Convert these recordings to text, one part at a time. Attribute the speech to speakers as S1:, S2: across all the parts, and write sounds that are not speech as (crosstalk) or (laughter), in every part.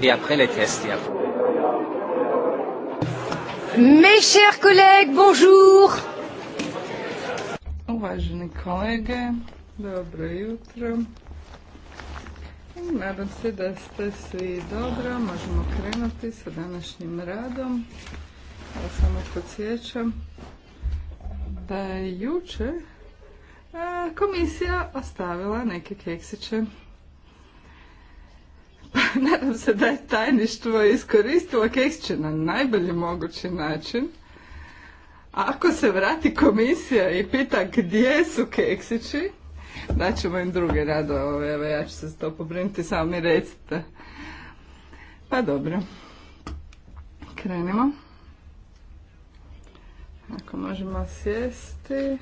S1: Et après les tests, et Mes chers collègues, bonjour. Uvaženi kolege,
S2: dobro jutro. Nadam se da ste svi dobro. Možemo krenuti sa današnjim radom. Ja samo podsjećam da je jučer komisija ostavila neke keksiće (laughs) nadam se da je tajništvo iskoristilo keksiće na najbolji mogući način. ako se vrati komisija i pita gdje su keksići, daćemo im druge radove, evo ja ću se za to pobrinuti, samo mi recite. Pa dobro, krenimo. Ako možemo sjesti.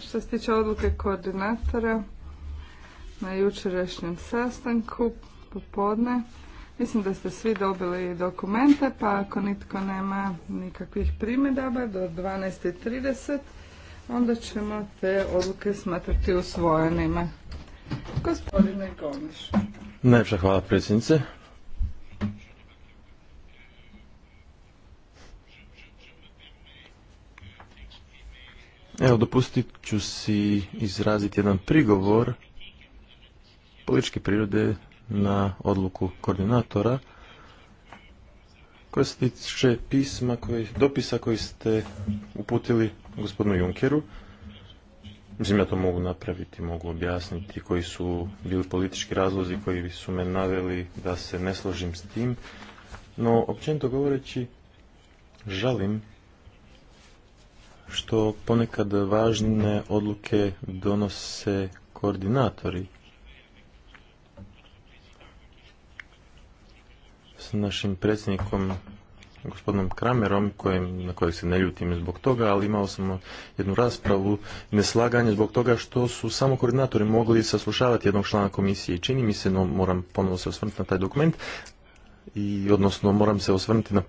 S2: Što se tiče odluke koordinatora, na jučerašnjem sastanku popodne. Mislim da ste svi dobili dokumente, pa ako nitko nema nikakvih primjedaba do 12.30, onda ćemo te odluke smatrati usvojenima. Gospodine Gomiš.
S3: Najpša hvala predsjednice. Evo, dopustit ću si izraziti jedan prigovor političke prirode na odluku koordinatora koja se tiče pisma, koji, dopisa koji ste uputili gospodinu Junkeru. Mislim, ja to mogu napraviti, mogu objasniti koji su bili politički razlozi koji su me naveli da se ne složim s tim. No, općenito govoreći, žalim što ponekad važne odluke donose koordinatori s našim predsjednikom gospodinom Kramerom, na kojeg se ne ljutim zbog toga, ali imao sam jednu raspravu, neslaganje zbog toga što su samo koordinatori mogli saslušavati jednog člana komisije. Čini mi se, no moram ponovno se osvrnuti na taj dokument, i odnosno moram se osvrnuti na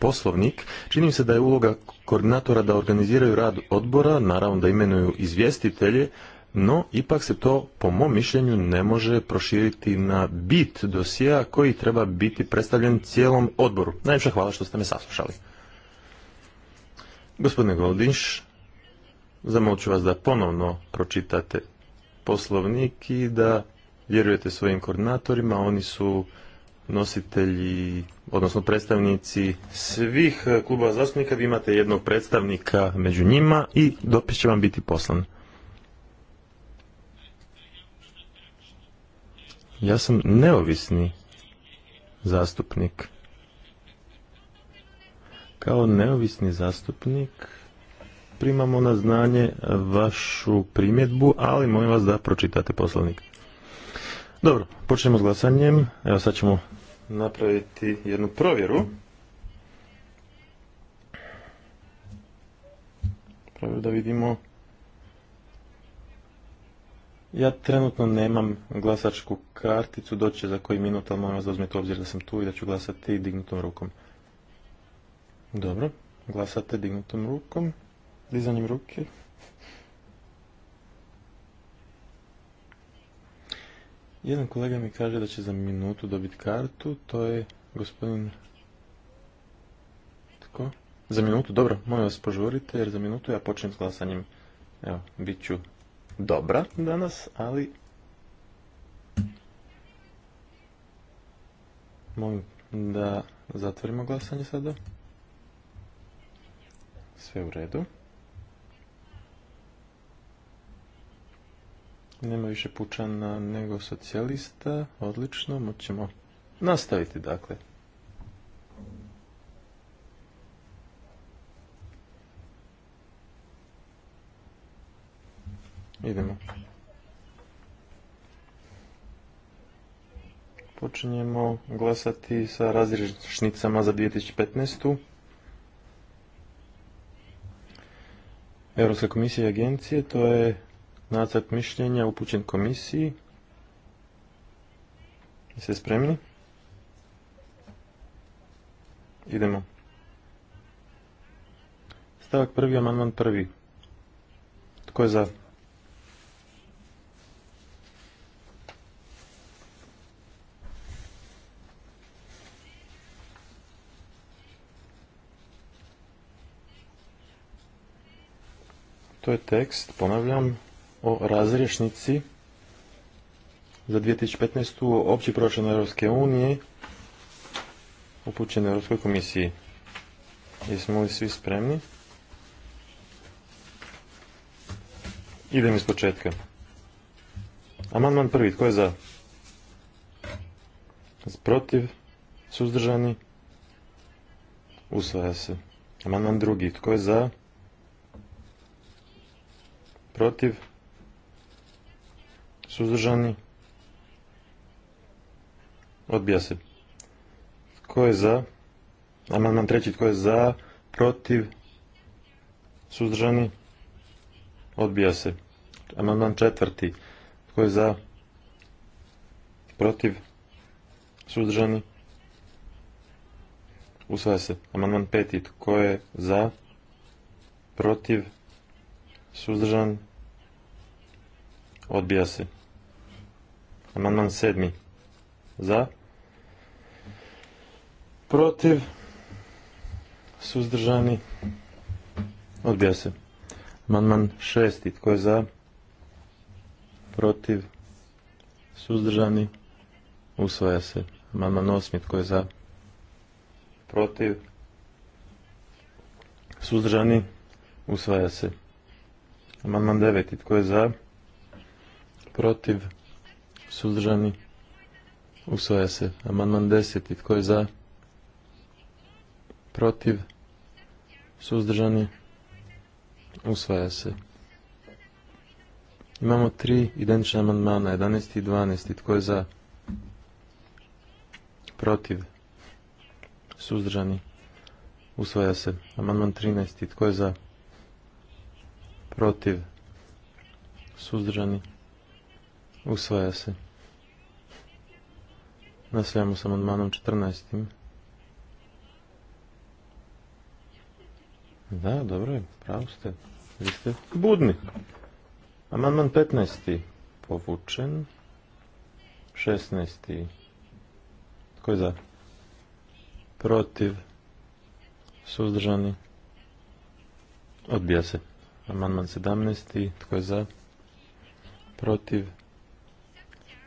S3: poslovnik, čini mi se da je uloga koordinatora da organiziraju rad odbora, naravno da imenuju izvjestitelje, no ipak se to po mom mišljenju ne može proširiti na bit dosija koji treba biti predstavljen cijelom odboru. Najviše hvala što ste me saslušali. Gospodine Goldinš, zamolit vas da ponovno pročitate poslovnik i da vjerujete svojim koordinatorima. Oni su nositelji, odnosno predstavnici svih klubova zastupnika. Vi imate jednog predstavnika među njima i dopis će vam biti poslan. ja sam neovisni zastupnik. Kao neovisni zastupnik primamo na znanje vašu primjedbu, ali molim vas da pročitate poslovnik. Dobro, počnemo s glasanjem. Evo sad ćemo napraviti jednu provjeru. Provjeru da vidimo ja trenutno nemam glasačku karticu, doće za koji minut, ali molim vas da obzir da sam tu i da ću glasati dignutom rukom. Dobro, glasate dignutom rukom, dizanjem ruke. Jedan kolega mi kaže da će za minutu dobiti kartu, to je gospodin... Tko? Za minutu, dobro, molim vas požurite jer za minutu ja počnem s glasanjem. Evo, bit ću dobra danas, ali molim da zatvorimo glasanje sada. Sve u redu. Nema više pučana nego socijalista. Odlično, moćemo nastaviti dakle. idemo. Počinjemo glasati sa razrišnicama za 2015. Europska komisija i agencije, to je nacrt mišljenja upućen komisiji. Jeste spremni? Idemo. Stavak prvi, amandman prvi. Tko je za? To je tekst, ponavljam, o razrješnici za 2015. opći proračun Europske unije upućen Europskoj komisiji. Jesmo li svi spremni? Idem iz početka. Amandman prvi, tko je za? Protiv? Suzdržani? Usvaja se. Amandman drugi, tko je za? protiv, suzdržani, odbija se. Tko je za? Amandman treći, tko je za, protiv, suzdržani, odbija se. Amandman četvrti, tko je za, protiv, suzdržani, usvaja se. Amandman peti, tko je za, protiv, suzdržan, odbija se. Amandman sedmi, za, protiv, suzdržani, odbija se. Amandman šesti, tko je za, protiv, suzdržani, usvaja se. Amandman osmi, tko je za, protiv, suzdržani, usvaja se. Amandman 9. Tko je za? Protiv? Suzdržani? Usvaja se. Amandman 10. Tko je za? Protiv? Suzdržani? Usvaja se. Imamo tri identične amandmana, 11. i 12. Tko je za? Protiv? Suzdržani? Usvaja se. Amandman 13. Tko je za? protiv, suzdržani, usvaja se. Nastavljamo sa amandmanom 14. Da, dobro je, pravo ste. Vi ste budni. Amandman 15. povučen. 16. Tko je za? Protiv. Suzdržani. Odbija se. Amandman 17. Tko je za? Protiv?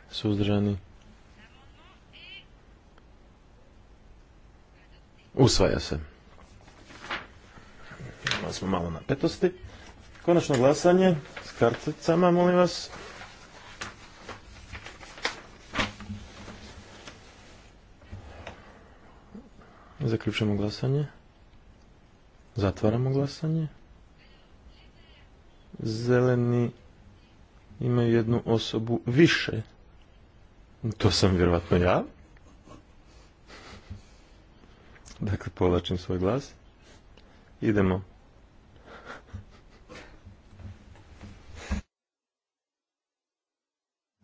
S3: Suzdržani? Usvaja se. Imali smo malo petosti? Konačno glasanje s karticama, molim vas. Zaključujemo glasanje. Zatvaramo glasanje zeleni imaju jednu osobu više. To sam vjerojatno ja. Dakle, povlačim svoj glas. Idemo.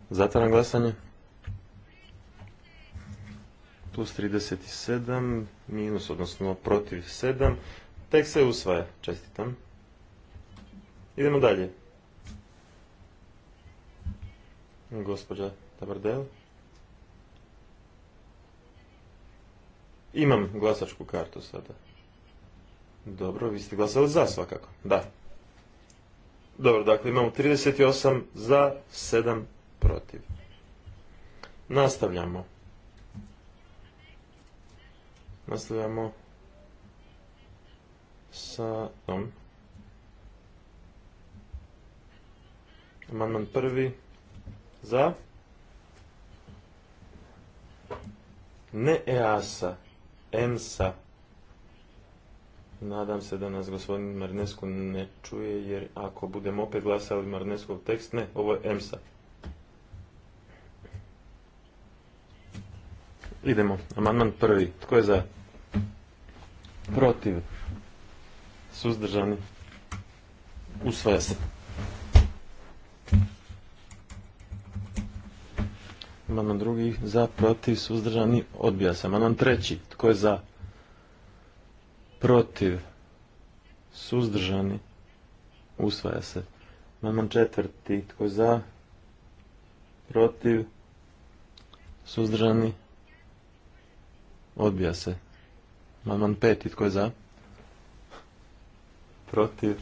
S3: Zatvaram glasanje. Plus 37, minus, odnosno protiv 7. Tek se usvaja. Čestitam. Idemo dalje. Gospođa Tabardel. Imam glasačku kartu sada. Dobro, vi ste glasali za svakako. Da. Dobro, dakle imamo 38 za, 7 protiv. Nastavljamo. Nastavljamo sa tom Amandman prvi. Za. Ne EASA. EMSA. Nadam se da nas gospodin Marnesko ne čuje, jer ako budemo opet glasali Marneskov tekst, ne, ovo je EMSA. Idemo, amandman prvi. Tko je za? Protiv. Suzdržani. Usvaja se. Amandman drugi za, protiv, suzdržani, odbija se. Amandman treći, tko je za, protiv, suzdržani, usvaja se. Amandman četvrti, tko je za, protiv, suzdržani, odbija se. Amandman peti, tko je za, protiv,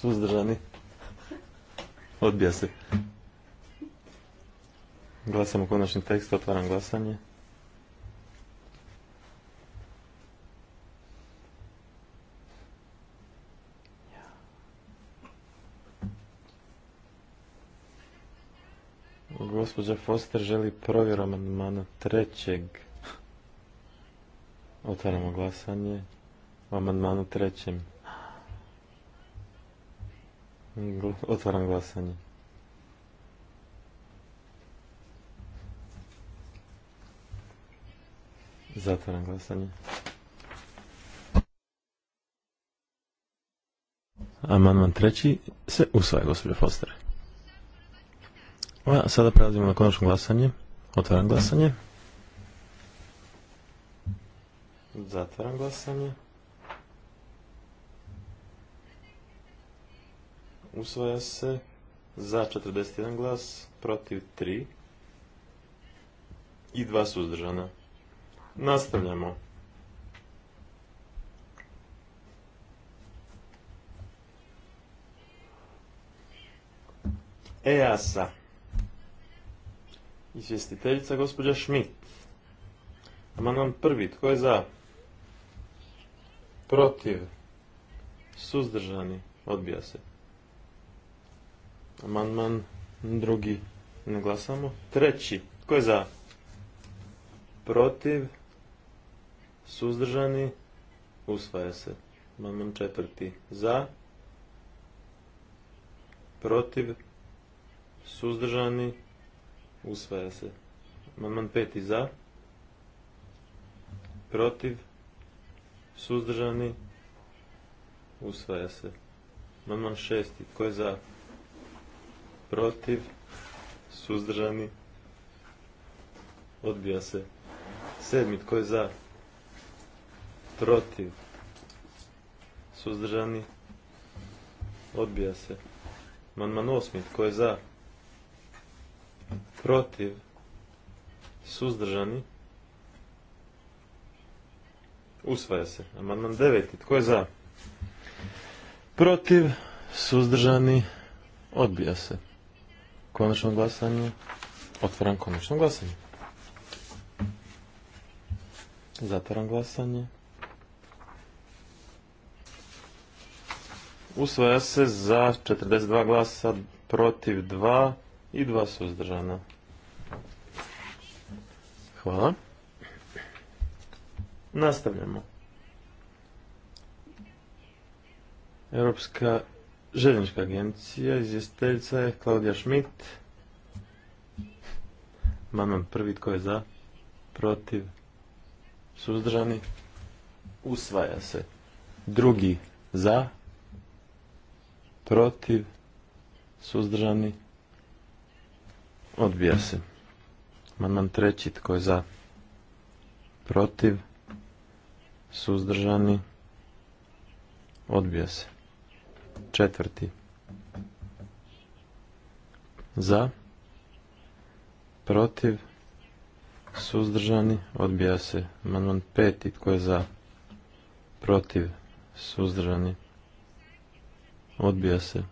S3: suzdržani, Odbija se. Glasamo konačni tekst, otvaram glasanje. Gospođa Foster želi provjeru amandmana trećeg. Otvaramo glasanje o amandmanu trećem. Otvaram glasanje. Zatvaram glasanje. Amandman treći se usvaja, gospodin Foster. A sada prelazimo na konačno glasanje. Otvaram glasanje. Zatvaram glasanje. usvaja se za 41 glas, protiv 3 i 2 suzdržana. Nastavljamo. EASA. Izvjestiteljica gospođa Šmit. Amandman prvi, tko je za? Protiv. Suzdržani. Odbija se. Amandman drugi ne glasamo. Treći. Tko je za? Protiv? Suzdržani? Usvaja se. Amandman četvrti. Za? Protiv? Suzdržani? Usvaja se. Amandman peti. Za? Protiv? Suzdržani? Usvaja se. Amandman šesti. Tko je za? protiv, suzdržani, odbija se. Sedmi, tko je za, protiv, suzdržani, odbija se. Manman osmi, tko je za, protiv, suzdržani, usvaja se. Amandman deveti, tko je za, protiv, suzdržani, odbija se konačno glasanje. Otvaram konačno glasanje. Zatvaram glasanje. Usvaja se za 42 glasa protiv 2 i 2 suzdržana. Hvala. Nastavljamo. Europska Željenička agencija, izvjestiteljica je Klaudija Schmidt. Amandman prvi tko je za, protiv, suzdržani, usvaja se. Drugi za, protiv, suzdržani, odbija se. Amandman treći, tko je za? Protiv? Suzdržani? Odbija se četvrti. Za. Protiv. Suzdržani. Odbija se. Amandman peti. Tko je za? Protiv. Suzdržani. Odbija se.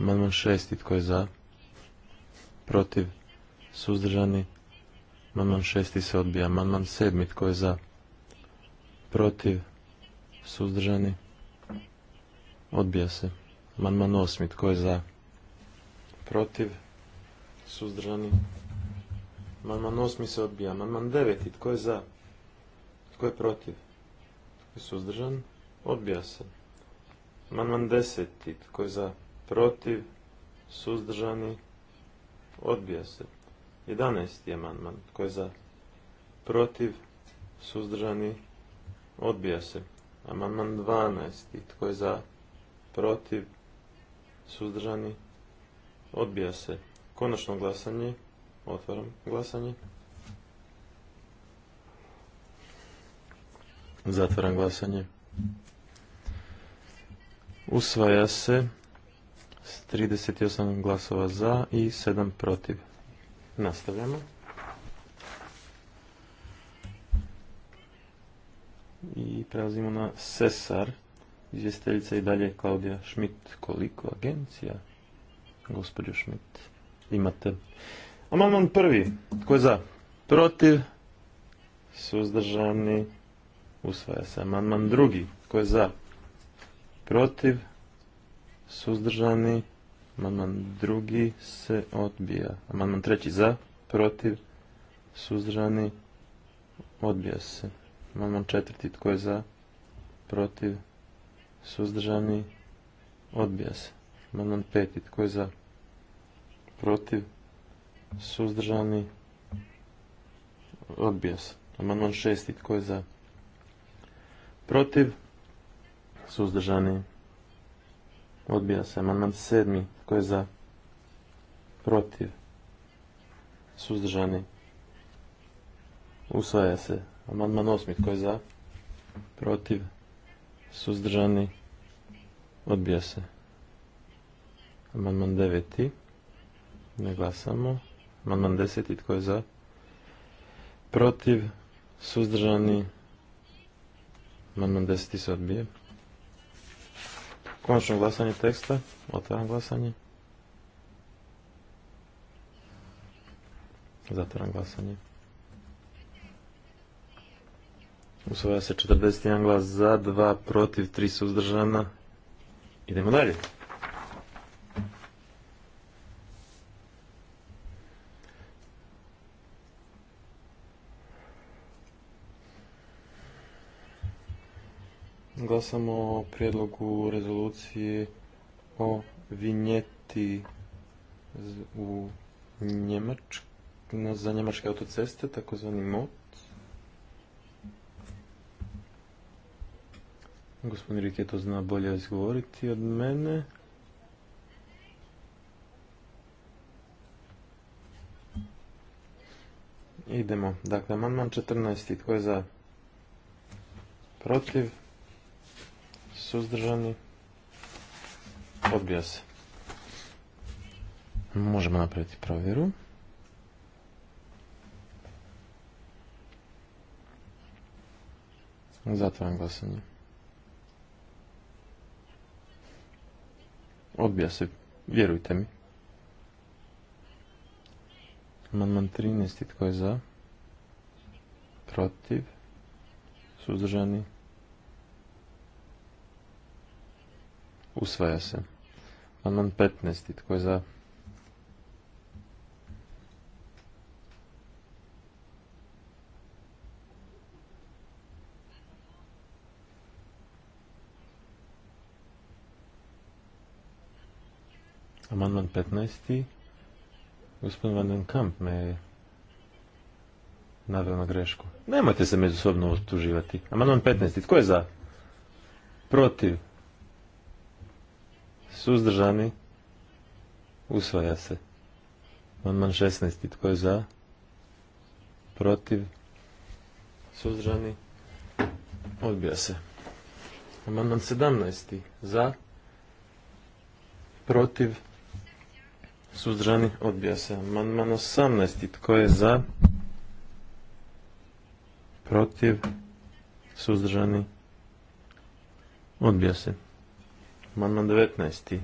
S3: Amandman šesti. Tko je za? Protiv. Suzdržani. Amandman šesti se odbija. Amandman sedmi. Tko je za? Protiv. Suzdržani. Odbija se. Amandman osmi. Tko je za? Protiv? Suzdržani? Amandman osmi se odbija. Amandman deveti. Tko je za? Tko je protiv? suzdržan? Odbija se. Amandman deseti. Tko je za? Protiv? Suzdržani? Odbija se. Jedanesti amandman. Tko je za? Protiv? Suzdržani? Odbija se. Amandman 12. Tko je za? protiv, suzdržani, odbija se. Konačno glasanje, otvaram glasanje. Zatvaram glasanje. Usvaja se s 38 glasova za i 7 protiv. Nastavljamo. I prelazimo na Sesar. Izvjestiteljica i dalje Klaudija Šmit. Koliko agencija? Gospodju Šmit, imate. Amandman prvi. Tko je za? Protiv? Suzdržani? Usvaja se. Amandman drugi. Tko je za? Protiv? Suzdržani? Amandman drugi se odbija. Amandman treći za? Protiv? Suzdržani? Odbija se. Amandman četvrti. Tko je za? Protiv? suzdržani, odbija se. Amandman peti Tko je za? Protiv, suzdržani, odbija se. Amandman šesti Tko je za? Protiv, suzdržani, odbija se. Amandman sedmi Tko je za? Protiv, suzdržani, usvaja se. Amandman osmi Tko je za? Protiv, suzdržani, odbija se. Amandman deveti, ne glasamo. Amandman deseti, tko je za? Protiv, suzdržani, amandman deseti se odbije. Konačno glasanje teksta, otvaram glasanje. Zatvaram glasanje. Usvaja se 41 glas za, 2 protiv, 3 suzdržana. Idemo dalje. Glasamo o prijedlogu rezolucije o vinjeti u za njemačke autoceste, takozvani MOP. Gospodin Rike to zna bolje izgovoriti od mene. Idemo. Dakle, amandman 14. Tko je za? Protiv? Suzdržani? Odbija se. Možemo napraviti provjeru. Zatvaram glasanje. Odbija se, vjerujte mi. Amandman 13. Tko je za? Protiv? Suzdržani? Usvaja se. Amandman 15. Tko je za? Amandman 15. Gospodin Van den Kamp me je naveo na grešku. Nemojte se međusobno otuživati. Amandman 15. Tko je za? Protiv? Suzdržani? Usvaja se. Amandman 16. Tko je za? Protiv? Suzdržani? Odbija se. Amandman 17. Za? Protiv? Suzdržani odbija se. Amandman 18. Tko je za? Protiv? Suzdržani odbija se. Amandman 19.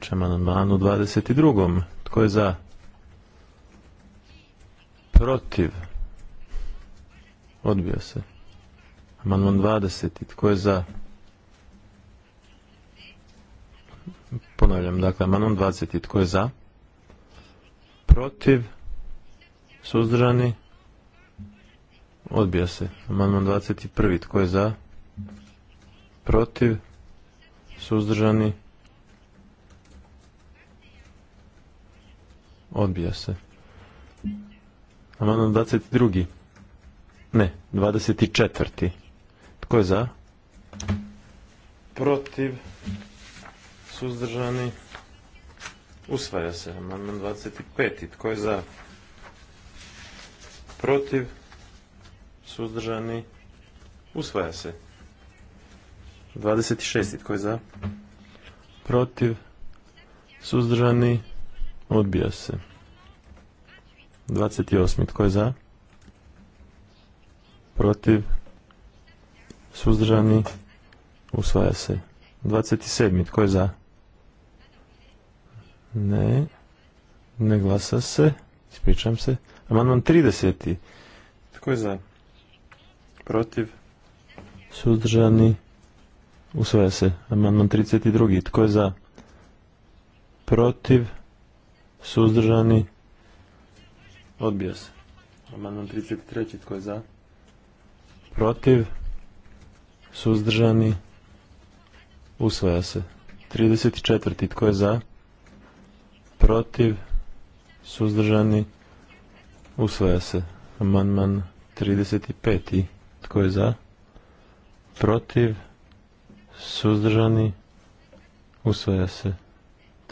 S3: će amandman u 22. Tko je za? Protiv? Odbija se. Amandman 20. Tko je za? Ponavljam, dakle, amandman 20. Tko je za? Protiv? Suzdržani? Odbija se. Amandman 21. Tko je za? Protiv? Suzdržani? Odbija se. Amandman 22. Ne, 24. Tko je za? Protiv? suzdržani, usvaja se. Amandman 25. Tko je za? Protiv, suzdržani, usvaja se. 26. Tko je za? Protiv, suzdržani, odbija se. 28. Tko je za? Protiv, suzdržani, usvaja se. 27. Tko je za? Ne. Ne glasa se. Ispričam se. Amandman 30. Tko je za? Protiv? Suzdržani? Usvaja se. Amandman 32. Tko je za? Protiv? Suzdržani? Odbija se. Amandman 33. Tko je za? Protiv? Suzdržani? Usvaja se. 34. Tko je za? protiv, suzdržani, usvaja se. Amandman 35. Tko je za? Protiv, suzdržani, usvaja se.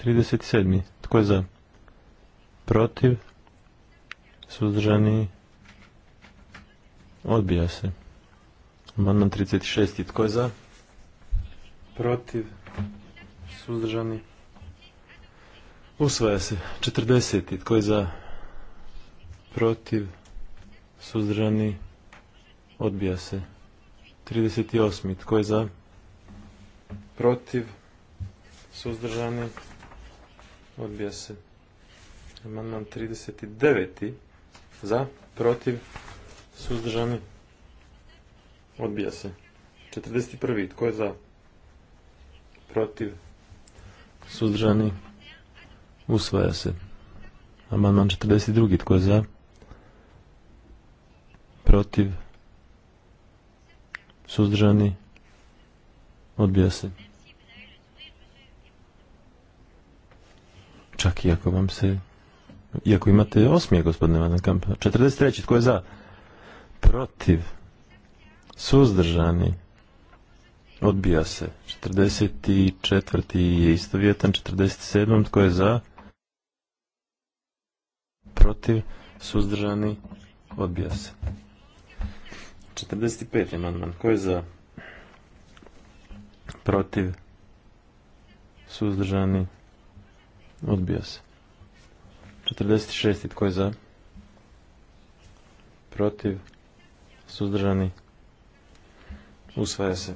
S3: 37. Tko je za? Protiv, suzdržani, odbija se. Amandman 36. Tko je za? Protiv, suzdržani, Usvaja se. 40. Tko je za? Protiv? Suzdržani? Odbija se. 38. Tko je za? Protiv? Suzdržani? Odbija se. Amandman 39. Za? Protiv? Suzdržani? Odbija se. 41. Tko je za? Protiv? Suzdržani? Usvaja se. Amandman 42. Tko je za? Protiv? Suzdržani? Odbija se. Čak i ako vam se... Iako imate osmije, gospodine Van Kamp. 43. Tko je za? Protiv? Suzdržani? Odbija se. 44. je istovjetan. 47. Tko je za? protiv, suzdržani, odbija se. 45. amandman, ko je za, protiv, suzdržani, odbija se. 46. tko je za, protiv, suzdržani, usvaja se.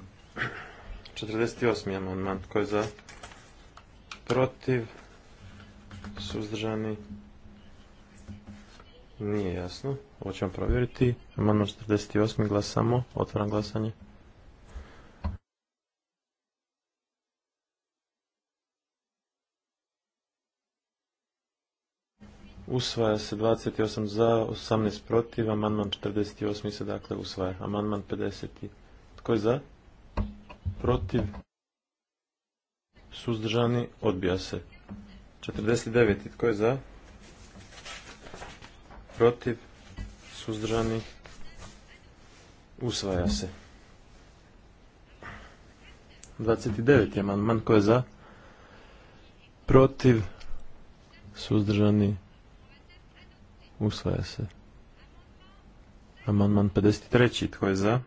S3: 48. amandman, tko je za, protiv, suzdržani, nije jasno. Ovo ćemo provjeriti. Amandman 48. glasamo. Otvaram glasanje. Usvaja se 28 za, 18 protiv, amandman 48 se dakle usvaja. Amandman 50. Tko je za? Protiv? Suzdržani? Odbija se. 49. Tko je za? protiv, suzdržani, usvaja se. 29. amandman man je za, protiv, suzdržani, usvaja se. Amandman 53. tko je za,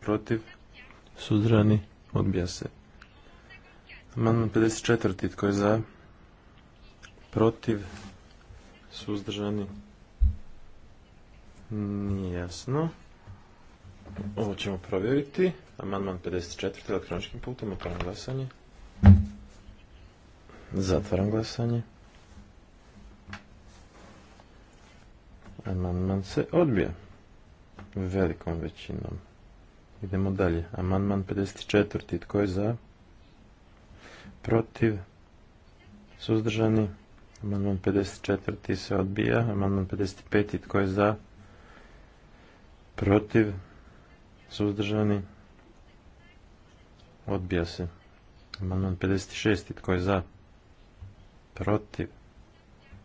S3: protiv, suzdržani, odbija se. Amandman 54. tko je za, protiv, suzdržani, nije jasno. Ovo ćemo provjeriti. Amandman 54. elektroničkim putem. Otvaram glasanje. Zatvaram glasanje. Amandman se odbija. Velikom većinom. Idemo dalje. Amandman 54. Tko je za? Protiv? Suzdržani? Amandman 54. se odbija. Amandman 55. tko je za? Protiv? Suzdržani? Odbija se. Amandman 56. tko je za? Protiv?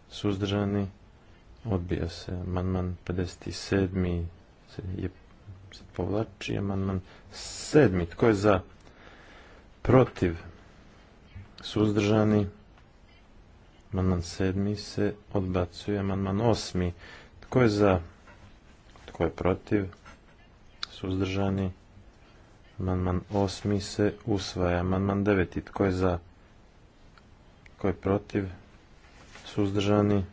S3: Suzdržani? Odbija se. Amandman 57. se, se povlači. Amandman 7. tko je za? Protiv? Suzdržani? Amandman sedmi se odbacuje. Amandman osmi. Tko je za? Tko je protiv? Suzdržani? Amandman osmi se usvaja. Amandman deveti. Tko je za? Tko je protiv? Suzdržani?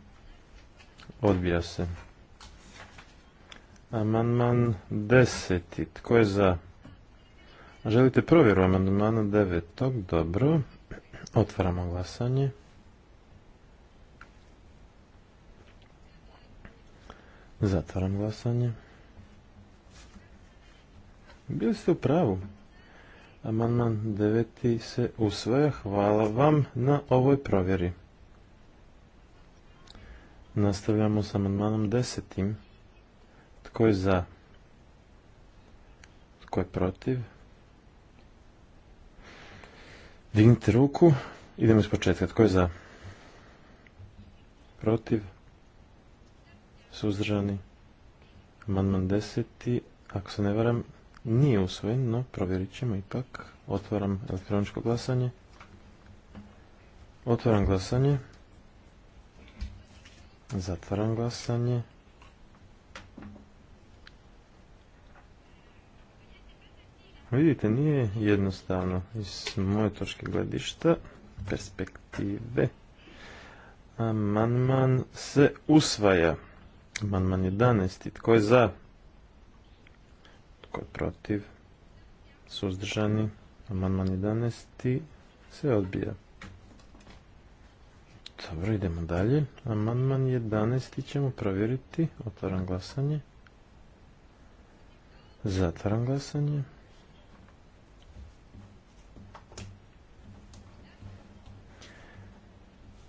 S3: Odbija se. Amandman deseti. Tko je za? Želite provjeru amandmana devetog? Dobro. Otvaramo glasanje. Zatvaram glasanje. Bili ste u pravu. Amandman 9. se usvoja. Hvala vam na ovoj provjeri. Nastavljamo s amandmanom desetim. Tko je za? Tko je protiv? Dignite ruku. Idemo iz početka. Tko je za? Protiv? suzdržani. Amandman deseti, ako se ne varam, nije usvojen, no provjerit ćemo ipak. Otvaram elektroničko glasanje. Otvaram glasanje. Zatvaram glasanje. Vidite, nije jednostavno iz moje točke gledišta, perspektive. Amandman se usvaja. Amandman 11. Tko je za? Tko je protiv? Suzdržani. Amandman 11. Se odbija. Dobro, idemo dalje. Amandman 11. ćemo provjeriti. Otvaram glasanje. Zatvaram glasanje.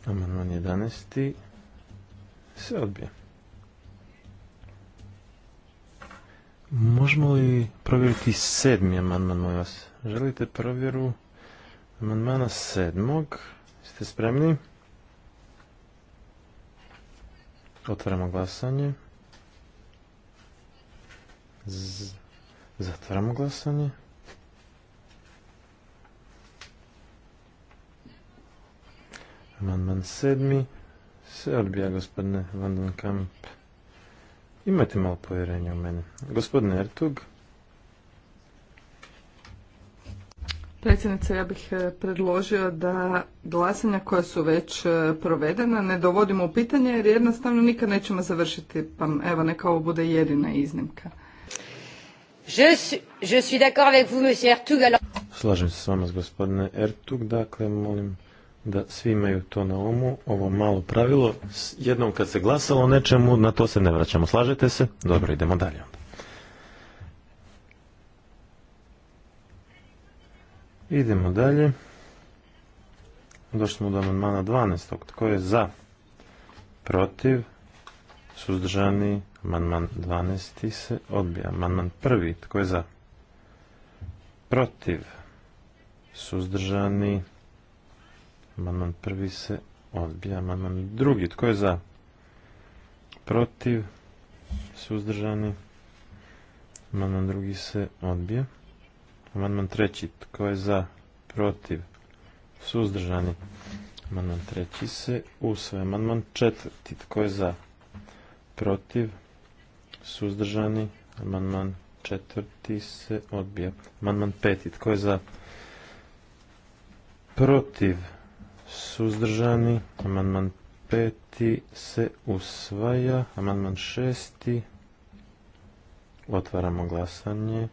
S3: Amandman 11. Se odbija. Možemo li provjeriti sedmi amandman, moj vas? Želite provjeru amandmana sedmog? Ste spremni? Otvaramo glasanje. zatvaramo glasanje. Amandman sedmi se odbija gospodine Vandenkamp. Kamp. Imate malo povjerenja u mene. Gospodin Ertug.
S2: Predsjednice, ja bih e, predložio da glasanja koja su već e, provedena ne dovodimo u pitanje jer jednostavno nikad nećemo završiti. Pa evo, neka ovo bude jedina iznimka.
S3: Slažem se s vama, gospodine Ertug. Dakle, molim da svi imaju to na umu, ovo malo pravilo. Jednom kad se glasalo o nečemu, na to se ne vraćamo. Slažete se? Dobro, idemo dalje. Idemo dalje. Došli smo do amandmana 12. Tko je za? Protiv? Suzdržani? Amandman 12. se odbija. Amandman 1. Tko je za? Protiv? Suzdržani? Amandman prvi se odbija. Amandman drugi. Tko je za? Protiv? Suzdržani? Amandman drugi se odbija. Amandman treći. Tko je za? Protiv? Suzdržani? Amandman treći se usvaja. Amandman četvrti. Tko je za? Protiv? Suzdržani? Amandman četvrti se odbija. Amandman peti. Tko je za? Protiv? suzdržani, amandman peti se usvaja, amandman šesti, otvaramo glasanje.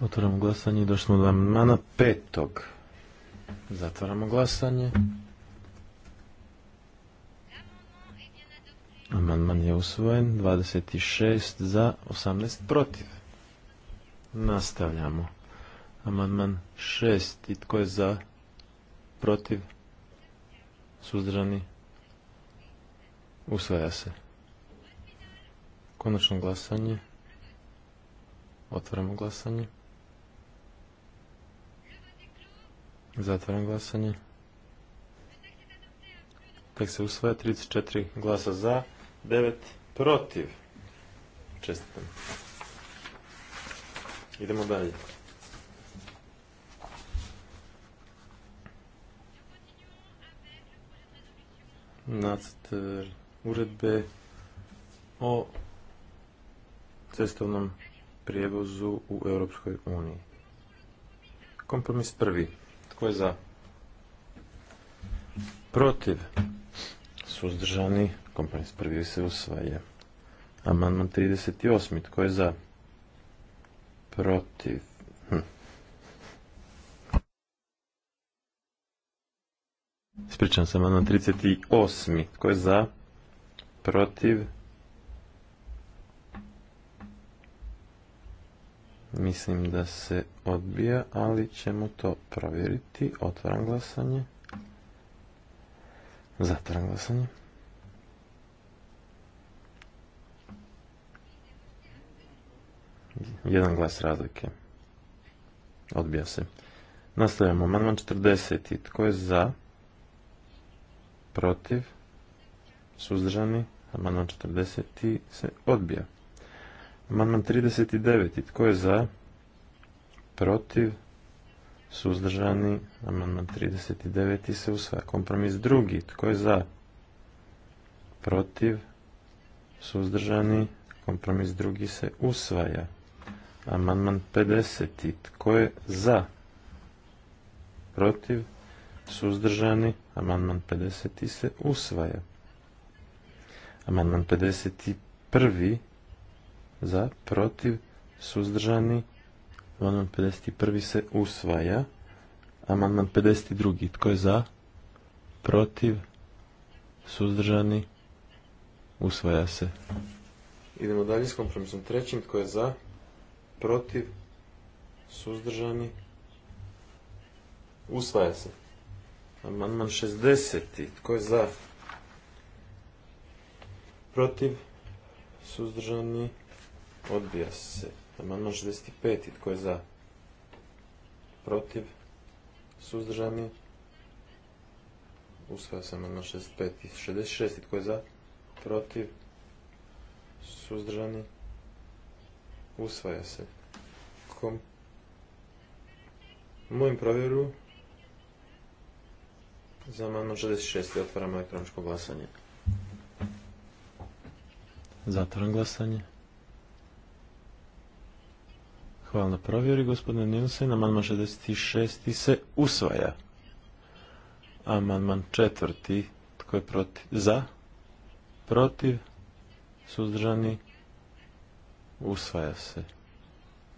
S3: Otvaramo glasanje i došli smo do amandmana petog. Zatvaramo glasanje. Amandman je usvojen, 26 za, 18 protiv. Nastavljamo. Amandman 6. I tko je za? Protiv? Suzdržani? Usvaja se. Konačno glasanje. Otvaramo glasanje. Zatvaram glasanje. Tek se usvaja 34 glasa za, 9 protiv. Čestitam. Idemo dalje. nacrt e, uredbe o cestovnom prijevozu u Europskoj uniji. Kompromis prvi. Tko je za? Protiv. Suzdržani. Kompromis prvi se usvaja. Amandman 38. Tko je za? Protiv. Ispričam se, amandman 38. Tko je za? Protiv? Mislim da se odbija, ali ćemo to provjeriti. Otvaram glasanje. Zatvaram glasanje. Jedan glas razlike. Odbija se. Nastavljamo. Amandman 40. Tko je za? protiv, suzdržani, amandman 40. se odbija. Amandman 39. tko je za, protiv, suzdržani, amandman 39. se usvaja. Kompromis drugi, tko je za, protiv, suzdržani, kompromis drugi se usvaja. Amandman 50. tko je za, protiv, suzdržani, amandman 50. se usvaja. Amandman 51. za, protiv, suzdržani, amandman 51. se usvaja. Amandman 52. tko je za, protiv, suzdržani, usvaja se. Idemo dalje s kompromisom trećim, tko je za, protiv, suzdržani, usvaja se. Amandman 60. Tko je za? Protiv? Suzdržani? Odbija se. Amandman 65. Tko je za? Protiv? Suzdržani? Usvaja se amandman 65. 66. Tko je za? Protiv? Suzdržani? Usvaja se. Kom? Mojem provjeru za amandman 66. otvaram elektroničko glasanje. Zatvaram glasanje. Hvala na provjeri, gospodine Nilsen. Amandman 66. se usvaja. Amandman četvrti. Tko je protiv? Za? Protiv? Suzdržani? Usvaja se.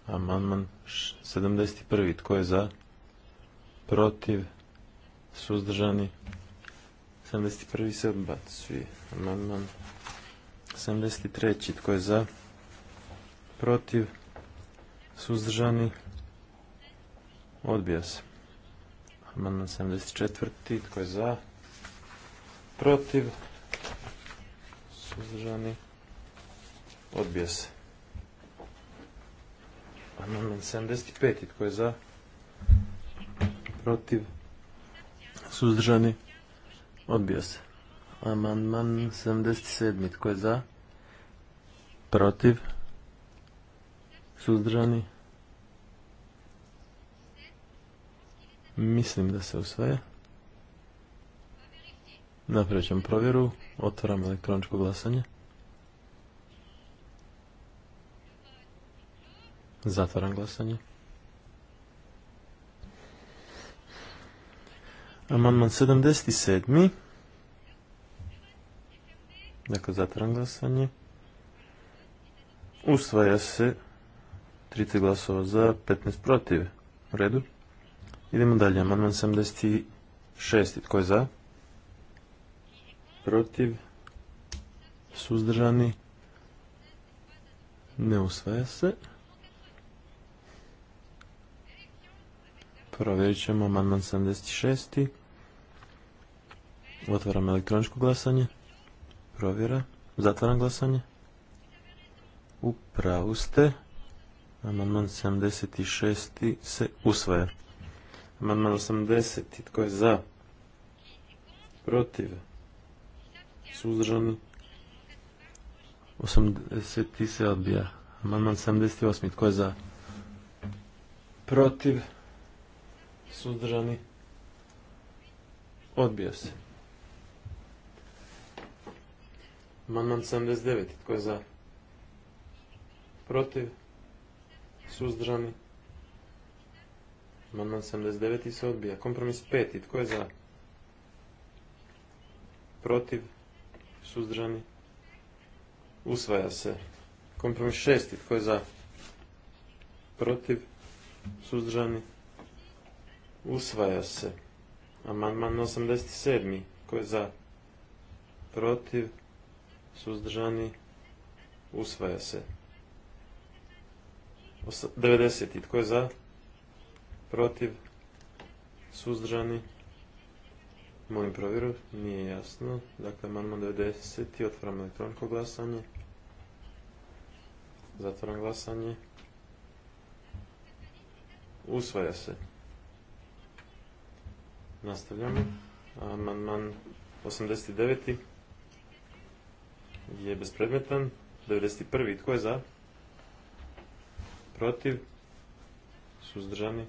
S3: Amandman 71. Tko je za? Protiv? suzdržani. 71. se odbacuje. Amandman 73. Tko je za? Protiv? Suzdržani? Odbija se. Amandman 74. Tko je za? Protiv? Suzdržani? Odbija se. Amandman 75. Tko je za? Protiv? Suzdržani? odbio se. Amandman 77. Tko je za? Protiv? Suzdržani? Mislim da se usvaja. Napravit provjeru. Otvaram elektroničko glasanje. Zatvaram glasanje. Amandman 77. Dakle, zatvaram glasanje. Usvaja se 30 glasova za, 15 protiv. U redu. Idemo dalje. Amandman 76. Tko je za? Protiv. Suzdržani. Ne usvaja se. Provjerit ćemo amandman 76. Otvaram elektroničko glasanje. Provjera. Zatvaram glasanje. U pravu ste. Amandman 76. se usvaja. Amandman 80. Tko je za? Protiv? Suzdržani? 80. se odbija. Amandman 78. Tko je za? Protiv? suzdržani, odbija se. Amandman 79. Tko je za? Protiv? Suzdržani? Amandman 79. se odbija. Kompromis 5. Tko je za? Protiv? Suzdržani? Usvaja se. Kompromis 6. Tko je za? Protiv? Suzdržani? Usvaja se. Amandman 87. Ko je za? Protiv? Suzdržani? Usvaja se. 90. Tko je za? Protiv? Suzdržani? Mojim provjeru. Nije jasno. Dakle, amandman 90. Otvaram elektroniko glasanje. Zatvaram glasanje. Usvaja se. Nastavljamo. Amandman 89. je bespredmetan. 91. Tko je za? Protiv? Suzdržani?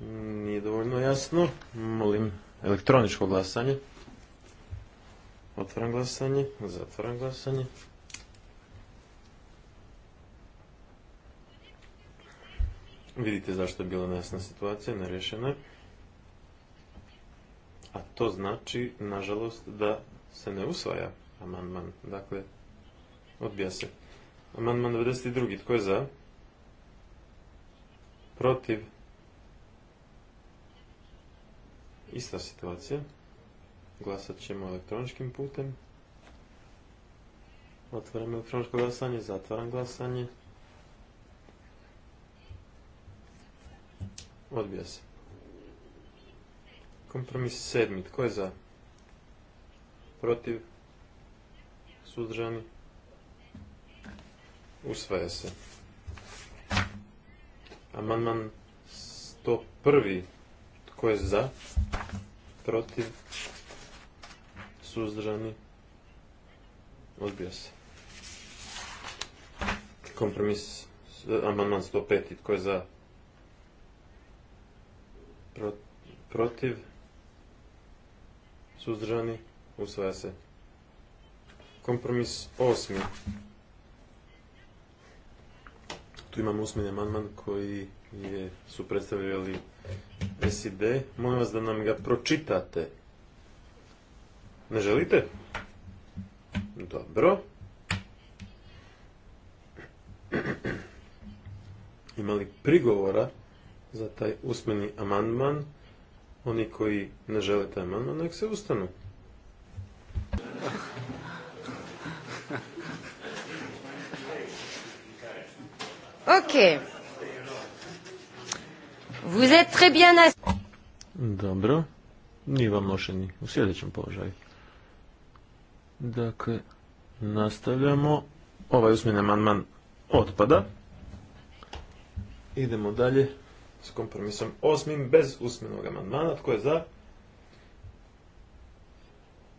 S3: Nije dovoljno jasno. Molim elektroničko glasanje. Otvaram glasanje. Zatvaram glasanje. Vidite zašto je bila nejasna situacija, nerješena. A to znači, nažalost, da se ne usvaja amandman. Dakle, odbija se. Amandman 92. Tko je za? Protiv? Ista situacija. Glasat ćemo elektroničkim putem. Otvaram elektroničko glasanje, zatvaram glasanje. Odbija se. Kompromis sedmi. Tko je za? Protiv? Suzdržani? Usvaja se. Amandman 101. Tko je za? Protiv? Suzdržani? Odbija se. Kompromis, eh, amandman 105. Tko je za? protiv, suzdržani, usvaja se. Kompromis osmi. Tu imamo usmeni amandman koji je, su predstavljali SID. Molim vas da nam ga pročitate. Ne želite? Dobro. Imali prigovora? za taj usmeni amandman. Oni koji ne žele taj amandman, nek se ustanu.
S1: Ok. Vous êtes très bien
S3: Dobro. Nije vam loše ni u sljedećem položaju. Dakle, nastavljamo. Ovaj usmeni amandman otpada. Idemo dalje s kompromisom osmim bez usmenog amandmana. Tko je za?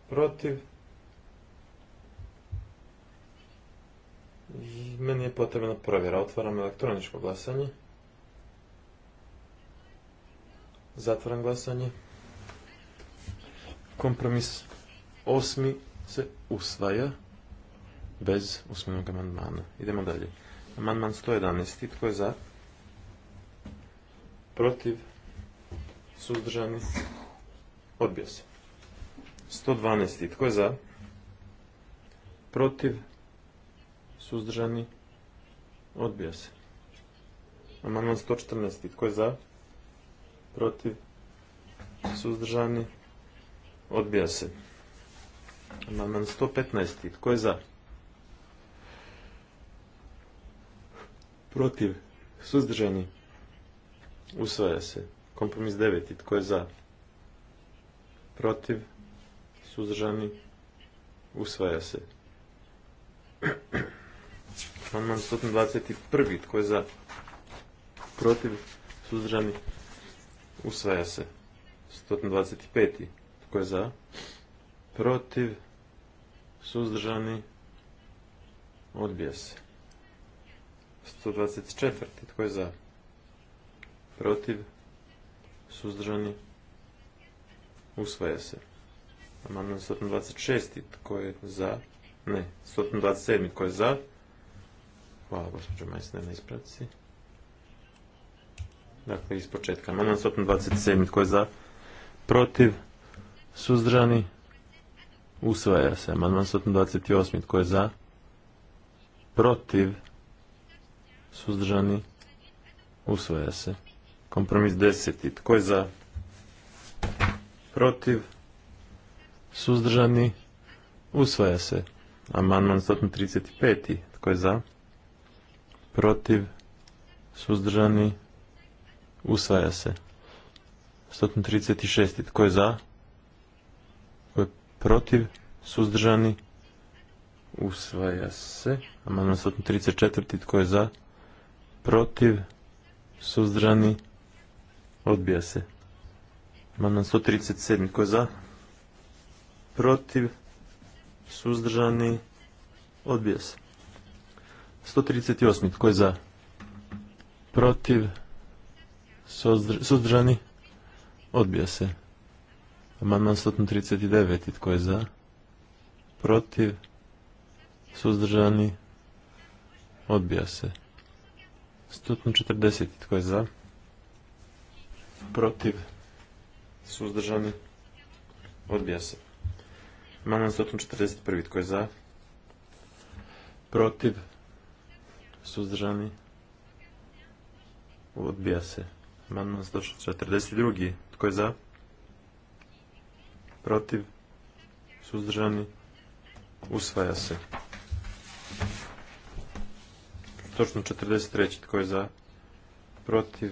S3: Protiv? Meni je potrebna provjera. Otvaram elektroničko glasanje. Zatvaram glasanje. Kompromis osmi se usvaja bez usmenog amandmana. Idemo dalje. Amandman 111. Tko je za? protiv, suzdržani, odbio se. 112. Tko je za? Protiv, suzdržani, odbija se. Amandman 114. Tko je za? Protiv, suzdržani, odbija se. Amandman 115. Tko je za? Protiv, suzdržani, Usvaja se. Kompromis deveti. Tko je za? Protiv? Suzdržani? Usvaja se. (clears throat) Amandman 121. Tko je za? Protiv? Suzdržani? Usvaja se. 125. Tko je za? Protiv? Suzdržani? Odbija se. 124. Tko je za? protiv, suzdržani, usvaja se. Amandman 126. Tko je za? Ne, 127. Tko je za? Hvala, gospođo majstne na ispravci. Dakle, iz početka. Amandman 127. Tko je za? Protiv, suzdržani, usvaja se. Amandman 128. Tko je za? Protiv, suzdržani, usvaja se. Kompromis deseti. Tko je za? Protiv? Suzdržani? Usvaja se. Amandman 135. Tko je za? Protiv? Suzdržani? Usvaja se. 136. Tko je za? Tko je protiv? Suzdržani? Usvaja se. Amandman 134. Tko je za? Protiv? Suzdržani? Odbija se. Amandman 137. Ko je za? Protiv? Suzdržani? Odbija se. 138. Tko je za? Protiv? Suzdržani? Odbija se. Amandman 139. Tko je za? Protiv? Suzdržani? Odbija se. 140. Tko je za? protiv, suzdržani, odbija se. Amandman 141. Tko je za? Protiv, suzdržani, odbija se. Amandman 142. Tko je za? Protiv, suzdržani, usvaja se. Točno 43. Tko je za? Protiv,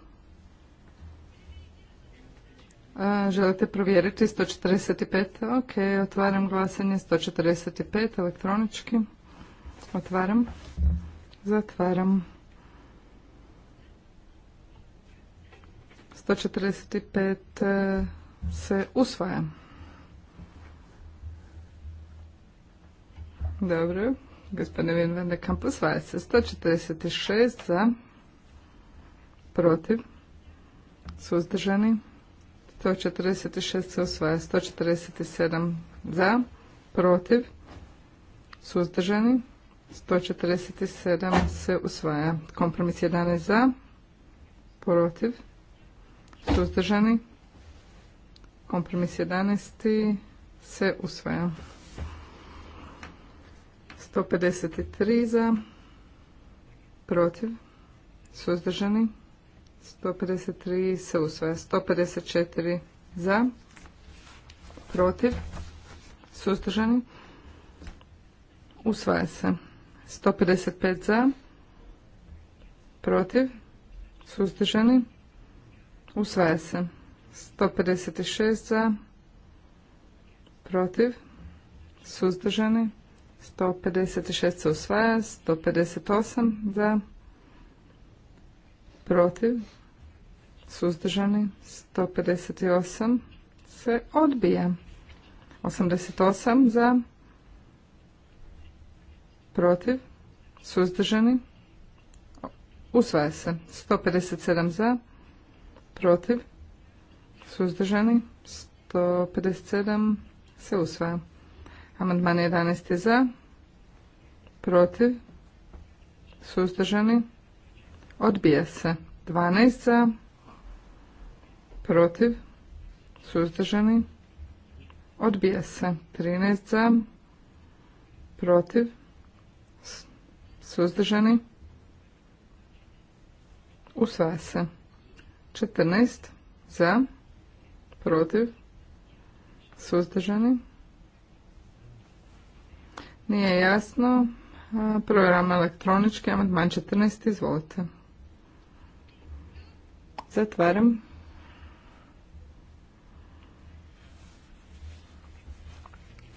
S2: Želite provjeriti 145? Ok, otvaram glasanje 145 elektronički. Otvaram. Zatvaram. 145 e, se usvaja. Dobro. Gospodine Vinvende de Kamp usvaja se. 146 za. Protiv. Suzdržani. 146 se usvaja. 147 za, protiv, suzdržani. 147 se usvaja. Kompromis 11 za, protiv, suzdržani. Kompromis 11 se usvaja. 153 za, protiv, suzdržani. 153 se usvaja. 154 za. Protiv. Suzdržani. Usvaja se. 155 za. Protiv. Suzdržani. Usvaja se. 156 za. Protiv. Suzdržani. 156 se usvaja. 158 za protiv, suzdržani, 158 se odbija. 88 za, protiv, suzdržani, usvaja se. 157 za, protiv, suzdržani, 157 se usvaja. Amandman 11 za, protiv, suzdržani, Odbija se. 12 za, protiv, suzdržani. Odbija se. 13 za, protiv, suzdržani. Usvaja se. 14 za, protiv, suzdržani. Nije jasno. program elektronički, amandman 14, izvolite. Zatvaram.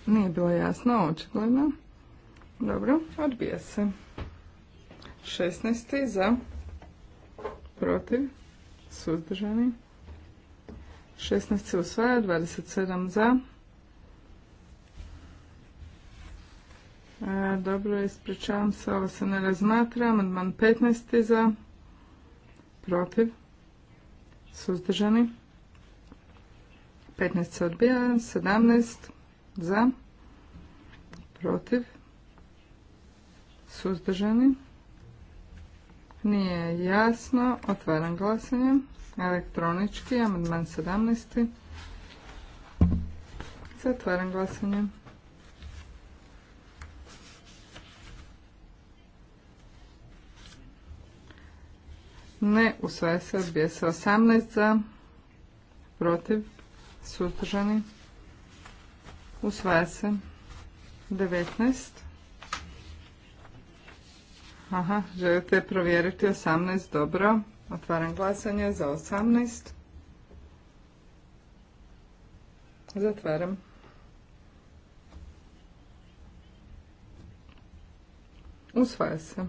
S2: Nije bilo jasno, očigledno. Dobro, odbija se. 16. za, protiv, suzdržani. 16 se usvaja, 27 za. E, dobro, ispričavam se, ovo se ne razmatra. Amandman 15 za, protiv, suzdržani. 15 se odbija, 17 za, protiv, suzdržani. Nije jasno, otvaram glasanje, elektronički, amandman 17. Zatvaram glasanje. Ne, usvaja se, odbija se 18 za, protiv, suzdržani, usvaja se 19. Aha, želite provjeriti 18, dobro. Otvaram glasanje za 18. Zatvaram. Usvaja se.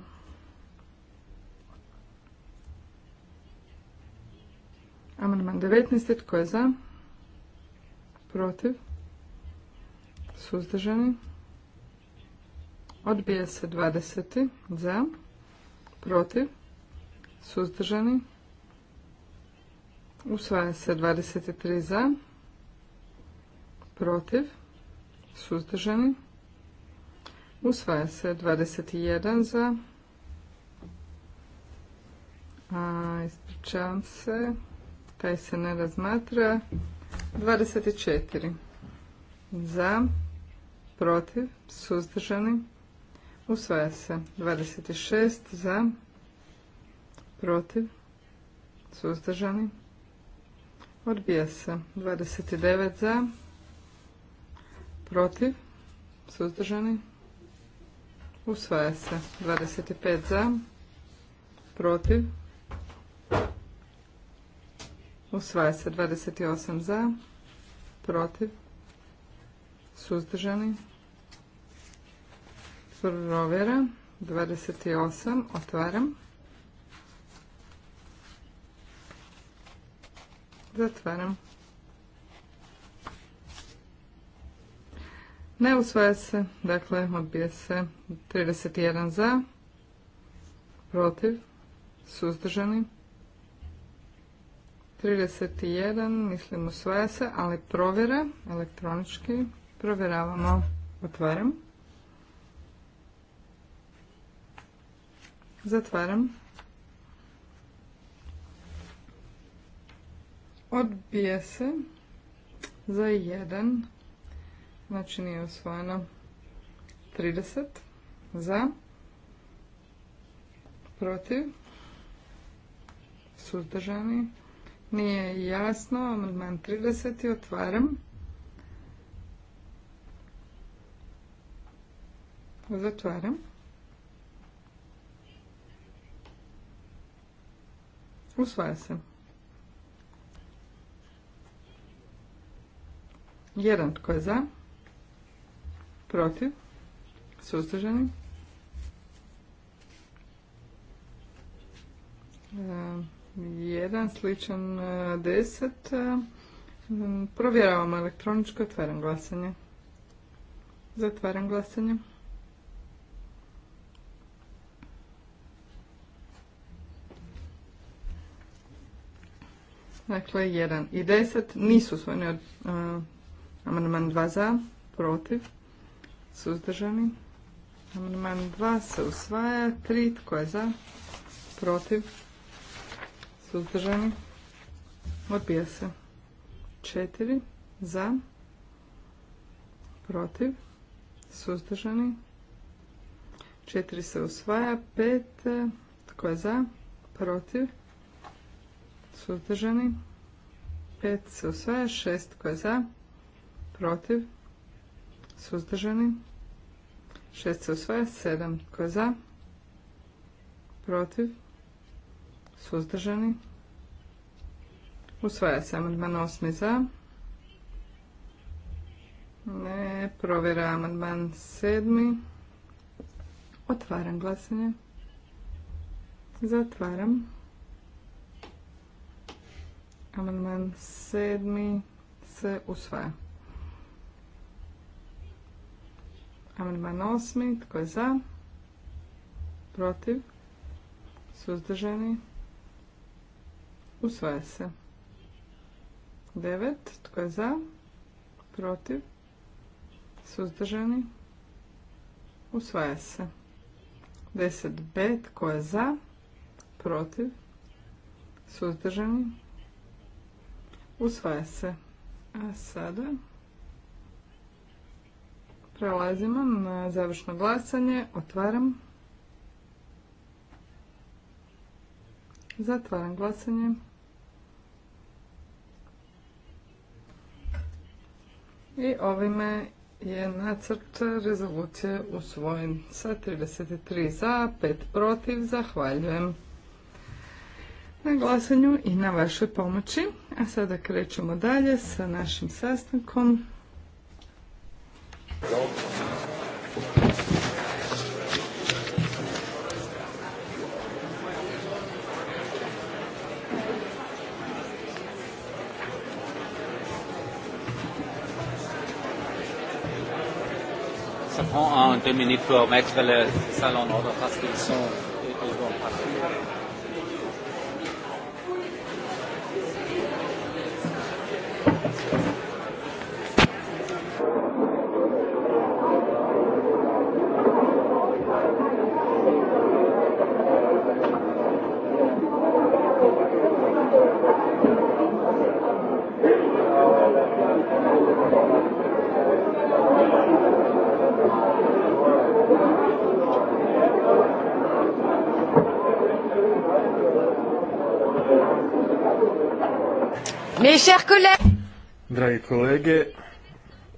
S2: Amandman 19. Tko je za? Protiv? Suzdržani? Odbija se 20. Za? Protiv? Suzdržani? Usvaja se 23 za, protiv, suzdržani. Usvaja se 21 za, a, ispričavam se, taj se ne razmatra. 24. Za, protiv, suzdržani, usvaja se. 26. Za, protiv, suzdržani, odbija se. 29. Za, protiv, suzdržani, usvaja se. 25. Za, protiv, Usvaja se 28 za, protiv, suzdržani. Provjera 28, otvaram. Zatvaram. Ne usvaja se, dakle odbije se 31 za, protiv, suzdržani. 31, mislim usvaja se, ali provjera, elektronički, provjeravamo, otvaram. Zatvaram. Odbije se za 1, znači nije osvojeno. 30, za, protiv, suzdržani, nije jasno. Amandman 30. Otvaram. Zatvaram. Usvaja se. Jedan tko je za, protiv, suzdržani. E, jedan sličan e, deset e, Provjeravamo elektroničko, otvaram glasanje. Zatvaram glasanje. Dakle, jedan i deset nisu svojni od e, amandman 2 za, protiv, suzdržani. Amandman dva se usvaja, tri tko je za, protiv, suzdržani, odbija se. 4 za, protiv, suzdržani, 4 se usvaja, 5 tko je za, protiv, suzdržani, 5 se usvaja, 6 tko je za, protiv, suzdržani, 6 se usvaja, 7 tko je za, protiv, Suzdržani. Usvaja se amandman osmi za. Ne, provjera amandman sedmi. Otvaram glasanje. Zatvaram. Amandman sedmi se usvaja. Amandman osmi, tko je za? Protiv? Suzdržani? Usvaja se. 9. Tko je za? Protiv? Suzdržani? Usvaja se. 10b. Tko je za? Protiv? Suzdržani? Usvaja se. A sada prelazimo na završno glasanje. Otvaram. Zatvaram glasanje. I ovime je nacrt rezolucije usvojen sa 33 za, 5 protiv. Zahvaljujem na glasanju i na vašoj pomoći. A sada krećemo dalje sa našim sastankom.
S1: prend un deux minutes pour mettre le salon en ordre parce qu'ils sont ils vont partir.
S3: Dragi kolege,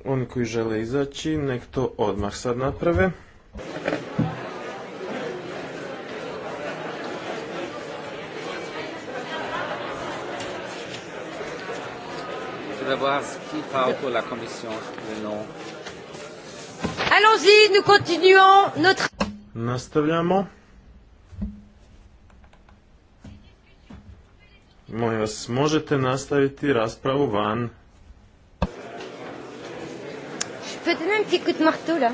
S3: oni koji žele izaći, nek to odmah sad naprave.
S2: Allons-y, nous continuons notre...
S3: Nastavljamo. Molim vas, možete nastaviti raspravu van.
S1: Je peux donner un petit coup de marteau là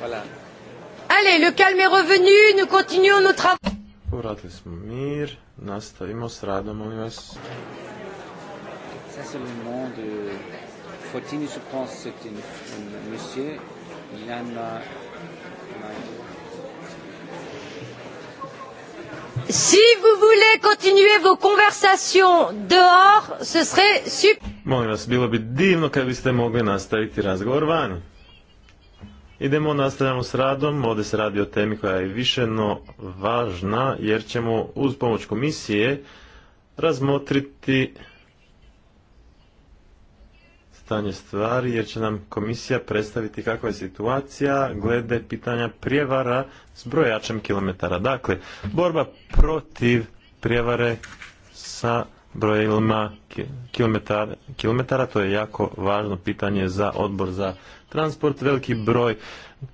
S1: Voilà. Allez, le calme est revenu, nous continuons nos travaux.
S3: Povratili smo mir, nastavimo s radom, molim vas.
S1: c'est le moment de Fotini, je pense, c'est un monsieur. Il a
S2: Si vous voulez continuer vos conversations dehors, ce
S3: Molim vas, bilo bi divno kad biste mogli nastaviti razgovor vani. Idemo, nastavljamo s radom. Ovdje se radi o temi koja je više no važna, jer ćemo uz pomoć komisije razmotriti stanje stvari jer će nam komisija predstaviti kakva je situacija glede pitanja prijevara s brojačem kilometara. Dakle, borba protiv prijevare sa brojilima kilometara, kilometara, to je jako važno pitanje za odbor za transport. Veliki broj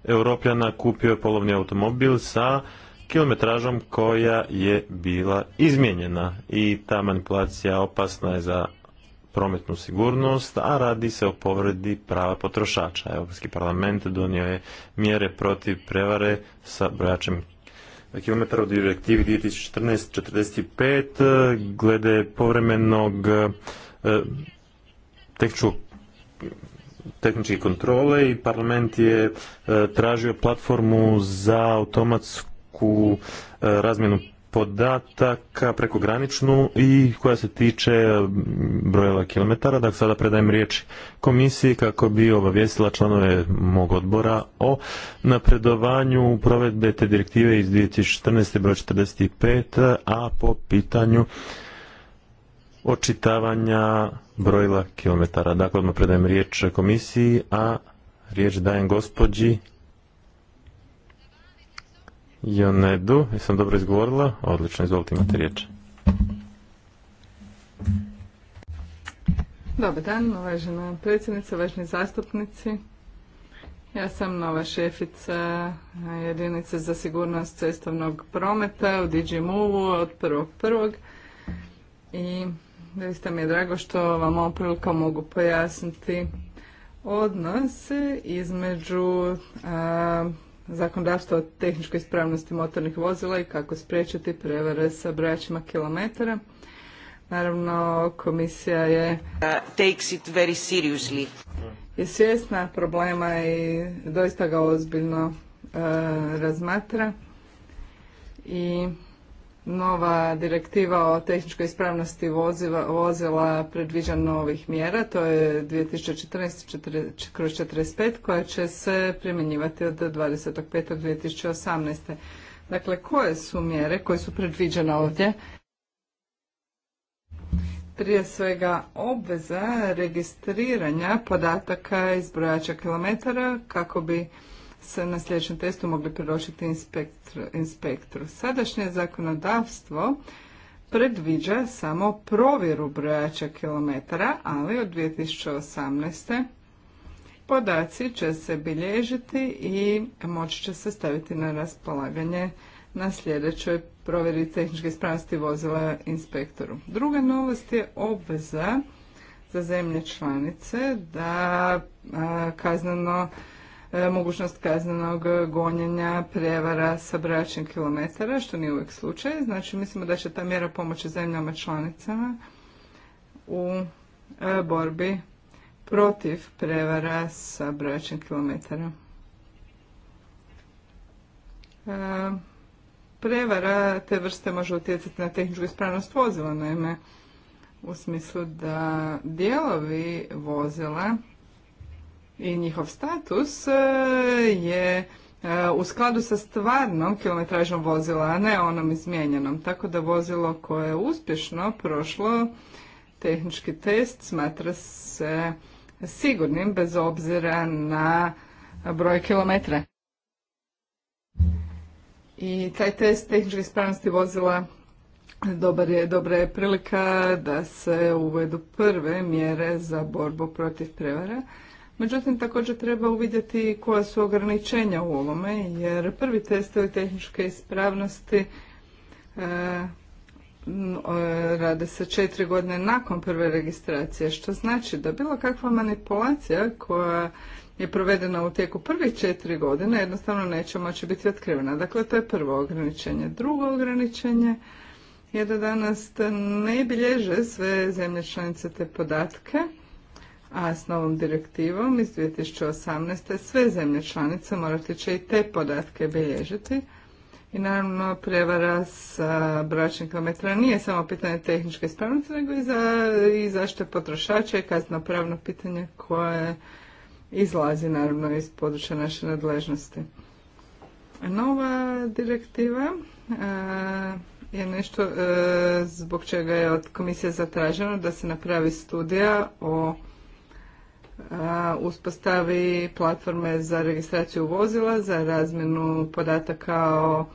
S3: europljana kupio je polovni automobil sa kilometražom koja je bila izmijenjena i ta manipulacija opasna je za prometnu sigurnost, a radi se o povredi prava potrošača. Europski parlament donio je mjere protiv prevare sa brojačem kilometara u direktivi 2014-45 glede povremenog e, tehničkog tehničke kontrole i parlament je e, tražio platformu za automatsku e, razmjenu podataka prekograničnu i koja se tiče brojeva kilometara. Dakle, sada predajem riječ komisiji kako bi obavijestila članove mog odbora o napredovanju provedbe te direktive iz 2014. broj 45, a po pitanju očitavanja brojila kilometara. Dakle, odmah predajem riječ komisiji, a riječ dajem gospođi Jonedu. Jesam dobro izgovorila? Odlično, izvolite imate mhm.
S2: riječ. Dobar dan, uvažena predsjednica, uvaženi zastupnici. Ja sam nova šefica jedinice za sigurnost cestovnog prometa u Digimovu od prvog prvog I doista mi je drago što vam ovom prilikom mogu pojasniti odnose između zakonodavstva o tehničkoj ispravnosti motornih vozila i kako spriječiti prevare sa brojačima kilometara. Naravno, komisija je uh, takes Je svjesna problema i doista ga ozbiljno uh, razmatra i Nova direktiva o tehničkoj ispravnosti vozila predviđa novih mjera, to je 2014 kroz 45 koja će se primjenjivati od 25.2018. Dakle, koje su mjere koje su predviđene ovdje? Prije svega obveza registriranja podataka iz brojača kilometara kako bi se na sljedećem testu mogli priročiti inspektru. Sadašnje zakonodavstvo predviđa samo provjeru brojača kilometara, ali od 2018. podaci će se bilježiti i moći će se staviti na raspolaganje na sljedećoj provjeri tehničke ispravnosti vozila inspektoru. Druga novost je obveza za zemlje članice da kazneno E, mogućnost kaznenog gonjenja, prevara sa bračnim kilometara, što nije uvijek slučaj. Znači, mislimo da će ta mjera pomoći zemljama članicama u e, borbi protiv prevara sa bračnim kilometara. E, prevara te vrste može utjecati na tehničku ispravnost vozila, naime u smislu da dijelovi vozila i njihov status eh, je eh, u skladu sa stvarnom kilometražom vozila, a ne onom izmijenjenom. Tako da vozilo koje je uspješno prošlo tehnički test smatra se sigurnim bez obzira na broj kilometra. I taj test tehničke ispravnosti vozila dobar je, dobra je prilika da se uvedu prve mjere za borbu protiv prevara Međutim, također treba uvidjeti koja su ograničenja u ovome, jer prvi testovi tehničke ispravnosti e, e, rade se četiri godine nakon prve registracije, što znači da bilo kakva manipulacija koja je provedena u tijeku prvih četiri godine jednostavno neće moći biti otkrivena. Dakle, to je prvo ograničenje. Drugo ograničenje je da danas ne bilježe sve zemlje članice te podatke, a s novom direktivom iz 2018. sve zemlje članice morati će i te podatke bilježiti. I naravno prevara sa bračnim kilometra nije samo pitanje tehničke ispravnosti, nego i, za, i zaštite potrošača i kazno pravno pitanje koje izlazi naravno iz područja naše nadležnosti. Nova direktiva e, je nešto e, zbog čega je od komisije zatraženo da se napravi studija o uspostavi platforme za registraciju vozila, za razmjenu podataka o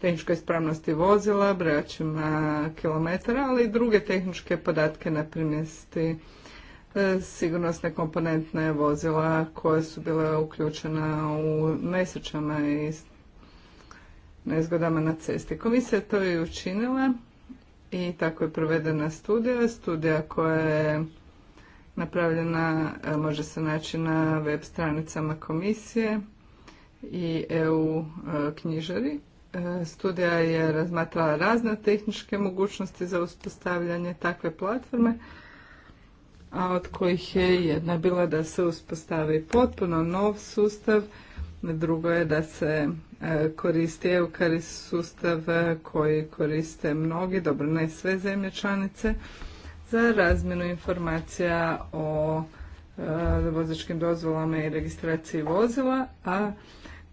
S2: tehničkoj ispravnosti vozila, brojačima kilometara, ali i druge tehničke podatke, na primjesti e, sigurnosne komponentne vozila koje su bile uključena u mesečama i nezgodama na cesti. Komisija to i učinila i tako je provedena studija, studija koja je napravljena, e, može se naći na web stranicama komisije i EU e, knjižari. E, studija je razmatrala razne tehničke mogućnosti za uspostavljanje takve platforme, a od kojih je jedna bila da se uspostavi potpuno nov sustav, drugo je da se koristi EUKARIS sustav koji koriste mnogi, dobro ne sve zemlje članice, za razmjenu informacija o e, vozačkim dozvolama i registraciji vozila, a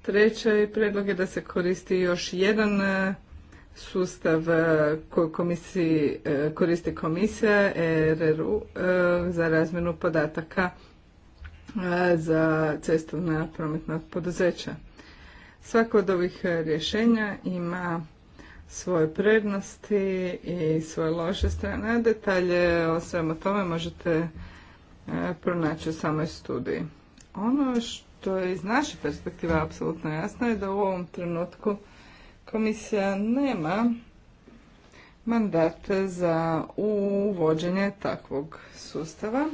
S2: treći predlog je da se koristi još jedan e, sustav e, koji komisiji, koristi komisija RRU, za razmjenu podataka za cestovna prometna poduzeća. Svako od ovih rješenja ima svoje prednosti i svoje loše strane. Detalje o svemu tome možete e, pronaći u samoj studiji. Ono što je iz naše perspektive apsolutno jasno je da u ovom trenutku komisija nema mandate za uvođenje takvog sustava.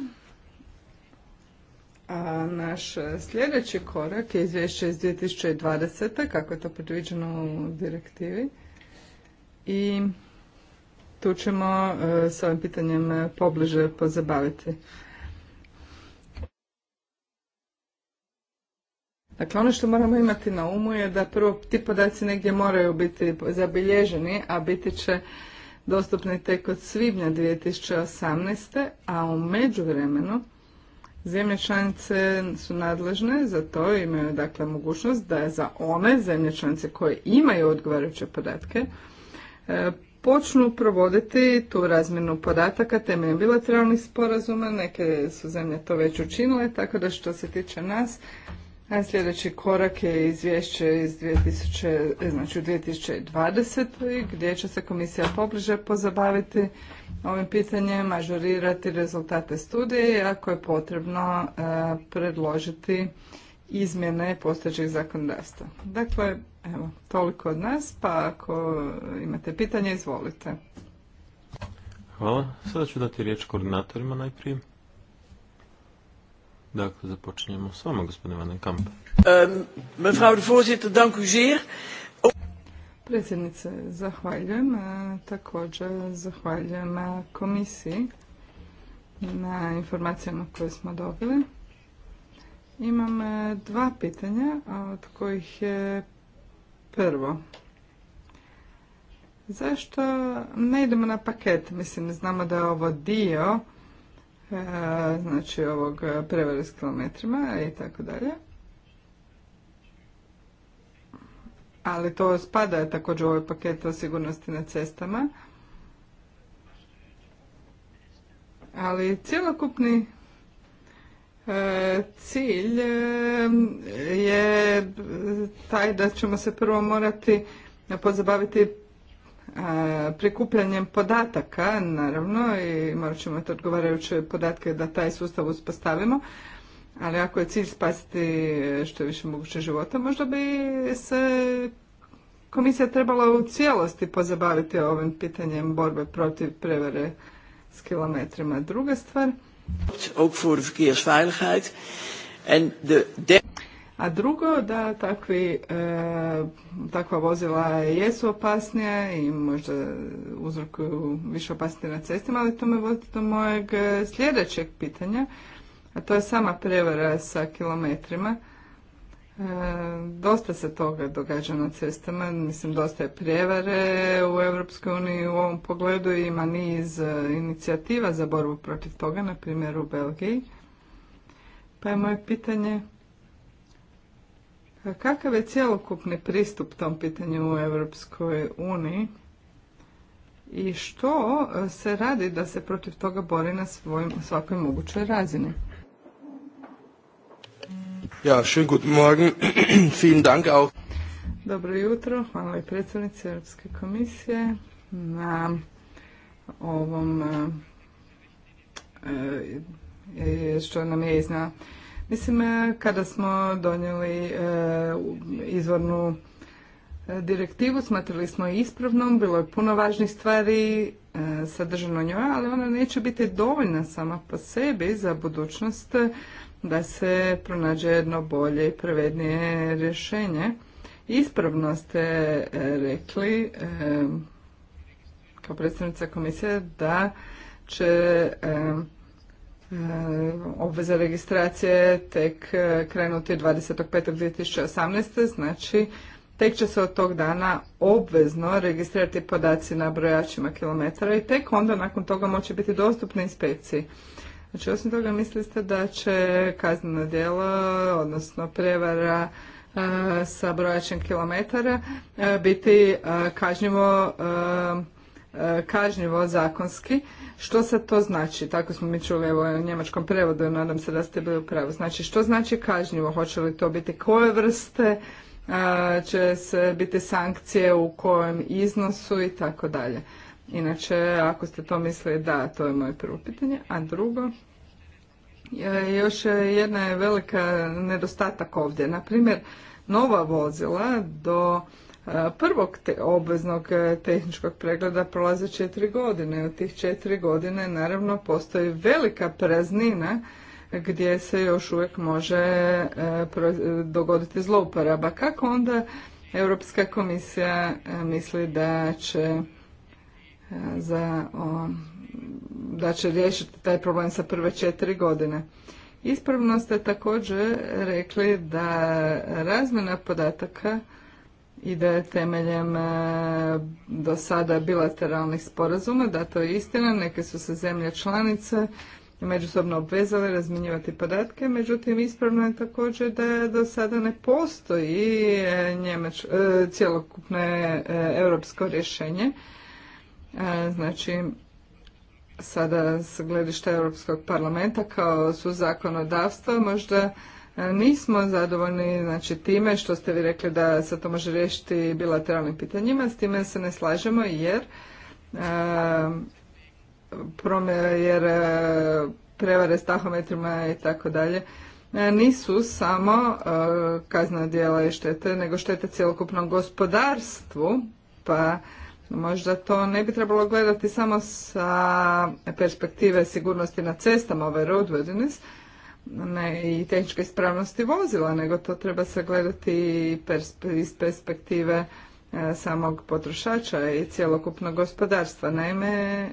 S2: A naš sljedeći korak je izvješće iz 2020. kako je to predviđeno u direktivi i tu ćemo e, s ovim pitanjem e, pobliže pozabaviti. Dakle, ono što moramo imati na umu je da prvo ti podaci negdje moraju biti zabilježeni, a biti će dostupni tek od svibnja 2018. a u međuvremenu zemlje članice su nadležne za to, imaju dakle mogućnost da za one zemlje članice koje imaju odgovarajuće podatke, E, počnu provoditi tu razmjenu podataka temeljem bilateralnih sporazuma. Neke su zemlje to već učinile, tako da što se tiče nas, a sljedeći korak je izvješće iz 2000, e, znači 2020. gdje će se komisija pobliže pozabaviti ovim pitanjem, ažurirati rezultate studije i ako je potrebno e, predložiti izmjene postojećeg zakonodavstva. Dakle, Evo, toliko od nas, pa ako imate pitanje, izvolite.
S3: Hvala. Sada ću dati riječ koordinatorima najprije. Dakle, započinjemo s vama, gospodine Van ehm, Mevrouw de voorzitter,
S2: dank u zeer. Predsjednice, zahvaljujem. E, također zahvaljujem komisiji na informacijama koje smo dobili. Imam e, dva pitanja, od kojih je Prvo, zašto ne idemo na paket? Mislim, znamo da je ovo dio e, znači ovog prevara s kilometrima i tako dalje. Ali to spada također u ovaj paket o sigurnosti na cestama. Ali cijelokupni... E, cilj e, je taj da ćemo se prvo morati pozabaviti e, prikupljanjem podataka, naravno, i morat ćemo imati odgovarajuće podatke da taj sustav uspostavimo, ali ako je cilj spasiti što je više moguće života, možda bi se komisija trebala u cijelosti pozabaviti ovim pitanjem borbe protiv prevare s kilometrima. Druga stvar, a drugo, da takvi, e, takva vozila jesu opasnija i možda uzrokuju više opasnije na cestima, ali to me vodi do mojeg e, sljedećeg pitanja, a to je sama prevara sa kilometrima. E, dosta se toga događa na cestama, mislim dosta je prijevare u Europskoj uniji u ovom pogledu ima niz e, inicijativa za borbu protiv toga, na primjer u Belgiji. Pa je moje pitanje e, kakav je cjelokupni pristup tom pitanju u Europskoj uniji i što se radi da se protiv toga bori na svakoj mogućoj razini?
S3: Ja, schönen guten Morgen. (clears throat) Vielen Dank auch.
S2: Dobro jutro, hvala i predsjednici Europske komisije na ovom eh, eh, što nam je izna. Mislim, eh, kada smo donijeli izvornu direktivu, smatrali smo ispravnom, bilo je puno važnih stvari sadržano njoj, ali ona neće biti dovoljna sama po sebi za budućnost da se pronađe jedno bolje i pravednije rješenje. Ispravno ste e, rekli e, kao predstavnica komisije da će e, obveza registracije tek krenuti 25.2018. Znači, tek će se od tog dana obvezno registrirati podaci na brojačima kilometara i tek onda nakon toga moći biti dostupni inspekciji. Znači, osim toga, mislili ste da će kazneno djelo, odnosno prevara e, sa brojačem kilometara, e, biti e, kažnjivo, kažnjivo zakonski. Što se to znači? Tako smo mi čuli evo, u njemačkom prevodu, nadam se da ste bili u pravu. Znači, što znači kažnjivo? Hoće li to biti koje vrste? će se biti sankcije u kojem iznosu i tako dalje. Inače, ako ste to mislili, da, to je moje prvo pitanje. A drugo, e, još jedna je velika nedostatak ovdje. Naprimjer, nova vozila do e, prvog obveznog e, tehničkog pregleda prolaze četiri godine. U tih četiri godine naravno postoji velika praznina gdje se još uvijek može dogoditi zlouporaba. Kako onda Europska komisija misli da će za, o, da će riješiti taj problem sa prve četiri godine. Ispravno ste također rekli da razmjena podataka ide temeljem e, do sada bilateralnih sporazuma, da to je istina, neke su se zemlje članice međusobno obvezale razminjivati podatke, međutim ispravno je također da do sada ne postoji e, njemač, e, e, europsko rješenje E, znači sada s gledišta Europskog parlamenta kao su zakonodavstva možda e, nismo zadovoljni znači time što ste vi rekli da se to može riješiti bilateralnim pitanjima, s time se ne slažemo jer e, jer prevare s tahometrima i tako dalje nisu samo kazna djela i štete, nego štete cjelokupnom gospodarstvu, pa Možda to ne bi trebalo gledati samo sa perspektive sigurnosti na cestama, ove roadworthiness, ne i tehničke ispravnosti vozila, nego to treba se gledati iz perspektive e, samog potrošača i cjelokupnog gospodarstva. Naime, e,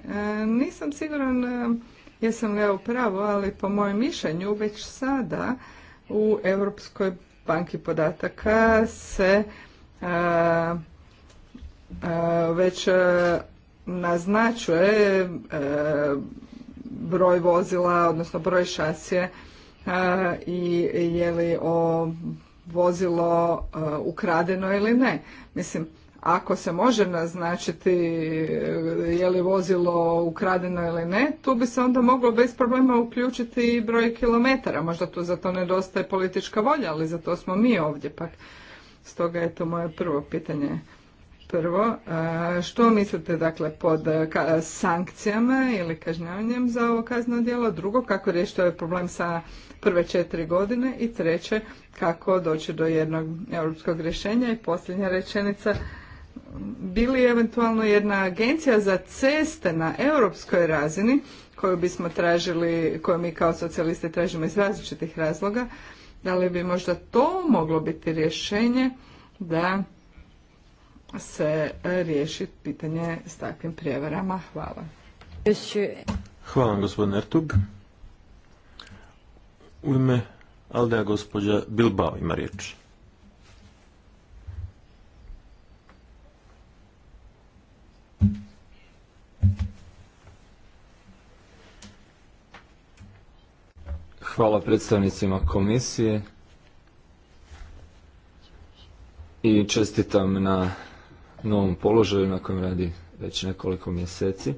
S2: nisam siguran e, jesam li ja pravu, ali po mojem mišljenju već sada u Europskoj banki podataka se E, već e, naznačuje e, broj vozila, odnosno broj šasije i je li vozilo ukradeno ili ne. Mislim, ako se može naznačiti je li vozilo ukradeno ili ne, tu bi se onda moglo bez problema uključiti i broj kilometara. Možda tu za to nedostaje politička volja, ali za to smo mi ovdje pa Stoga je to moje prvo pitanje. Prvo, e, što mislite dakle pod e, sankcijama ili kažnjavanjem za ovo kazneno djelo? Drugo, kako riješiti ovaj problem sa prve četiri godine? I treće, kako doći do jednog europskog rješenja? I posljednja rečenica, bili eventualno jedna agencija za ceste na europskoj razini koju bismo tražili, koju mi kao socijalisti tražimo iz različitih razloga, da li bi možda to moglo biti rješenje da se e, riješi pitanje s takvim prijevarama. Hvala.
S3: Hvala gospodin Ertug. U ime Aldeja gospođa Bilbao ima riječ.
S1: Hvala predstavnicima komisije i čestitam na novom položaju na kojem radi već nekoliko mjeseci.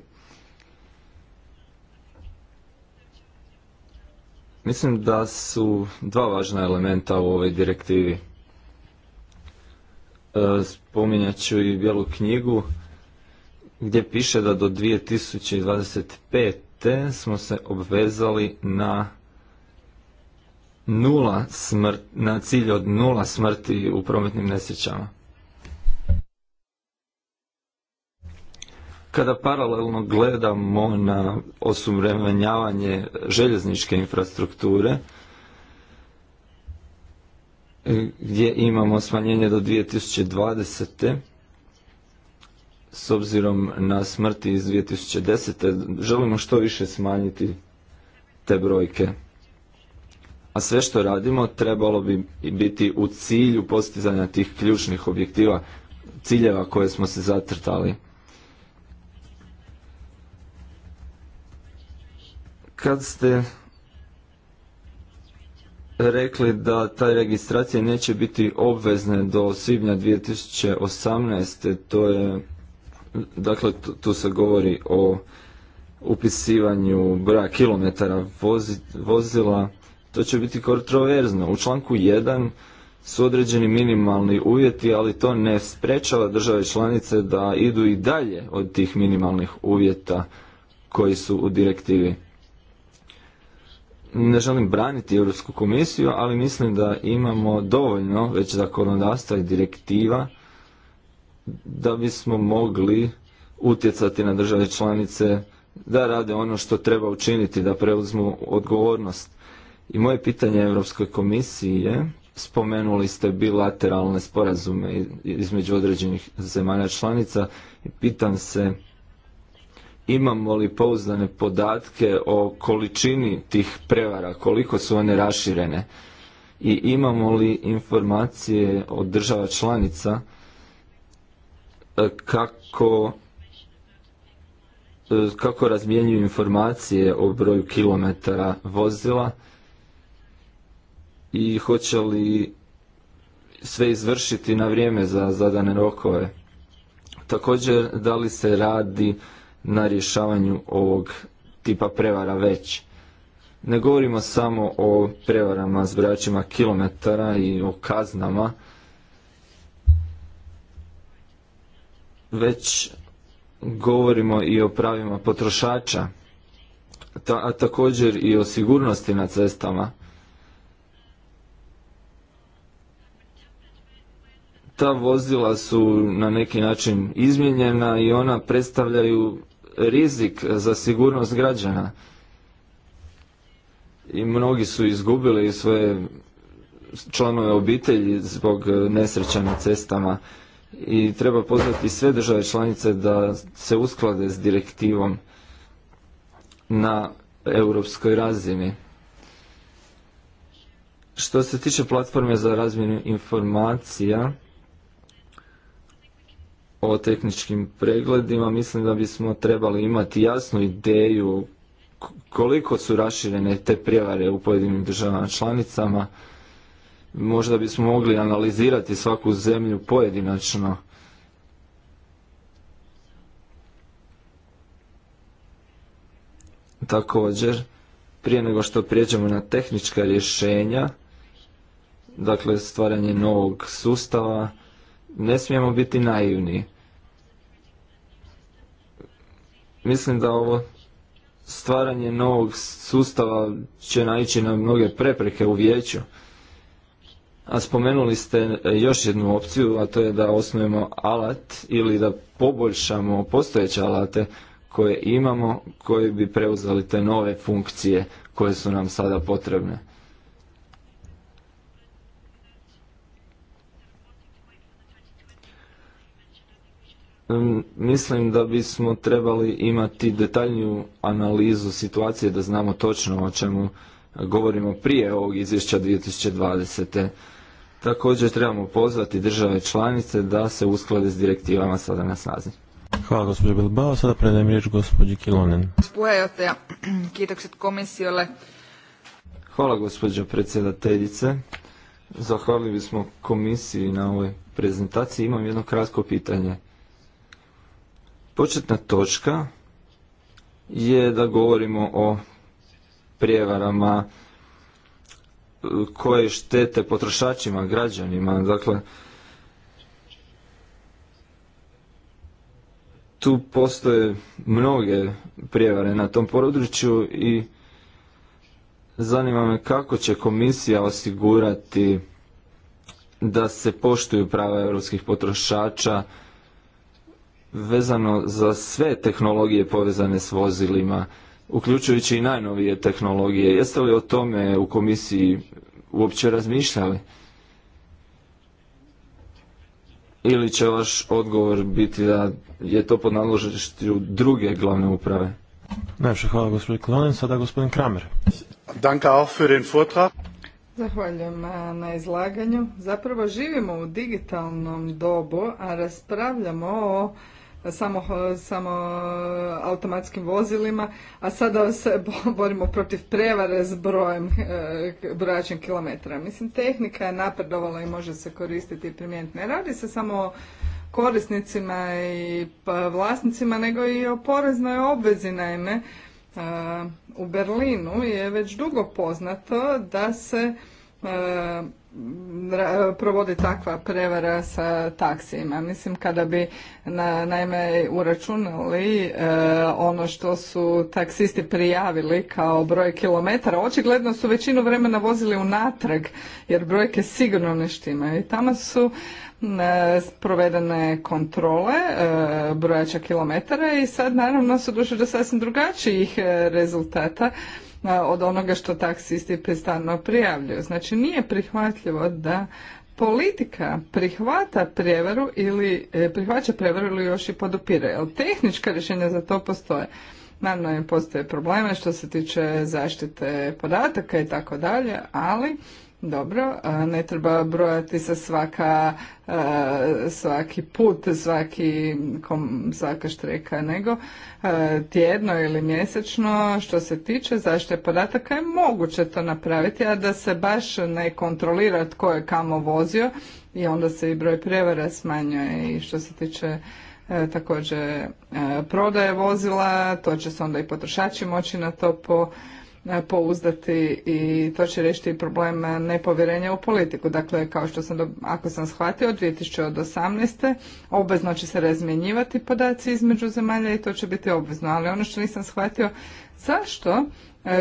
S1: Mislim da su dva važna elementa u ovoj direktivi. E, spominjat ću i bijelu knjigu gdje piše da do 2025. smo se obvezali na nula na cilj od nula smrti u prometnim nesrećama. Kada paralelno gledamo na osumremenjavanje željezničke infrastrukture, e, gdje imamo smanjenje do 2020. S obzirom na smrti iz 2010. želimo što više smanjiti te brojke. A sve što radimo trebalo bi biti u cilju postizanja tih ključnih objektiva, ciljeva koje smo se zatrtali. Kad ste rekli da ta registracija neće biti obvezne do svibnja 2018. To je, dakle, tu se govori o upisivanju broja kilometara vozila. To će biti kontroverzno. U članku 1 su određeni minimalni uvjeti, ali to ne sprečava države članice da idu i dalje od tih minimalnih uvjeta koji su u direktivi ne želim braniti Europsku komisiju, ali mislim da imamo dovoljno već zakonodavstva i direktiva da bismo mogli utjecati na države članice da rade ono što treba učiniti, da preuzmu odgovornost. I moje pitanje Europskoj komisiji je, spomenuli ste bilateralne sporazume između određenih zemalja članica i pitam se imamo li pouzdane podatke o količini tih prevara, koliko su one raširene i imamo li informacije od država članica e, kako e, kako razmjenjuju informacije o broju kilometara vozila i hoće li sve izvršiti na vrijeme za zadane rokove. Također, da li se radi na rješavanju ovog tipa prevara već. Ne govorimo samo o prevarama s kilometara i o kaznama, već govorimo i o pravima potrošača, a također i o sigurnosti na cestama. Ta vozila su na neki način izmjenjena i ona predstavljaju rizik za sigurnost građana. I mnogi su izgubili svoje članove obitelji zbog nesreća na cestama i treba pozvati sve države članice da se usklade s direktivom na europskoj razini. Što se tiče platforme za razmjenu informacija, o tehničkim pregledima, mislim da bismo trebali imati jasnu ideju koliko su raširene te prijevare u pojedinim državama članicama. Možda bismo mogli analizirati svaku zemlju pojedinačno. Također, prije nego što prijeđemo na tehnička rješenja, dakle stvaranje novog sustava, ne smijemo biti naivni. Mislim da ovo stvaranje novog sustava će naići na mnoge prepreke u vijeću. A spomenuli ste e, još jednu opciju, a to je da osnujemo alat ili da poboljšamo postojeće alate koje imamo, koji bi preuzeli te nove funkcije koje su nam sada potrebne. Mislim da bismo trebali imati detaljniju analizu situacije da znamo točno o čemu govorimo prije ovog izvješća 2020. Također trebamo pozvati države članice da se usklade s direktivama sada na snazi. Hvala gospođo Bilbao, sada predajem riječ gospođi Kilonen. Hvala gospođo predsjedateljice. Zahvalili bismo komisiji na ovoj prezentaciji. Imam jedno kratko pitanje. Početna točka je da govorimo o prijevarama e, koje štete potrošačima, građanima, dakle tu postoje mnoge prijevare na tom području i zanima me kako će komisija osigurati da se poštuju prava europskih potrošača vezano za sve tehnologije povezane s vozilima, uključujući i najnovije tehnologije. Jeste li o tome u komisiji uopće razmišljali? Ili će vaš odgovor biti da je to pod u druge glavne uprave?
S3: Najviše hvala gospodin Klonin, sada gospodin Kramer.
S2: Zahvaljujem eh, na izlaganju. Zapravo živimo u digitalnom dobu, a raspravljamo o samo, samo automatskim vozilima, a sada se borimo protiv prevare s brojem, e, brojačem kilometra. Mislim, tehnika je napredovala i može se koristiti i primijeniti. Ne radi se samo o korisnicima i vlasnicima, nego i o poreznoj obvezi, naime. E, u Berlinu je već dugo poznato da se e, provodi takva prevara sa taksijima. Mislim kada bi na, naime uračunali e, ono što su taksisti prijavili kao broj kilometara, očigledno su većinu vremena vozili unatrag jer brojke sigurno ne štimaju. I tamo su e, provedene kontrole e, brojača kilometara i sad naravno su došli do sasvim drugačijih rezultata od onoga što taksisti prestano prijavljuju. Znači nije prihvatljivo da politika prihvata prijevaru ili e, prihvaća prijevaru ili još i podupire. Jer tehnička rješenja za to postoje. Naravno postoje probleme što se tiče zaštite podataka i tako dalje, ali dobro, ne treba brojati sa svaka, svaki put, svaki, kom, svaka štreka, nego tjedno ili mjesečno što se tiče zaštite podataka je moguće to napraviti, a da se baš ne kontrolira tko je kamo vozio i onda se i broj prevara smanjuje i što se tiče e, također e, prodaje vozila, to će se onda i potrošači moći na to po, pouzdati i to će riješiti problem nepovjerenja u politiku. Dakle, kao što sam, ako sam shvatio, od 2018. obvezno će se razmjenjivati podaci između zemalja i to će biti obvezno. Ali ono što nisam shvatio, zašto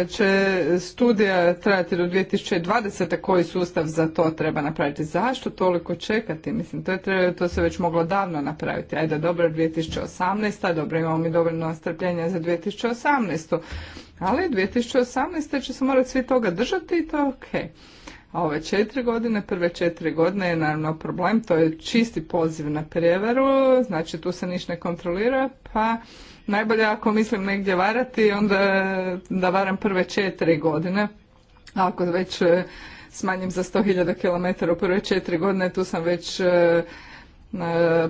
S2: će studija trajati do 2020. koji sustav za to treba napraviti. Zašto toliko čekati? Mislim, to, je to se već moglo davno napraviti. Ajde, dobro, 2018. Dobro, imamo mi dovoljno strpljenja za 2018. Ali 2018. će se morati svi toga držati i to je okej. A ove četiri godine, prve četiri godine je naravno problem, to je čisti poziv na prijevaru, znači tu se niš ne kontrolira, pa najbolje ako mislim negdje varati, onda da varam prve četiri godine. ako već e, smanjim za sto hiljada km u prve četiri godine, tu sam već e, e,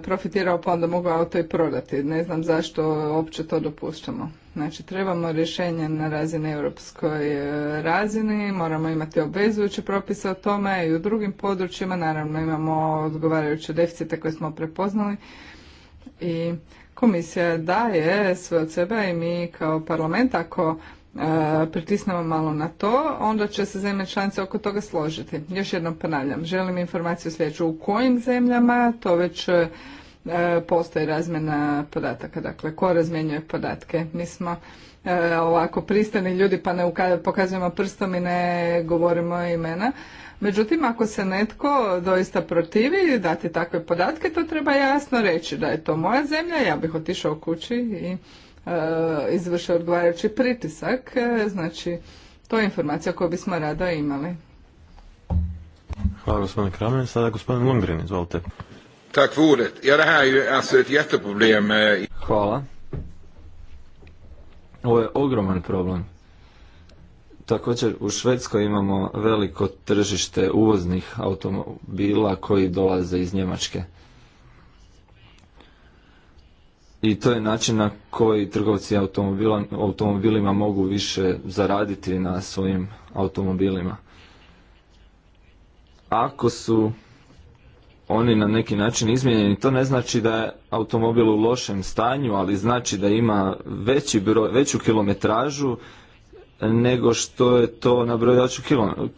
S2: profitirao pa onda mogu auto i prodati. Ne znam zašto uopće to dopuštamo. Znači trebamo rješenje na razini europskoj razini, moramo imati obvezujuće propise o tome i u drugim područjima. Naravno imamo odgovarajuće deficite koje smo prepoznali i komisija daje sve od sebe i mi kao parlament ako e, pritisnemo malo na to, onda će se zemlje članice oko toga složiti. Još jednom ponavljam, želim informaciju sljedeću u kojim zemljama, to već e, postoji razmjena podataka, dakle ko razmjenjuje podatke. Mi smo e, ovako pristani ljudi pa ne pokazujemo prstom i ne govorimo imena, Međutim, ako se netko doista protivi dati takve podatke, to treba jasno reći da je to moja zemlja, ja bih otišao kući i e, izvršio odgovarajući pritisak. E, znači, to je informacija koju bismo rado imali.
S3: Hvala gospodine Kramen. Sada gospodin Lundgren, izvolite.
S1: Ja, det här är ju alltså eh, Hvala. Ovo je ogroman problem. Također u Švedskoj imamo veliko tržište uvoznih automobila koji dolaze iz Njemačke. I to je način na koji trgovci automobilima mogu više zaraditi na svojim automobilima. Ako su oni na neki način izmijenjeni, to ne znači da je automobil u lošem stanju, ali znači da ima veći veću kilometražu nego što je to na brojaču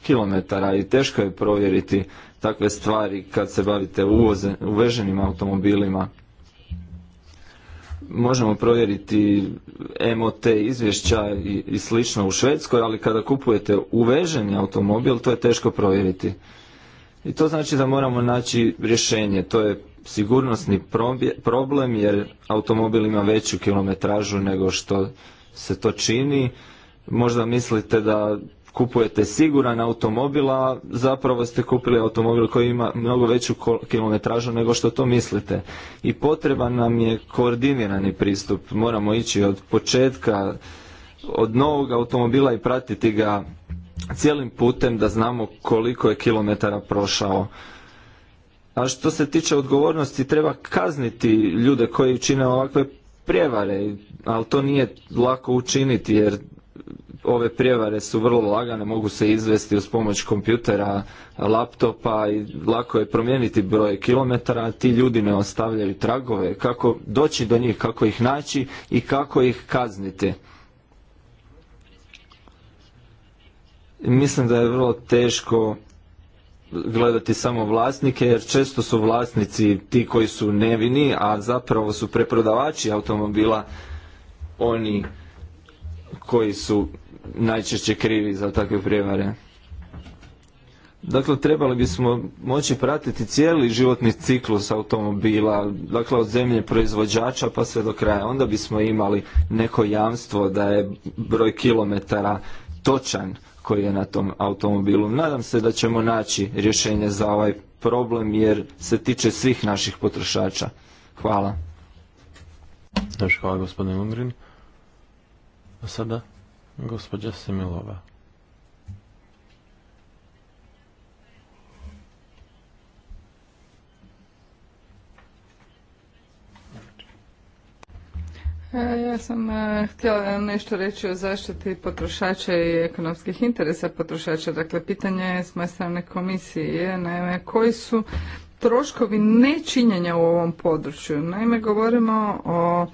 S1: kilometara i teško je provjeriti takve stvari kad se bavite uvoze, uveženim automobilima. Možemo provjeriti MOT izvješća i, i slično u Švedskoj, ali kada kupujete uveženi automobil, to je teško provjeriti. I to znači da moramo naći rješenje. To je sigurnosni problem jer automobil ima veću kilometražu nego što se to čini možda mislite da kupujete siguran automobil, a zapravo ste kupili automobil koji ima mnogo veću kilometražu nego što to mislite. I potreban nam je koordinirani pristup. Moramo ići od početka, od novog automobila i pratiti ga cijelim putem da znamo koliko je kilometara prošao. A što se tiče odgovornosti, treba kazniti ljude koji čine ovakve prijevare, ali to nije lako učiniti jer ove prijevare su vrlo lagane, mogu se izvesti uz pomoć kompjutera, laptopa i lako je promijeniti broj kilometara, ti ljudi ne ostavljaju tragove. Kako doći do njih, kako ih naći i kako ih kazniti. Mislim da je vrlo teško gledati samo vlasnike jer često su vlasnici ti koji su nevini, a zapravo su preprodavači automobila oni koji su najčešće krivi za takve prijevare. Dakle, trebali bismo moći pratiti cijeli životni ciklus automobila, dakle od zemlje proizvođača pa sve do kraja. Onda bismo imali neko jamstvo da je broj kilometara točan koji je na tom automobilu. Nadam se da ćemo naći rješenje za ovaj problem jer se tiče svih naših potrošača. Hvala. hvala gospodine Ungrin.
S3: A sada Gospođa Semilova.
S2: E, ja sam e, htjela nešto reći o zaštiti potrošača i ekonomskih interesa potrošača. Dakle, pitanje je s moje strane komisije. Naime, koji su troškovi nečinjenja u ovom području? Naime, govorimo o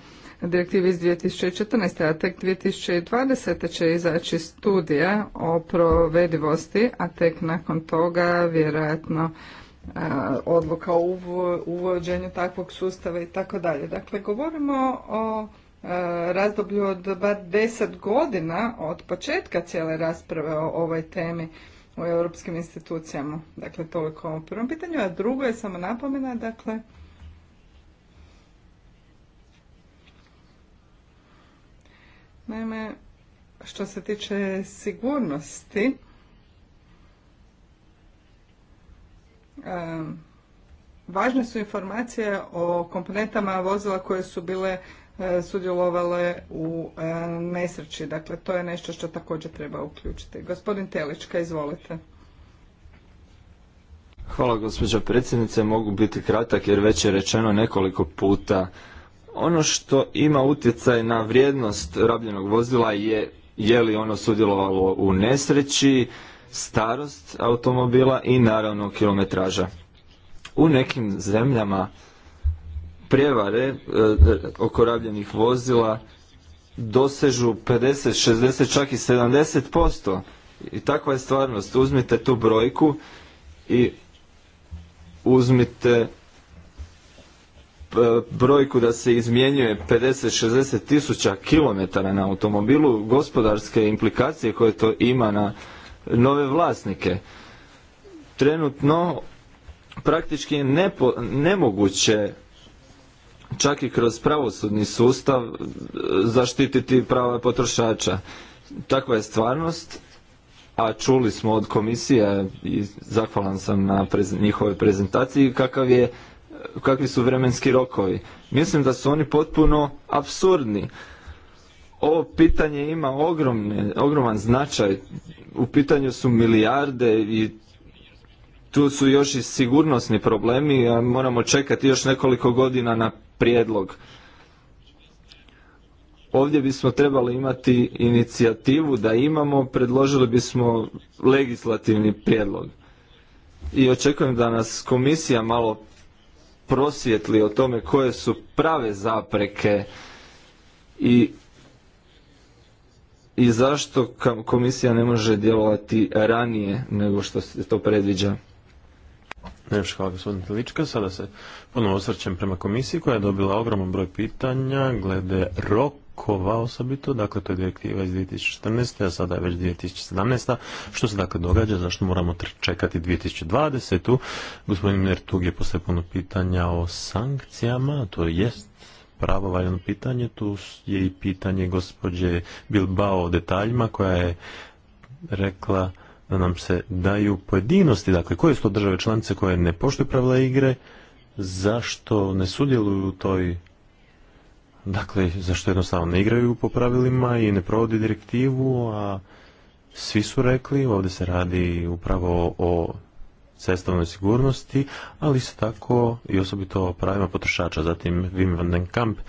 S2: direktivi iz 2014. a tek 2020. će izaći studija o provedivosti, a tek nakon toga vjerojatno odluka o uvođenju takvog sustava i tako dalje. Dakle, govorimo o razdoblju od bar godina od početka cijele rasprave o ovoj temi u europskim institucijama. Dakle, toliko o prvom pitanju. A drugo je samo napomena, dakle, Naime, što se tiče sigurnosti, važne su informacije o komponentama vozila koje su bile e, sudjelovale u e, nesreći. Dakle, to je nešto što također treba uključiti. Gospodin Telička, izvolite.
S1: Hvala gospođo predsjednice, mogu biti kratak jer već je rečeno nekoliko puta ono što ima utjecaj na vrijednost rabljenog vozila je je li ono sudjelovalo u nesreći, starost automobila i naravno kilometraža. U nekim zemljama prijevare e, e, oko rabljenih vozila dosežu 50, 60, čak i 70%. I takva je stvarnost. Uzmite tu brojku i uzmite brojku da se izmjenjuje 50-60 tisuća kilometara na automobilu, gospodarske implikacije koje to ima na nove vlasnike. Trenutno praktički je nemoguće čak i kroz pravosudni sustav e, zaštititi prava potrošača. Takva je stvarnost, a čuli smo od komisije i zahvalan sam na njihovoj prezentaciji kakav je kakvi su vremenski rokovi. Mislim da su oni potpuno absurdni. Ovo pitanje ima ogromne, ogroman značaj. U pitanju su milijarde i tu su još i sigurnosni problemi, a moramo čekati još nekoliko godina na prijedlog. Ovdje bismo trebali imati inicijativu da imamo, predložili bismo legislativni prijedlog. I očekujem da nas komisija malo prosvjetli o tome koje su prave zapreke i i zašto komisija ne može djelovati ranije nego što se to predviđa? Najviše hvala gospodin Sada se ponovno
S3: osvrćem prema komisiji koja je dobila ogroman broj pitanja glede roka hova osobito, dakle to je direktiva iz 2014. a sada je već 2017. Što se dakle događa, zašto moramo čekati 2020. Gospodin Nertug je postao pitanja o sankcijama, to jest pravovaljano pitanje, tu je i pitanje gospođe Bilbao o detaljima koja je rekla da nam se daju pojedinosti, dakle koje su to države članice koje ne poštuju pravila igre, zašto ne sudjeluju u toj Dakle, zašto jednostavno ne igraju po pravilima i ne provodi direktivu, a svi su rekli, ovdje se radi upravo o cestovnoj sigurnosti, ali se tako i osobito o pravima potrošača. Zatim Wim van den Kamp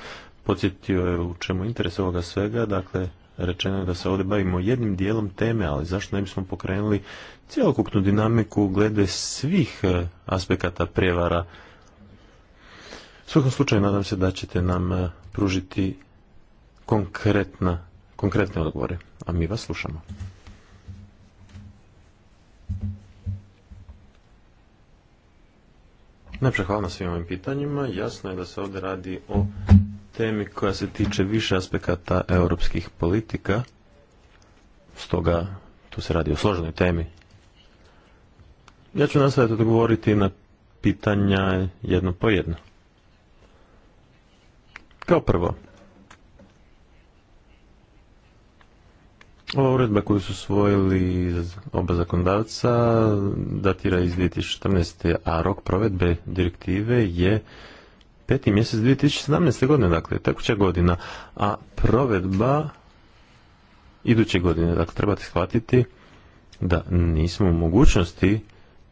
S3: podsjetio je u čemu interes ovoga svega, dakle rečeno je da se ovdje bavimo jednim dijelom teme, ali zašto ne bismo pokrenuli cjelokupnu dinamiku glede svih e, aspekata prijevara. U svakom slučaju nadam se da ćete nam e, pružiti konkretna, konkretne odgovore, a mi vas slušamo. Najprej hvala na svim ovim pitanjima. Jasno je da se ovdje radi o temi koja se tiče više aspekata europskih politika. Stoga tu se radi o složenoj temi. Ja ću nastaviti odgovoriti na pitanja jedno po jedno. Kao prvo, ova uredba koju su svojili oba zakonodavca datira iz 2014. a rok provedbe direktive je peti mjesec 2017. godine, dakle, tekuća godina, a provedba iduće godine. Dakle, trebate shvatiti da nismo u mogućnosti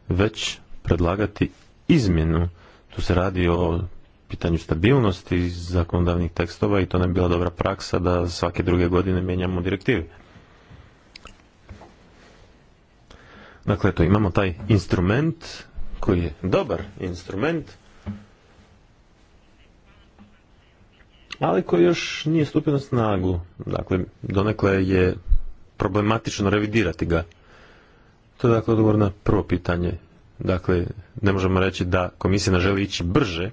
S3: već predlagati izmjenu. Tu se radi o pitanju stabilnosti zakonodavnih tekstova i to ne bi bila dobra praksa da svake druge godine mijenjamo direktive. Dakle, to imamo taj instrument koji je dobar instrument, ali koji još nije stupio na snagu. Dakle, donekle je problematično revidirati ga. To je dakle odgovor na prvo pitanje. Dakle, ne možemo reći da komisija ne želi ići brže,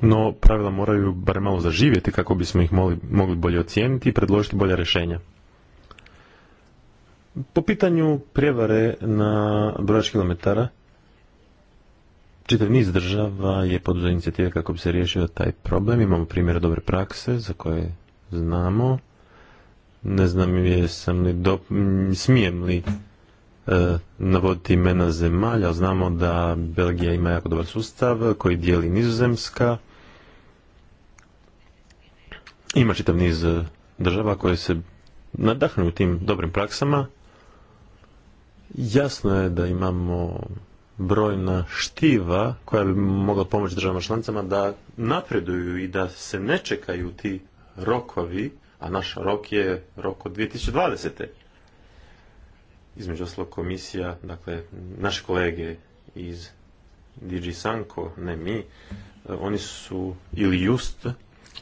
S3: no pravila moraju barem malo zaživjeti kako bismo ih mogli, mogli bolje ocijeniti i predložiti bolja rješenja. Po pitanju prijevare na brojač kilometara, čitav niz država je poduzeo inicijative kako bi se riješio taj problem. Imamo primjere dobre prakse za koje znamo. Ne znam jesam li do... smijem li E, navoditi imena zemalja, znamo da Belgija ima jako dobar sustav koji dijeli nizozemska. Ima čitav niz e, država koje se nadahnu tim dobrim praksama. Jasno je da imamo brojna štiva koja bi mogla pomoći državama članicama da napreduju i da se ne čekaju ti rokovi, a naš rok je rok od 2020 između ostalog komisija, dakle naše kolege iz DG Sanko, ne mi, e, oni su, ili Just,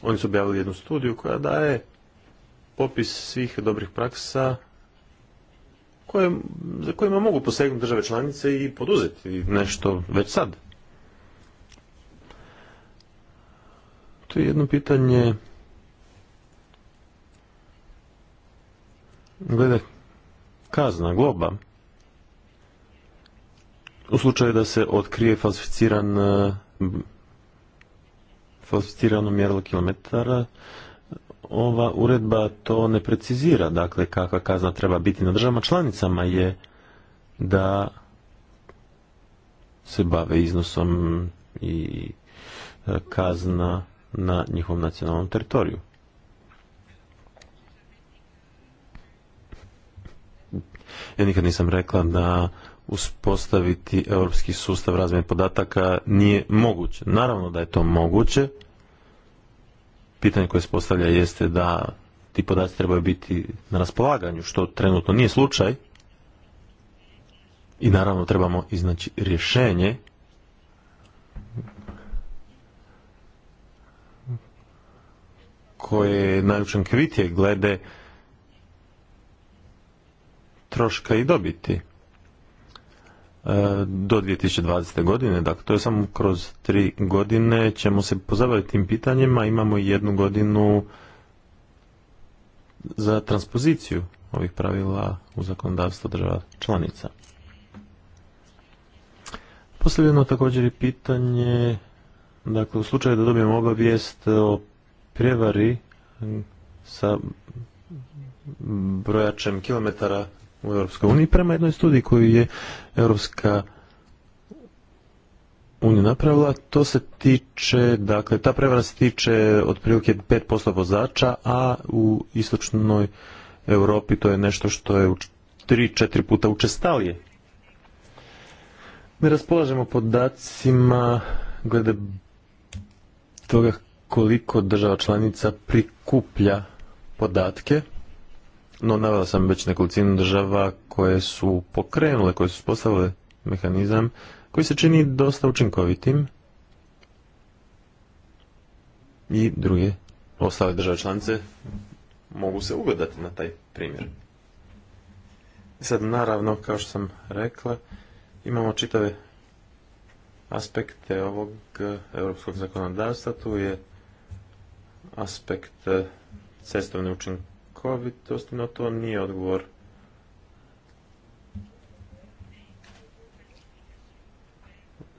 S3: oni su objavili jednu studiju koja daje popis svih dobrih praksa za kojima mogu posegnuti države članice i poduzeti nešto već sad. To je jedno pitanje glede kazna, globa. U slučaju da se otkrije falsificiran e, falsificirano mjerilo kilometara, ova uredba to ne precizira, dakle kakva kazna treba biti na državama članicama je da se bave iznosom i e, kazna na njihovom nacionalnom teritoriju. Ja nikad nisam rekla da uspostaviti europski sustav razmjene podataka nije moguće. Naravno da je to moguće. Pitanje koje se postavlja jeste da ti podaci trebaju biti na raspolaganju, što trenutno nije slučaj. I naravno trebamo iznaći rješenje koje je najučinkovitije glede troška i dobiti e, do 2020. godine, dakle to je samo kroz tri godine ćemo se pozabaviti tim pitanjima, imamo jednu godinu za transpoziciju ovih pravila u zakonodavstvo država članica. Posljedno također je pitanje, dakle u slučaju da dobijemo obavijest o prijevari sa brojačem kilometara u Europskoj uniji prema jednoj studiji koju je Europska unija napravila, to se tiče, dakle, ta prevara se tiče otprilike 5% vozača, a u istočnoj Europi to je nešto što je 3-4 puta učestalije. Mi raspolažemo podacima glede toga koliko država članica prikuplja podatke no, navela sam već nekolicinu država koje su pokrenule, koje su postavile mehanizam koji se čini dosta učinkovitim i druge ostale države članice mogu se ugledati na taj primjer. Sad, naravno, kao što sam rekla, imamo čitave aspekte ovog e, europskog zakonodavstva. Tu je aspekt e, cestovne učinkovitosti COVID to nije odgovor.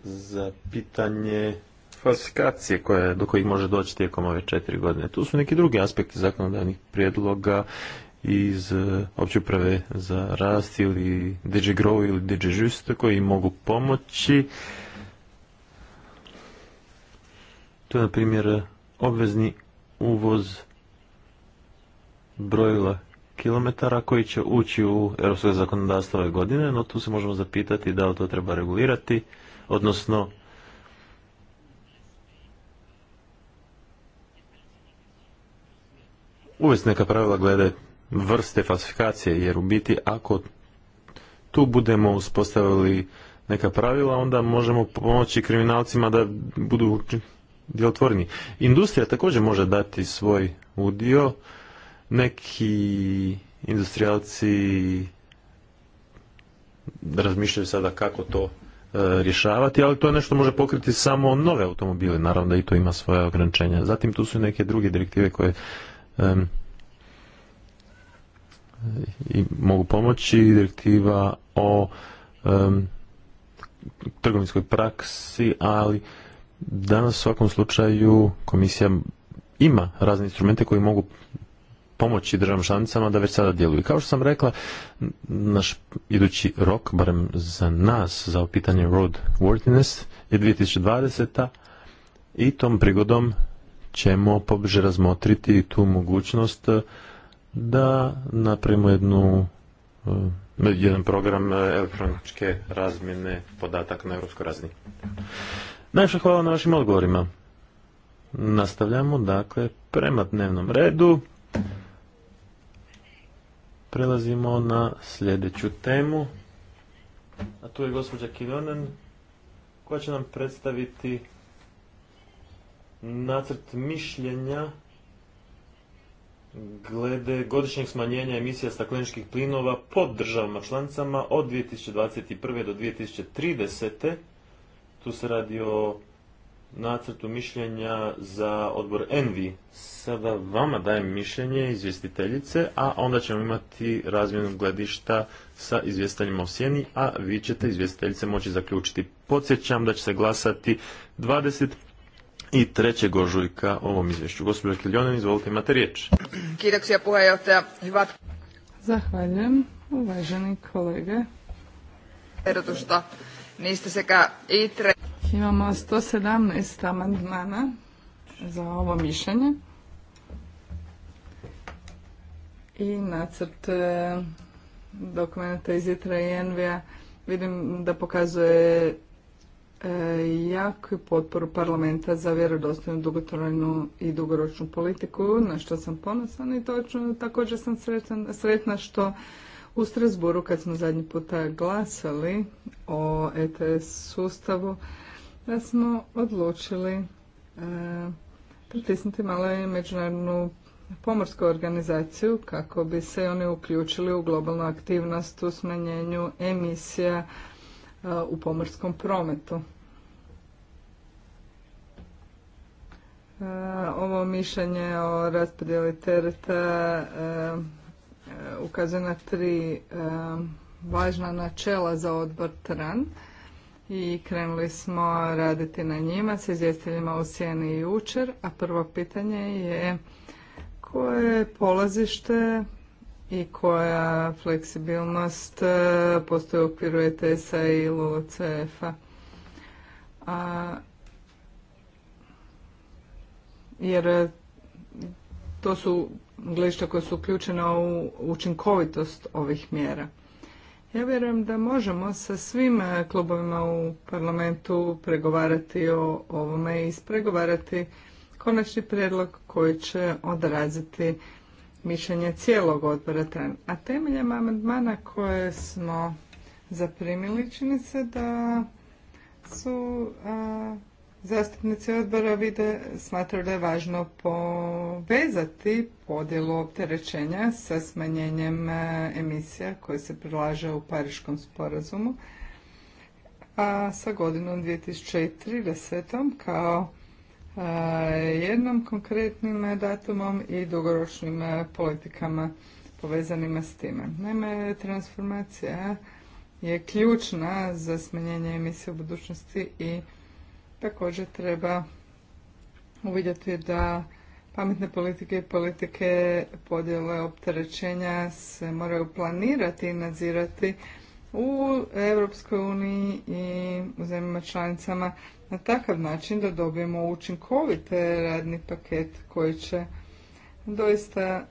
S3: Za pitanje falsifikacije do kojih može doći tijekom ove četiri godine. Tu su neki drugi aspekti zakonodavnih prijedloga iz e, opće uprave za rast ili Grow ili DigiJust koji mogu pomoći. To je na primjer obvezni uvoz brojila kilometara koji će ući u europsko zakonodavstvo ove godine, no tu se možemo zapitati da li to treba regulirati, odnosno uvesti neka pravila glede vrste falsifikacije, jer u biti ako tu budemo uspostavili neka pravila, onda možemo pomoći kriminalcima da budu djelotvorni. Industrija također može dati svoj udio, neki industrijalci razmišljaju sada kako to e, rješavati, ali to je nešto može pokriti samo nove automobile, naravno da i to ima svoje ograničenja. Zatim tu su neke druge direktive koje mogu pomoći, direktiva o trgovinskoj praksi, ali danas u svakom slučaju komisija ima razne instrumente koji mogu pomoći državama članicama da već sada djeluju. Kao što sam rekla, naš idući rok, barem za nas, za pitanje roadworthiness, je 2020. I tom prigodom ćemo pobliže razmotriti tu mogućnost eh, da napravimo jednu eh, jedan program eh, elektroničke razmjene podataka na europskoj razini. Najviše hvala na vašim odgovorima. Nastavljamo, dakle, prema dnevnom redu. Prelazimo na sljedeću temu, a tu je gospođa Kilonen koja će nam predstaviti nacrt mišljenja glede godišnjeg smanjenja emisija stakleničkih plinova pod državama članicama od 2021. do 2030. Tu se radi o nacrtu mišljenja za odbor Envi. Sada vama dajem mišljenje izvjestiteljice, a onda ćemo imati razmjenu gledišta sa izvjestiteljima o sjeni, a vi ćete izvjestiteljice moći zaključiti. Podsjećam da će se glasati 20 i 3. ožujka o ovom izvješću. Gospodin Kiljonen, izvolite, imate riječ.
S2: Zahvaljujem, uvaženi kolege. Erotusta, niste se ka itre... Imamo 117 amandmana za ovo mišljenje i nacrt e, dokumenta iz Itra i Envija vidim da pokazuje e, jaku potporu parlamenta za vjerodostojnu dugotrajnu i dugoročnu politiku, na što sam ponosan i točno također sam sretna što u Strasburu kad smo zadnji puta glasali o ETS sustavu da smo odlučili e, pritisnuti malo i međunarodnu pomorsku organizaciju kako bi se oni uključili u globalnu aktivnost u smanjenju emisija e, u pomorskom prometu. E, ovo mišljenje o raspodjeli tereta e, ukazuje na tri važna načela za odbor TRAN – i krenuli smo raditi na njima s izvjestiteljima u i jučer, a prvo pitanje je koje je polazište i koja fleksibilnost e, postoji u okviru ETS-a i LULCF-a. Jer to su gledišta koje su uključena u učinkovitost ovih mjera. Ja vjerujem da možemo sa svim e, klubovima u parlamentu pregovarati o ovome i ispregovarati konačni prijedlog koji će odraziti mišljenje cijelog odbora A temeljem amandmana koje smo zaprimili čini se da su Zastupnici odbora vide, smatraju da je važno povezati podjelu opterećenja sa smanjenjem e, emisija koje se prilaže u Pariškom sporazumu, a sa godinom 2030. kao e, jednom konkretnim datumom i dugoročnim e, politikama povezanima s time. Naime, transformacija je ključna za smanjenje emisije u budućnosti i Također treba uvidjeti da pametne politike i politike podjele opterećenja se moraju planirati i nadzirati u Europskoj uniji i u zemljama članicama na takav način da dobijemo učinkovite radni paket koji će doista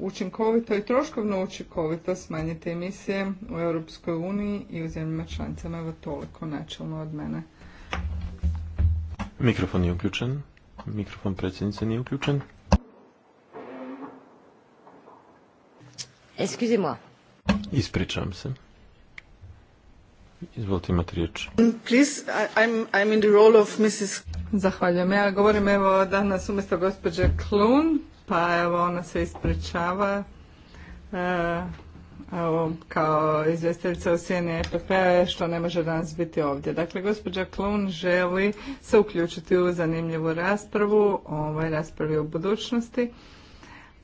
S2: učinkovito i troškovno učinkovito smanjiti emisije u Europskoj uniji i u zemljama članicama. Evo toliko načelno od mene.
S3: Mikrofon je uključen. Mikrofon predsjednice nije uključen. Excusez-moi. Ispričavam se. Izvolite imati
S2: riječ. Please, I'm, I'm in the Zahvaljujem. Ja govorim evo danas umjesto gospođe Klun, pa evo ona se ispričava. E, kao izvjestiteljica u sjeni EPP što ne može danas biti ovdje. Dakle, gospođa Klun želi se uključiti u zanimljivu raspravu o ovoj raspravi u budućnosti.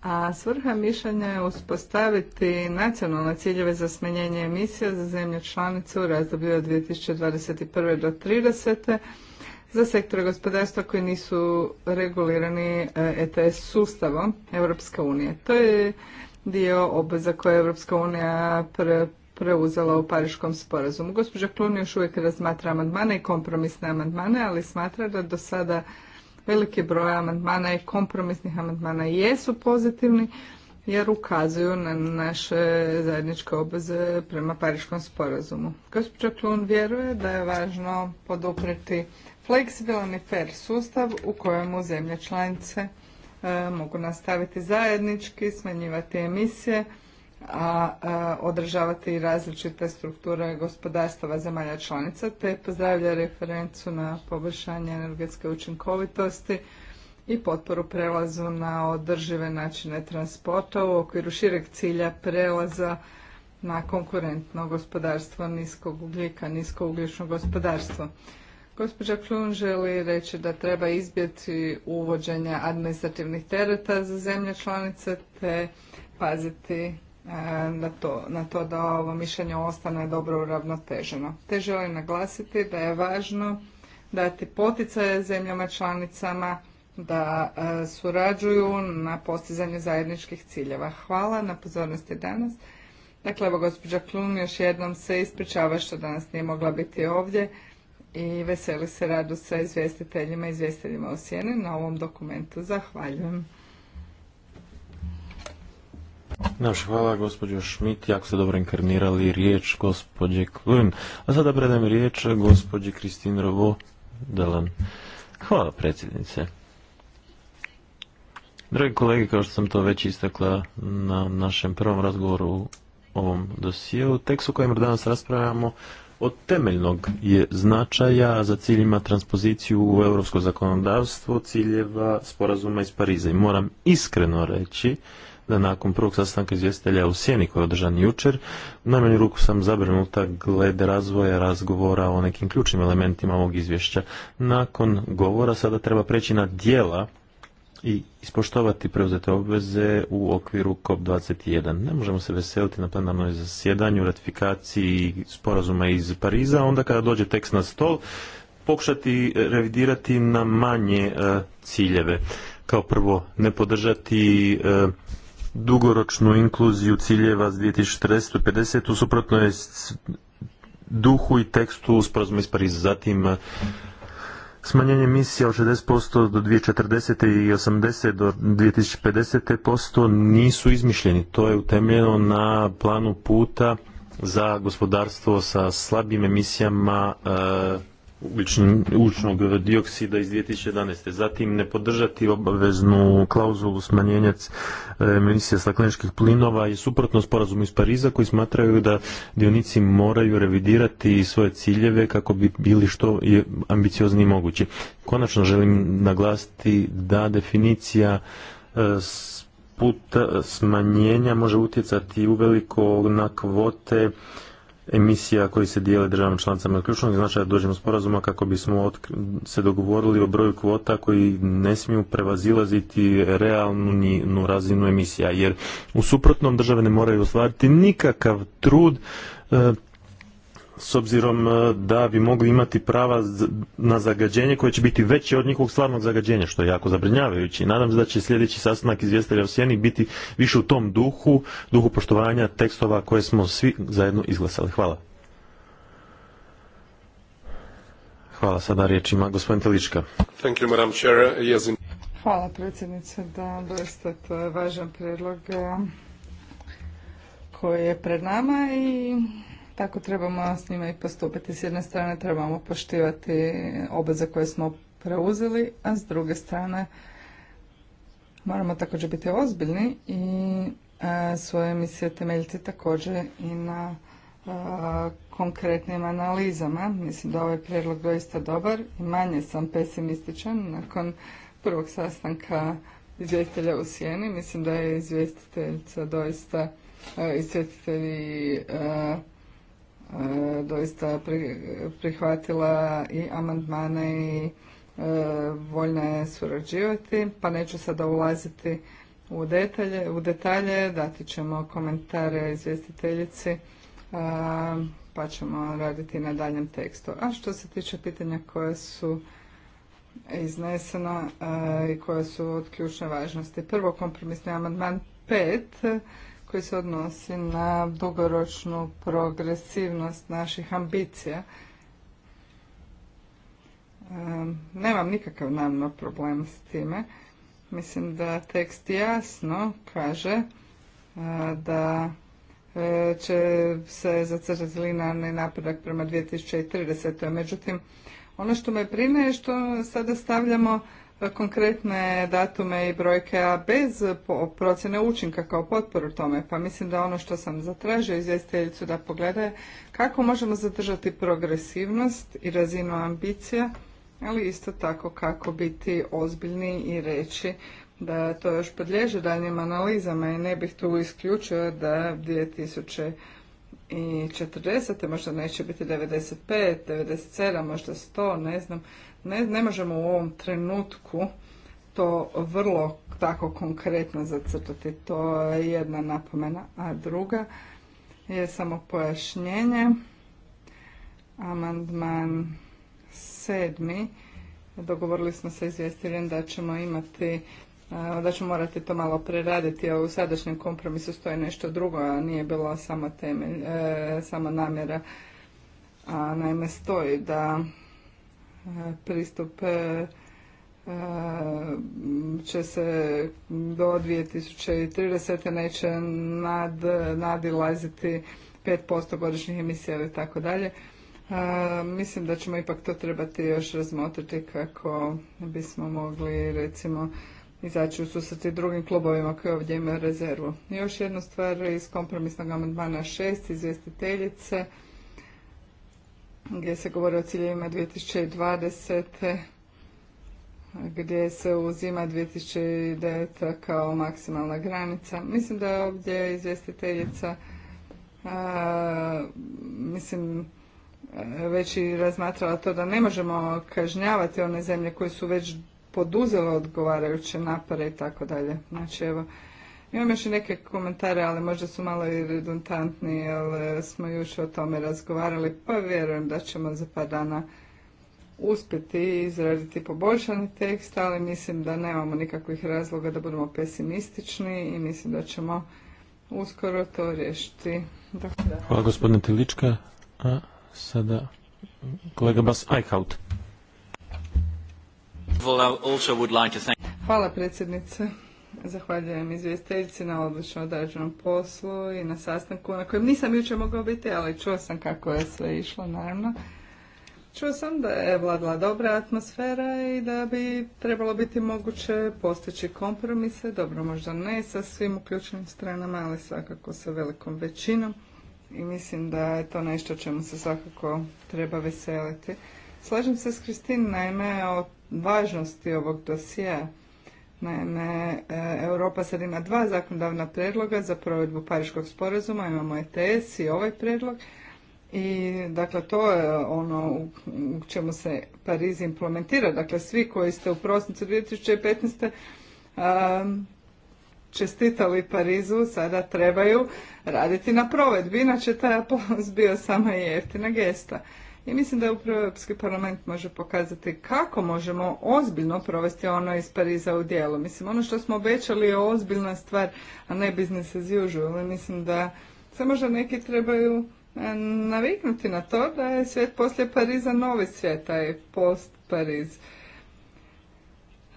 S2: A svrha mišljenja je uspostaviti nacionalne ciljeve za smanjenje emisija za zemlje članice u razdoblju od 2021. do 30 za sektore gospodarstva koji nisu regulirani ETS e sustavom Europske unije. To je dio obveza koje je Europska unija preuzela u Pariškom sporazumu. Gospođa Klun još uvijek razmatra amandmane i kompromisne amandmane, ali smatra da do sada veliki broj amandmana i kompromisnih amandmana jesu pozitivni jer ukazuju na naše zajedničke obveze prema Pariškom sporazumu. Gospođa Klun vjeruje da je važno podupriti fleksibilan i fair sustav u kojemu zemlje članice e, mogu nastaviti zajednički, smanjivati emisije, a, e, održavati i različite strukture gospodarstava zemalja članica, te pozdravlja referencu na poboljšanje energetske učinkovitosti i potporu prelazu na održive načine transporta u okviru šireg cilja prelaza na konkurentno gospodarstvo niskog ugljika, niskougljično gospodarstvo. Gospođa Klun želi reći da treba izbjeti uvođenje administrativnih tereta za zemlje članice te paziti e, na to, na to da ovo mišljenje ostane dobro uravnoteženo. Te želim naglasiti da je važno dati poticaje zemljama članicama da e, surađuju na postizanju zajedničkih ciljeva. Hvala na pozornosti danas. Dakle, evo gospođa Klun još jednom se ispričava što danas nije mogla biti ovdje i veseli se radu sa izvjestiteljima i izvjestiteljima u Sjeni na ovom dokumentu. Zahvaljujem.
S3: Naš hvala gospođo Šmit, jako ste dobro inkarnirali riječ gospođe Klun. A sada predam riječ gospođi Kristin Rovo Delan. Hvala predsjednice. Dragi kolege, kao što sam to već istakla na našem prvom razgovoru u ovom dosijelu, tekst o kojem danas raspravljamo od temeljnog je značaja za ciljima transpoziciju u europsko zakonodavstvo ciljeva sporazuma iz Pariza. I moram iskreno reći da nakon prvog sastanka izvjestitelja u Sjeni koji je održan jučer, u najmanju ruku sam zabrinuta glede razvoja razgovora o nekim ključnim elementima ovog izvješća. Nakon govora sada treba preći na dijela i ispoštovati preuzete obveze u okviru COP21. Ne možemo se veseliti na plenarnoj zasjedanju, ratifikaciji sporazuma iz Pariza, onda kada dođe tekst na stol, pokušati revidirati na manje e, ciljeve. Kao prvo, ne podržati e, dugoročnu inkluziju ciljeva s 2040-50, suprotno je duhu i tekstu sporazuma iz Pariza. Zatim, e, smanjenje emisija od 60% do 2040. i 80% do 2050. nisu izmišljeni. To je utemljeno na planu puta za gospodarstvo sa slabim emisijama e, ugljičnog dioksida iz 2011. Zatim ne podržati obaveznu klauzulu smanjenja e, emisije stakleničkih plinova i suprotno sporazumu iz Pariza koji smatraju da dionici moraju revidirati svoje ciljeve kako bi bili što je i mogući. Konačno želim naglasiti da definicija e, puta smanjenja može utjecati uveliko na kvote emisija koji se dijele državama članicama. Ključnog značaja dođemo sporazuma kako bismo se dogovorili o broju kvota koji ne smiju prevazilaziti realnu razinu emisija, jer u suprotnom države ne moraju ostvariti nikakav trud e, s obzirom e, da bi mogli imati prava na zagađenje koje će biti veće od njihovog stvarnog zagađenja, što je jako zabrinjavajući. Nadam se da će sljedeći sastanak izvjestelja u Sjeni biti više u tom duhu, duhu poštovanja tekstova koje smo svi zajedno izglasali. Hvala. Hvala. Sada riječ gospodin Telička.
S2: Hvala predsjednice da doista to je važan prijedlog eh, koji je pred nama i tako trebamo s njima i postupiti. S jedne strane trebamo poštivati obveze koje smo preuzeli, a s druge strane moramo također biti ozbiljni i e, svoje emisije temeljiti također i na e, konkretnim analizama. Mislim da ovaj prijedlog doista dobar i manje sam pesimističan nakon prvog sastanka izvjestitelja u Sjeni. Mislim da je izvjestiteljica doista, e, E, doista prihvatila i amandmane i e, voljna je surađivati, pa neću sada ulaziti u detalje, u detalje dati ćemo komentare izvjestiteljici e, pa ćemo raditi na daljem tekstu. A što se tiče pitanja koja su iznesena i koja su od ključne važnosti. Prvo kompromisni amandman 5 koji se odnosi na dugoročnu progresivnost naših ambicija. Nemam nikakav namno problem s time. Mislim da tekst jasno kaže e, da e, će se zacrtati linarni napredak prema 2030. Međutim, ono što me brine je što sada stavljamo konkretne datume i brojke, a bez procjene učinka kao potporu tome. Pa mislim da ono što sam zatražio izvjestiteljicu da pogleda kako možemo zadržati progresivnost i razinu ambicija, ali isto tako kako biti ozbiljni i reći da to još podliježe daljnjim analizama i ne bih tu isključio da 2000 i možda neće biti 95, 97, možda 100, ne znam. Ne, možemo u ovom trenutku to vrlo tako konkretno zacrtati. To je jedna napomena, a druga je samo pojašnjenje. Amandman sedmi. Dogovorili smo se izvjestiteljem da ćemo imati da ćemo morati to malo preraditi, a u sadašnjem kompromisu stoji nešto drugo, a nije bila samo temelj, e, namjera. A naime stoji da pristup e, e, će se do 2030. neće nad, nadilaziti 5% godišnjih emisija ili tako dalje. E, mislim da ćemo ipak to trebati još razmotriti kako bismo mogli recimo izaći u susret drugim klubovima koji ovdje imaju rezervu. Još jedna stvar iz kompromisnog amandmana 6 izvjestiteljice gdje se govori o ciljevima 2020. gdje se uzima 2009. kao maksimalna granica. Mislim da je ovdje izvjestiteljica mislim već i razmatrala to da ne možemo kažnjavati one zemlje koje su već poduzele odgovarajuće napore i tako dalje. Znači evo, imam još i neke komentare, ali možda su malo i redundantni, jer e, smo još o tome razgovarali, pa vjerujem da ćemo za par dana uspjeti izraditi poboljšani tekst, ali mislim da nemamo nikakvih razloga da budemo pesimistični i mislim da ćemo uskoro to riješiti. Hvala
S3: gospodine Tilička, a sada kolega Bas Eichhout.
S2: Hvala predsjednice. Zahvaljujem izvjestiteljici na odlično odrađenom poslu i na sastanku na kojem nisam jučer mogao biti, ali čuo sam kako je sve išlo, naravno. Čuo sam da je vladala dobra atmosfera i da bi trebalo biti moguće postići kompromise, dobro možda ne sa svim uključenim stranama, ali svakako sa velikom većinom i mislim da je to nešto čemu se svakako treba veseliti. Slažem se s Kristin naime o važnosti ovog dosija Naime, e, Europa sad ima dva zakonodavna predloga za provedbu Pariškog sporazuma, imamo ETS i ovaj predlog. I dakle, to je ono u čemu se Pariz implementira. Dakle, svi koji ste u prosincu 2015. Um, čestitali Parizu, sada trebaju raditi na provedbi, inače taj aplauz bio samo jeftina gesta. I mislim da upravo Europski parlament može pokazati kako možemo ozbiljno provesti ono iz Pariza u dijelu. Mislim, ono što smo obećali je ozbiljna stvar, a ne business as usual. Mislim da se možda neki trebaju e, naviknuti na to da je svijet poslije Pariza novi svijet, taj post Pariz.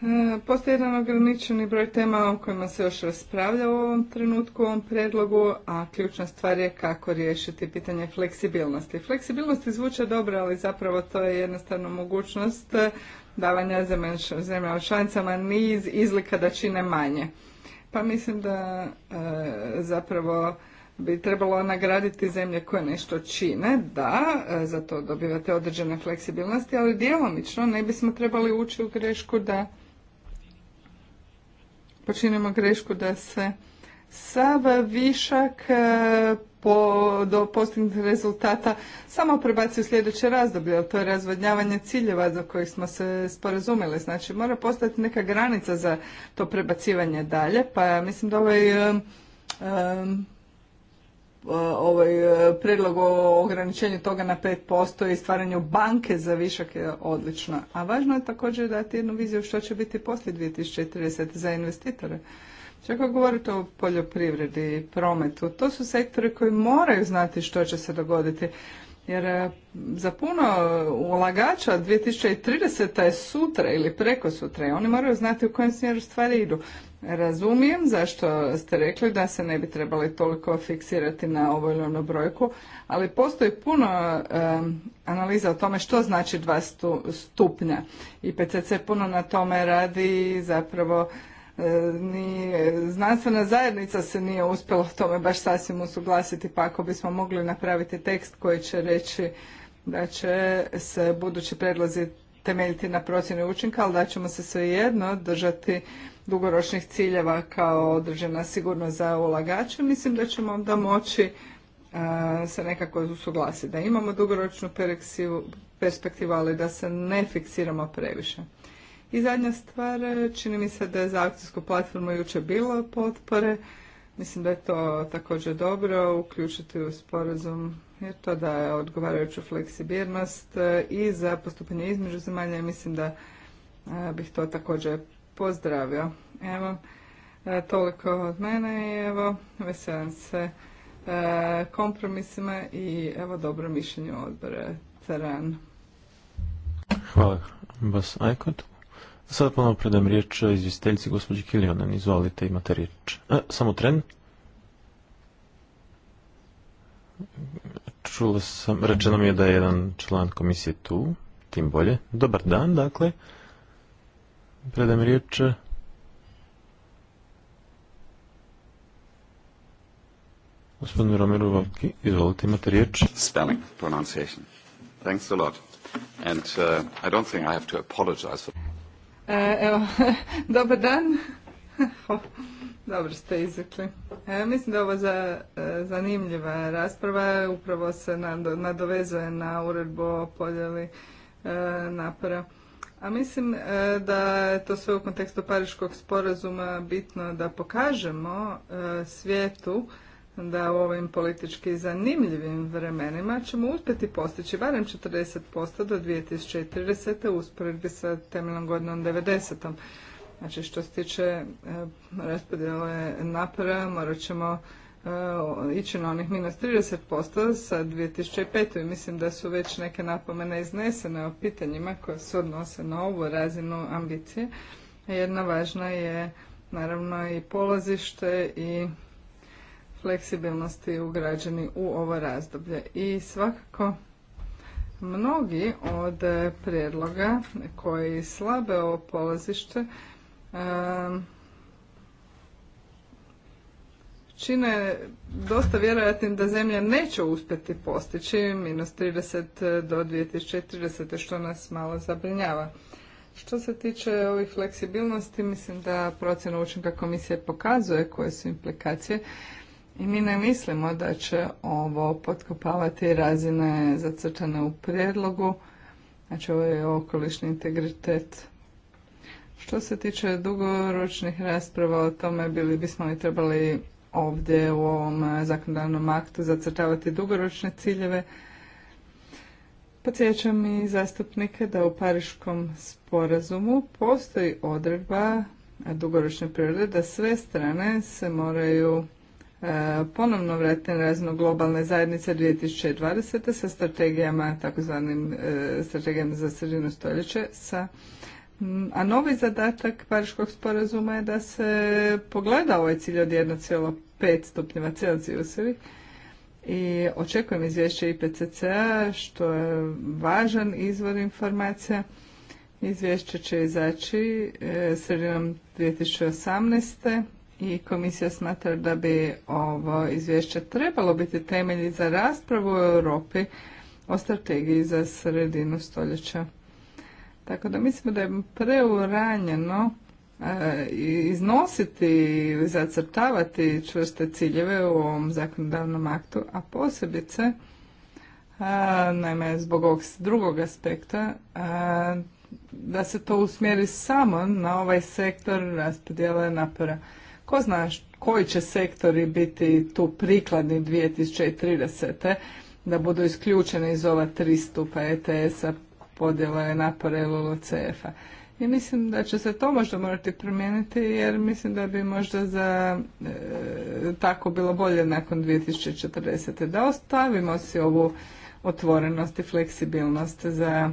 S2: E, postoji jedan ograničeni broj tema o kojima se još raspravlja u ovom trenutku, u ovom predlogu, a ključna stvar je kako riješiti pitanje fleksibilnosti. Fleksibilnost zvuče dobro, ali zapravo to je jednostavno mogućnost e, davanja zemljama članicama niz izlika da čine manje. Pa mislim da e, zapravo bi trebalo nagraditi zemlje koje nešto čine, da, za to dobivate određene fleksibilnosti, ali djelomično ne bismo trebali ući u grešku da počinimo grešku da se sav višak e, po, do postignutih rezultata samo prebaci u sljedeće razdoblje, to je razvodnjavanje ciljeva za koje smo se sporazumjeli. Znači mora postati neka granica za to prebacivanje dalje, pa mislim da ovaj e, e, E, ovaj e, predlog o ograničenju toga na 5% i stvaranju banke za višak je odlično. A važno je također dati jednu viziju što će biti poslije 2030 za investitore. Čak govorite o poljoprivredi i prometu, to su sektori koji moraju znati što će se dogoditi. Jer e, za puno ulagača 2030. je sutra ili preko sutra. Oni moraju znati u kojem smjeru stvari idu. Razumijem zašto ste rekli da se ne bi trebali toliko fiksirati na ovo ili brojku, ali postoji puno analiza o tome što znači dva stupnja. I PCC puno na tome radi zapravo e, ni znanstvena zajednica se nije uspjela o tome baš sasvim usuglasiti, pa ako bismo mogli napraviti tekst koji će reći da će se budući predlazi temeljiti na procjeni učinka, ali da ćemo se svejedno držati dugoročnih ciljeva kao određena sigurnost za ulagače, mislim da ćemo onda moći e, se nekako usuglasiti. Da imamo dugoročnu perspektivu, ali da se ne fiksiramo previše. I zadnja stvar, e, čini mi se da je za akcijsku platformu jučer bilo potpore. Mislim da je to također dobro uključiti u sporazum jer to da je odgovarajuću fleksibilnost e, i za postupanje između zemalja mislim da bih to također pozdravio. Evo, e, toliko od mene i evo, veselim se e, kompromisima i evo dobro mišljenje odbore. Teran.
S3: Hvala vas, Ajkot. Sada ponovno predam riječ izvjestiteljici gospođi Kilionen. Izvolite, imate riječ. E, samo tren. Čula sam, rečeno mi je da je jedan član komisije tu, tim bolje. Dobar dan, dakle. Predam riječ. Gospodin Romero Vavki, izvolite, imate riječ. Spelling, pronunciation. Thanks a lot.
S2: And uh, I don't think I have to apologize for... E, evo, (laughs) dobar dan. (laughs) Dobro ste izvukli. E, mislim da je ovo za, e, zanimljiva rasprava. Upravo se nad, nadovezuje na uredbu o podjeli e, napora a mislim e, da je to sve u kontekstu Pariškog sporazuma bitno da pokažemo e, svijetu da u ovim politički zanimljivim vremenima ćemo uspjeti postići barem 40% do 2030. u usporedbi sa temeljnom godinom 90. Znači što se tiče e, raspodjele napora morat ćemo ići na onih minus 30% sa 2005. I mislim da su već neke napomene iznesene o pitanjima koje se odnose na ovu razinu ambicije. Jedna važna je naravno i polazište i fleksibilnosti ugrađeni u ovo razdoblje. I svakako mnogi od prijedloga koji slabe ovo polazište čine dosta vjerojatnim da zemlja neće uspjeti postići minus 30 do 2030 što nas malo zabrinjava. Što se tiče ovih fleksibilnosti, mislim da procjena učinka komisije pokazuje koje su implikacije i mi ne mislimo da će ovo potkopavati razine zacrtane u prijedlogu, znači ovo je okolišni integritet što se tiče dugoročnih rasprava o tome, bili bismo li trebali ovdje u ovom e, zakonodavnom aktu zacrtavati dugoročne ciljeve. Podsjećam i zastupnike da u Pariškom sporazumu postoji odredba dugoročne prirode da sve strane se moraju e, ponovno vratiti na razinu globalne zajednice 2020. sa strategijama, takozvanim e, strategijama za sredinu stoljeće, sa a novi zadatak Pariškog sporazuma je da se pogleda ovaj cilj od 1,5 stupnjeva Celzijusovih i očekujem izvješće IPCC-a što je važan izvor informacija. Izvješće će izaći e, sredinom 2018. i komisija smatra da bi ovo izvješće trebalo biti temelji za raspravu u Europi o strategiji za sredinu stoljeća. Tako da mislimo da je preuranjeno e, iznositi i zacrtavati čvrste ciljeve u ovom zakonodavnom aktu, a posebice, e, naime zbog ovog drugog aspekta, e, da se to usmjeri samo na ovaj sektor raspodjela napora. Ko zna koji će sektori biti tu prikladni 2030. da budu isključeni iz ova tri stupa ETS-a, podjele napore LULUCF-a. I mislim da će se to možda morati promijeniti jer mislim da bi možda za e, tako bilo bolje nakon 2040. Da ostavimo si ovu otvorenost i fleksibilnost za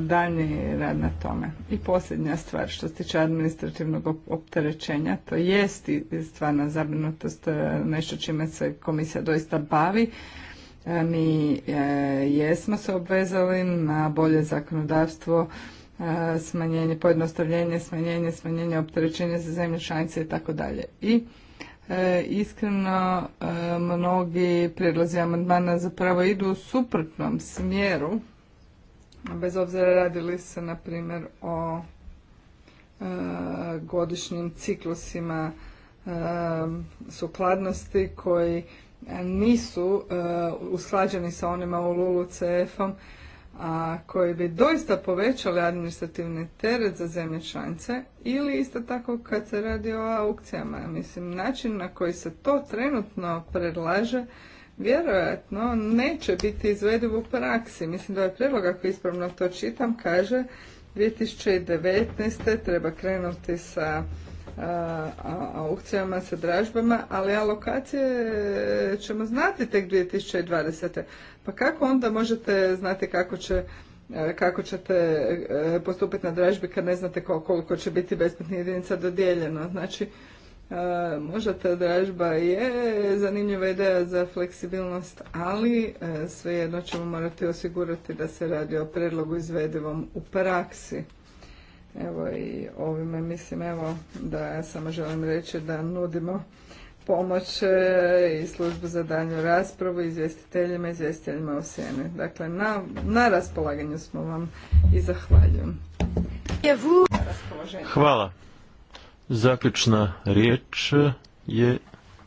S2: daljnji rad na tome. I posljednja stvar što se tiče administrativnog opterećenja, to jest i stvarna zabrinutost, e, nešto čime se komisija doista bavi, E, mi e, jesmo se obvezali na bolje zakonodavstvo, e, smanjenje, pojednostavljenje, smanjenje, smanjenje opterećenja za zemlje članice i tako dalje. I iskreno mnogi prijedlozi amandmana zapravo idu u suprotnom smjeru, bez obzira radili se na primjer o godišnjim ciklusima sukladnosti koji nisu e, usklađeni sa onima u Lulu CF-om a koji bi doista povećali administrativni teret za zemlje članice ili isto tako kad se radi o aukcijama. Mislim, način na koji se to trenutno predlaže vjerojatno neće biti izvediv u praksi. Mislim da je predlog, ako ispravno to čitam, kaže 2019. treba krenuti sa aukcijama sa dražbama, ali alokacije ćemo znati tek 2020. Pa kako onda možete znati kako će kako ćete e, postupiti na dražbi kad ne znate koliko će biti besplatnih jedinica dodijeljeno. Znači, možda ta dražba je zanimljiva ideja za fleksibilnost, ali e, svejedno ćemo morati osigurati da se radi o predlogu izvedivom u praksi. Evo i ovime mislim evo da samo želim reći da nudimo pomoć e, i službu za danju raspravu izvjestiteljima i izvjestiteljima u sjeni. Dakle, na, na raspolaganju smo vam i zahvaljujem.
S3: Hvala. Zaključna riječ je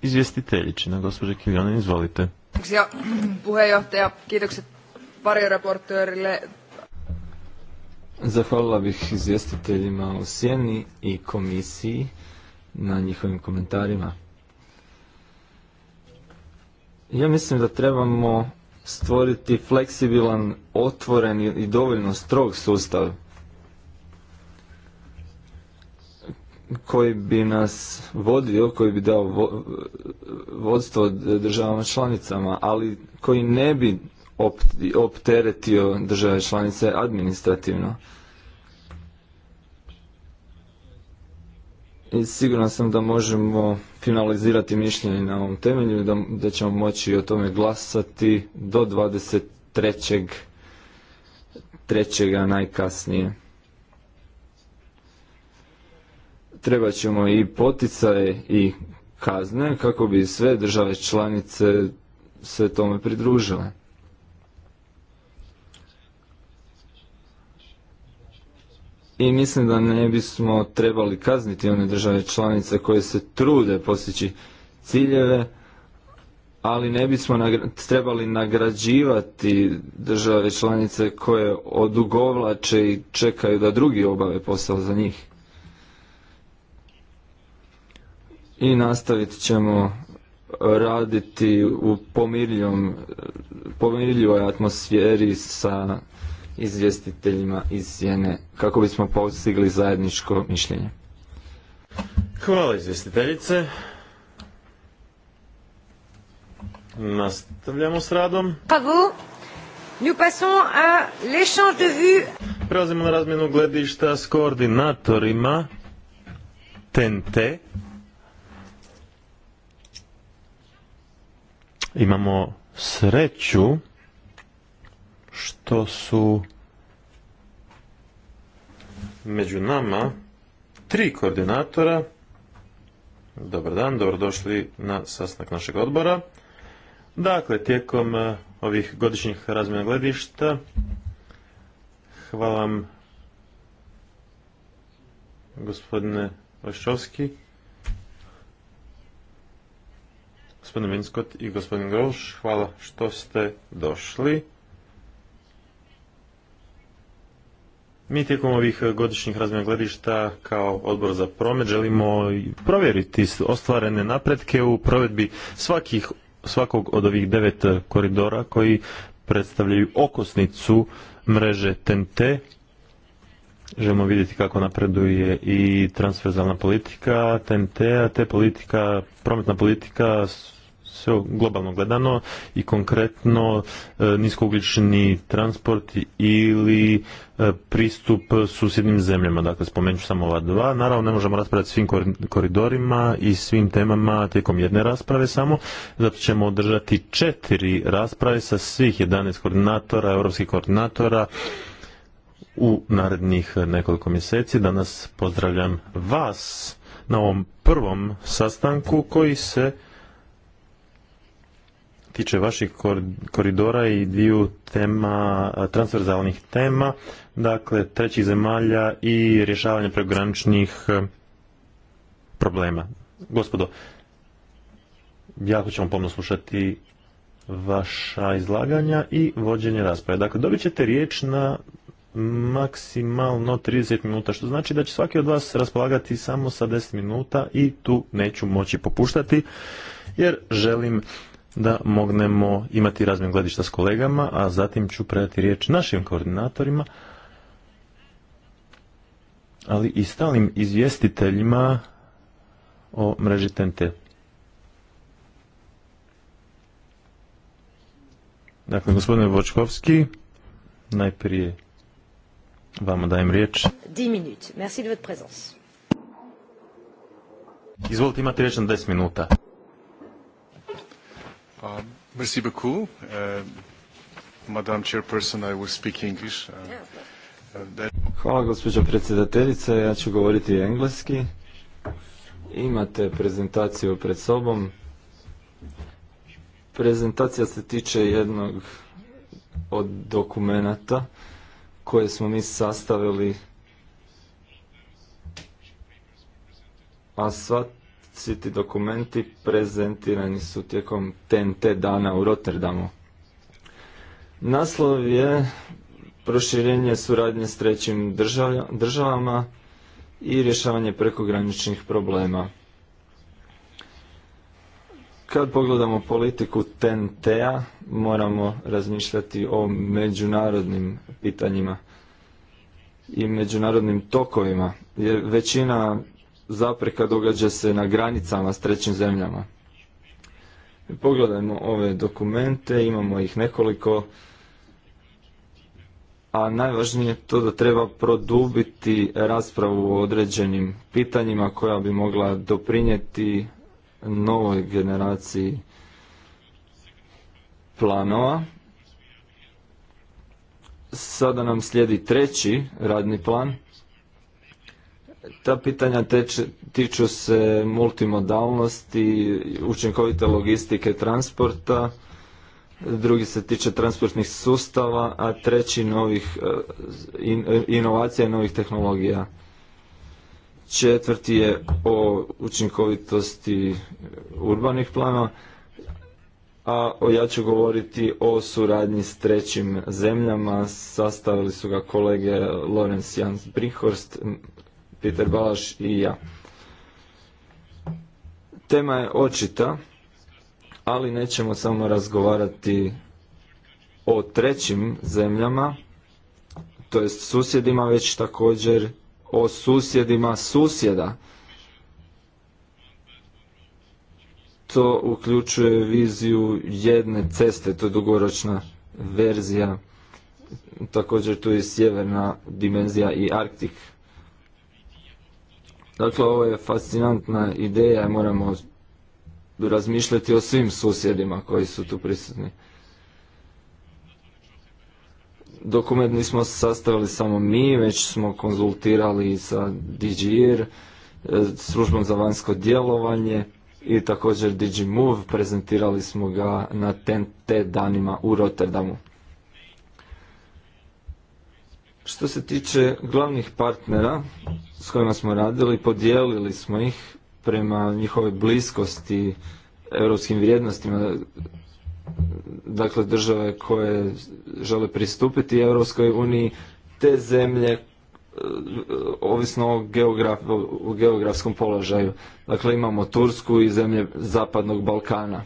S3: izvjestiteljičina, gospođa Kiljanin, izvolite.
S2: Kiitoksia puheenjohtaja, kiitokset varjoraportöörille
S1: Zahvalila bih izvjestiteljima u Sjeni i komisiji na njihovim komentarima. Ja mislim da trebamo stvoriti fleksibilan, otvoren i dovoljno strog sustav koji bi nas vodio, koji bi dao vodstvo državama članicama, ali koji ne bi opteretio države članice administrativno. I siguran sam da možemo finalizirati mišljenje na ovom temelju, da, da ćemo moći o tome glasati do 23. trećega najkasnije. Trebat ćemo i poticaje i kazne kako bi sve države članice se tome pridružile. i mislim da ne bismo trebali kazniti one države članice koje se trude postići ciljeve, ali ne bismo trebali nagrađivati države članice koje odugovlače i čekaju da drugi obave posao za njih. I nastavit ćemo raditi u pomirljivoj atmosferi sa izvjestiteljima iz Sjene kako bismo postigli zajedničko mišljenje.
S3: Hvala izvjestiteljice. Nastavljamo s radom.
S2: Bravo. Pa nous passons à l'échange de
S3: Prelazimo na razmjenu gledišta s koordinatorima TNT. Imamo sreću što su među nama tri koordinatora. Dobar dan, dobrodošli na sastanak našeg odbora. Dakle, tijekom eh, ovih godišnjih razmjena gledišta, hvala vam gospodine Rošovski. gospodine Minskot i gospodin Groš, hvala što ste došli. Mi tijekom ovih godišnjih razmjena gledišta kao odbor za promet želimo provjeriti ostvarene napretke u provedbi svakih, svakog od ovih devet koridora koji predstavljaju okosnicu mreže TNT. Želimo vidjeti kako napreduje i transferzalna politika TNT, a te politika, prometna politika sve globalno gledano i konkretno e, niskougljični transport ili e, pristup susjednim zemljama. Dakle, spomenut ću samo ova dva. Naravno, ne možemo raspravljati svim koridorima i svim temama tijekom jedne rasprave samo. Zato ćemo održati četiri rasprave sa svih 11 koordinatora, europskih koordinatora u narednih nekoliko mjeseci. Danas pozdravljam vas na ovom prvom sastanku koji se tiče vaših koridora i dviju tema, transverzalnih tema, dakle trećih zemalja i rješavanje prekograničnih e, problema. Gospodo, jako ćemo pomno slušati vaša izlaganja i vođenje rasprave. Dakle, dobit ćete riječ na maksimalno 30 minuta, što znači da će svaki od vas raspolagati samo sa 10 minuta i tu neću moći popuštati, jer želim da mognemo imati razmjen gledišta s kolegama, a zatim ću predati riječ našim koordinatorima, ali i stalnim izvjestiteljima o mreži TNT. Dakle, gospodine Vočkovski, najprije vama dajem riječ. 10 minuta. Merci de Izvolite, imati riječ na 10 minuta. Um,
S2: merci beaucoup. Uh, Madam Chairperson, I will speak English. Uh,
S1: uh, Hvala gospođo predsjedateljice, ja ću govoriti engleski. Imate prezentaciju pred sobom. Prezentacija se tiče jednog od dokumenata koje smo mi sastavili a sva svi ti dokumenti prezentirani su tijekom TNT dana u Rotterdamu. Naslov je proširenje suradnje s trećim državama i rješavanje prekograničnih problema. Kad pogledamo politiku TNT-a, moramo razmišljati o međunarodnim pitanjima i međunarodnim tokovima, jer većina zapreka događa se na granicama s trećim zemljama. Pogledajmo ove dokumente, imamo ih nekoliko, a najvažnije je to da treba produbiti raspravu o određenim pitanjima koja bi mogla doprinijeti novoj generaciji planova. Sada nam slijedi treći radni plan ta pitanja tiču se multimodalnosti, učinkovite logistike transporta, drugi se tiče transportnih sustava, a treći novih e, e, inovacija i novih tehnologija. Četvrti je o učinkovitosti urbanih planova, a ja ću govoriti o suradnji s trećim zemljama. Sastavili su ga kolege Lorenz Jans Brihorst, Peter Balaš i ja. Tema je očita, ali nećemo samo razgovarati o trećim zemljama, to jest susjedima, već također o susjedima susjeda. To uključuje viziju jedne ceste, to je dugoročna verzija, također tu je sjeverna dimenzija i Arktik. Dakle, ovo je fascinantna ideja i moramo razmišljati o svim susjedima koji su tu prisutni. Dokument nismo sastavili samo mi, već smo konzultirali sa DGIR, e, službom za vanjsko djelovanje i također DigiMove, prezentirali smo ga na TNT danima u Rotterdamu. Što se tiče glavnih partnera s kojima smo radili, podijelili smo ih prema njihovoj bliskosti europskim vrijednostima, dakle države koje žele pristupiti Europskoj uniji, te zemlje e, ovisno o, o geografskom položaju. Dakle, imamo Tursku i zemlje Zapadnog Balkana.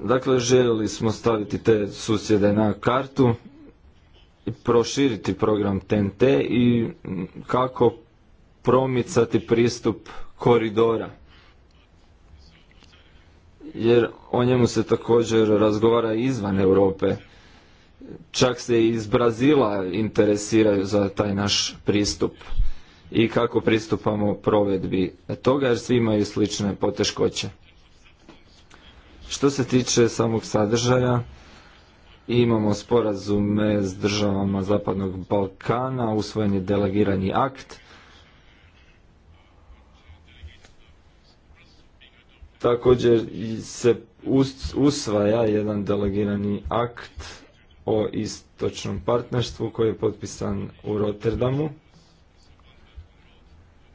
S1: Dakle, željeli smo staviti te susjede na kartu i proširiti program TNT i kako promicati pristup koridora. Jer o njemu se također razgovara izvan Europe. Čak se iz Brazila interesiraju za taj naš pristup i kako pristupamo provedbi toga jer svi imaju slične poteškoće. Što se tiče samog sadržaja, imamo sporazume s državama Zapadnog Balkana, usvojen je delegirani akt, Također se usvaja jedan delegirani akt o istočnom partnerstvu koji je potpisan u Rotterdamu.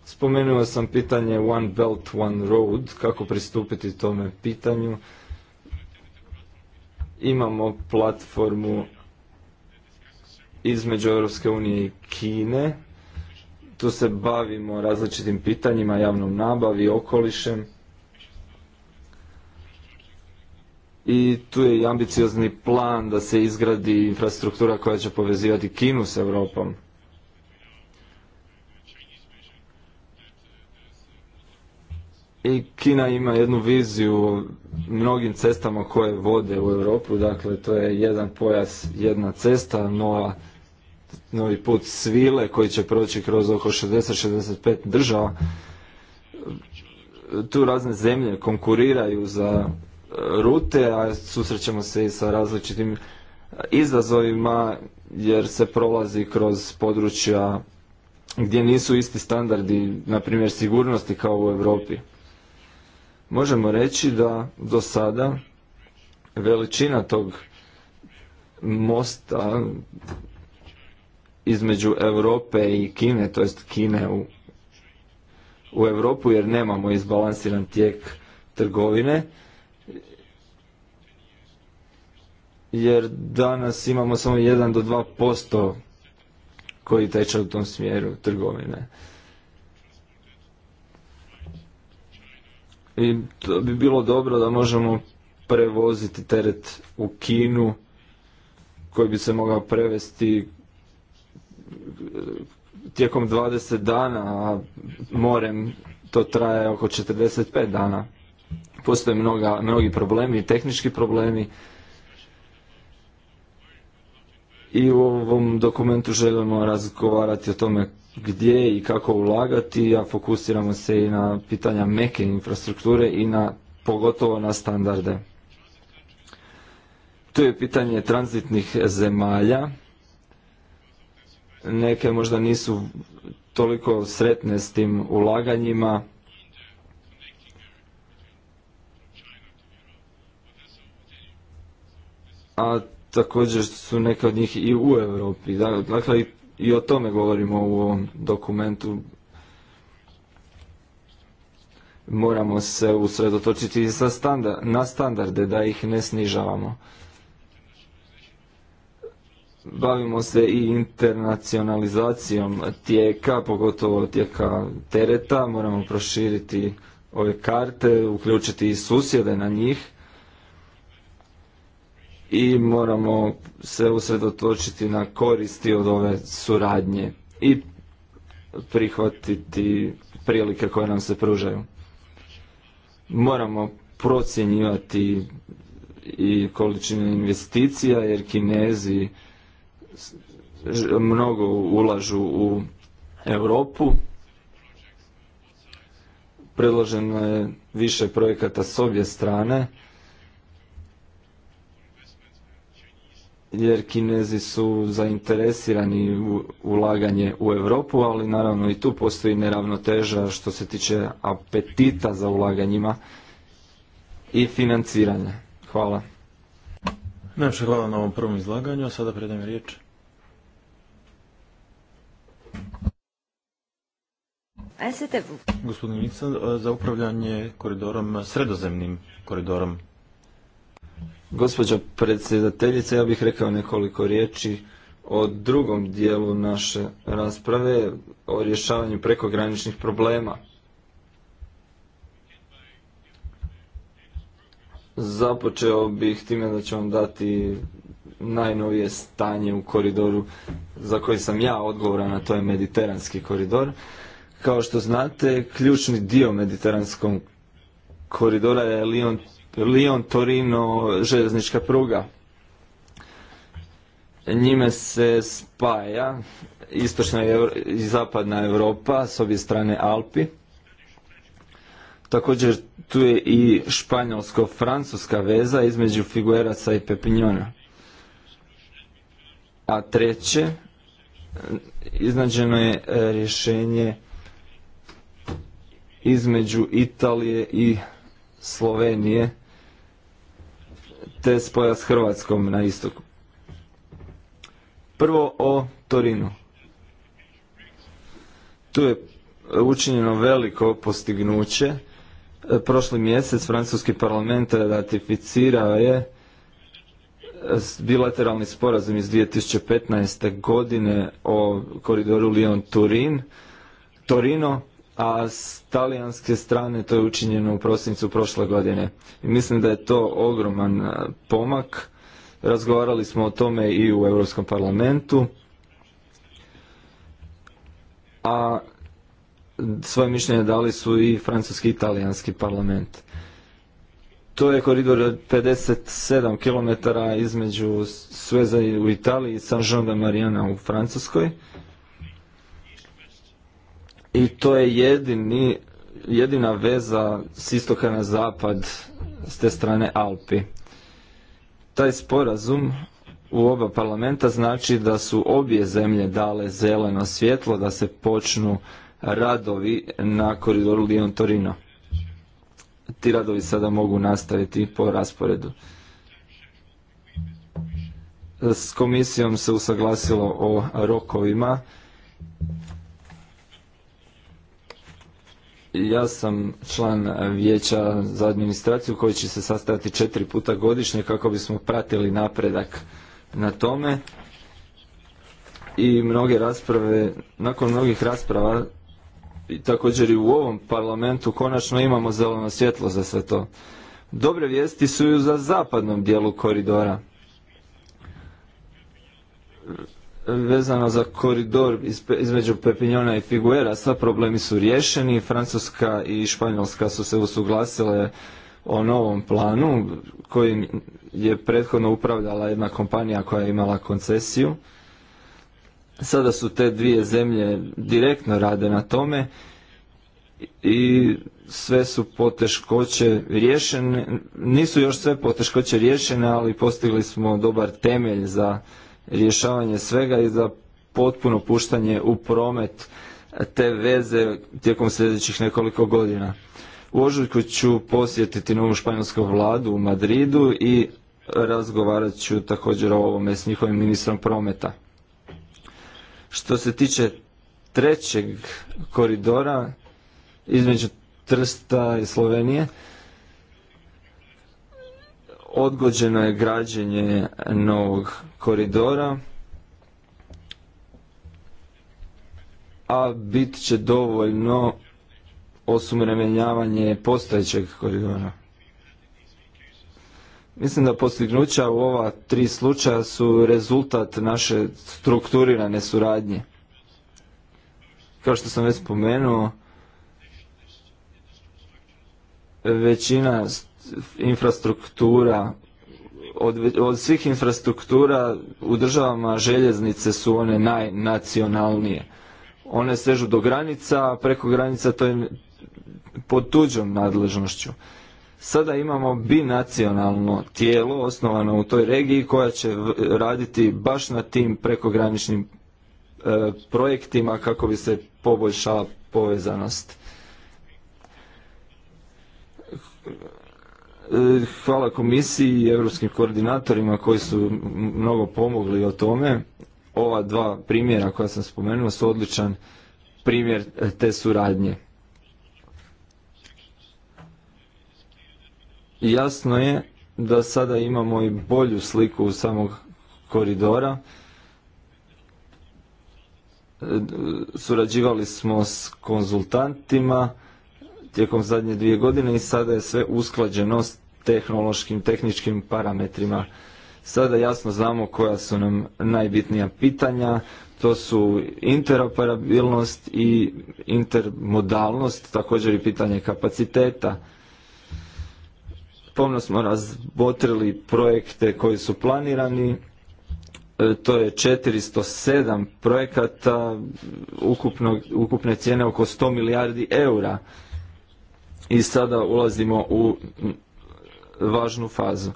S1: Spomenuo sam pitanje One Belt, One Road, kako pristupiti tome pitanju imamo platformu između Europske i Kine. Tu se bavimo različitim pitanjima, javnom nabavi, okolišem. I tu je i ambiciozni plan da se izgradi infrastruktura koja će povezivati Kinu s Europom. i Kina ima jednu viziju mnogim cestama koje vode u Europu, dakle to je jedan pojas, jedna cesta, nova, novi put svile koji će proći kroz oko 60-65 država. Tu razne zemlje konkuriraju za e, rute, a susrećemo se i sa različitim izazovima jer se prolazi kroz područja gdje nisu isti standardi, na primjer sigurnosti kao u Europi možemo reći da do sada veličina tog mosta između Europe i Kine, to jest Kine u, u Europu jer nemamo izbalansiran tijek trgovine jer danas imamo samo 1 do 2 posto koji teče u tom smjeru trgovine. i to bi bilo dobro da možemo prevoziti teret u Kinu koji bi se mogao prevesti e, tijekom 20 dana, a morem to traje oko 45 dana. Postoje mnoga, mnogi problemi, tehnički problemi. I u ovom dokumentu želimo razgovarati o tome gdje i kako ulagati, a fokusiramo se i na pitanja meke infrastrukture i na pogotovo na standarde. Tu je pitanje tranzitnih zemalja. Neke možda nisu toliko sretne s tim ulaganjima. A također su neke od njih i u Europi. Dakle, i i o tome govorimo u ovom dokumentu. Moramo se usredotočiti sa na standarde da ih ne snižavamo. Bavimo se i internacionalizacijom tijeka, pogotovo tijeka tereta. Moramo proširiti ove karte, uključiti i susjede na njih i moramo se usredotočiti na koristi od ove suradnje i prihvatiti prilike koje nam se pružaju. Moramo procjenjivati i količinu investicija jer Kinezi mnogo ulažu u Europu. Predloženo je više projekata s obje strane jer Kinezi su zainteresirani u ulaganje u Europu, ali naravno i tu postoji neravnoteža što se tiče apetita za ulaganjima i financiranje. Hvala.
S3: Najviše hvala na ovom prvom izlaganju, a sada predajem riječ. Gospodin Mica, za upravljanje koridorom, sredozemnim
S1: koridorom Gospođa predsjedateljica, ja bih rekao nekoliko riječi o drugom dijelu naše rasprave, o rješavanju prekograničnih problema. Započeo bih time da ću vam dati najnovije stanje u koridoru za koji sam ja odgovoran, a to je mediteranski koridor. Kao što znate, ključni dio mediteranskog koridora je Lyon Lyon-Torino željeznička pruga. Njime se spaja istočna i zapadna Europa s obje strane Alpi. Također tu je i španjolsko-francuska veza između Figueraca i Pepinjona. A treće, iznađeno je e, rješenje između Italije i Slovenije te spoja s Hrvatskom na istoku. Prvo o Torinu. Tu je učinjeno veliko postignuće. Prošli mjesec Francuski parlament ratificirao je bilateralni sporazum iz 2015. godine o koridoru Lyon-Turin, Torino, a s talijanske strane to je učinjeno u prosincu prošle godine. I mislim da je to ogroman e, pomak. Razgovarali smo o tome i u Europskom parlamentu. A svoje mišljenje dali su i francuski i italijanski parlament. To je koridor 57 km između Sveza u Italiji i San Jean de u Francuskoj i to je jedini, jedina veza s istoka na zapad s te strane Alpi. Taj sporazum u oba parlamenta znači da su obje zemlje dale zeleno svjetlo da se počnu radovi na koridoru Lyon-Torino. Ti radovi sada mogu nastaviti po rasporedu. S komisijom se usaglasilo o rokovima ja sam član vijeća za administraciju koji će se sastaviti četiri puta godišnje kako bismo pratili napredak na tome i mnoge rasprave, nakon mnogih rasprava i također i u ovom parlamentu konačno imamo zeleno svjetlo za sve to. Dobre vijesti su i za zapadnom dijelu koridora vezano za koridor između Pepinjona i Figuera, sva problemi su riješeni, Francuska i Španjolska su se usuglasile o novom planu kojim je prethodno upravljala jedna kompanija koja je imala koncesiju. Sada su te dvije zemlje direktno rade na tome i sve su poteškoće riješene, nisu još sve poteškoće riješene, ali postigli smo dobar temelj za rješavanje svega i za potpuno puštanje u promet te veze tijekom sljedećih nekoliko godina. U ožujku ću posjetiti novu španjolsku vladu u Madridu i razgovarat ću također o ovome s njihovim ministrom prometa. Što se tiče trećeg koridora između Trsta i Slovenije, odgođeno je građenje novog koridora, a bit će dovoljno osumremenjavanje postojećeg koridora. Mislim da postignuća u ova tri slučaja su rezultat naše strukturirane suradnje. Kao što sam već spomenuo, većina infrastruktura od, od svih infrastruktura u državama željeznice su one najnacionalnije. One sežu do granica, a preko granica to je pod tuđom nadležnošću. Sada imamo binacionalno tijelo osnovano u toj regiji koja će raditi baš na tim prekograničnim e, projektima kako bi se poboljšala povezanost Hvala komisiji i europskim koordinatorima koji su mnogo pomogli o tome. Ova dva primjera koja sam spomenuo su odličan primjer e, te suradnje. Jasno je da sada imamo i bolju sliku samog koridora. E, surađivali smo s konzultantima, tijekom zadnje dvije godine i sada je sve usklađeno s tehnološkim, tehničkim parametrima. Sada jasno znamo koja su nam najbitnija pitanja, to su interoperabilnost i intermodalnost, također i pitanje kapaciteta. Pomno smo razbotrili projekte koji su planirani, e, to je 407 projekata ukupne cijene oko 100 milijardi eura i sada ulazimo u važnu fazu.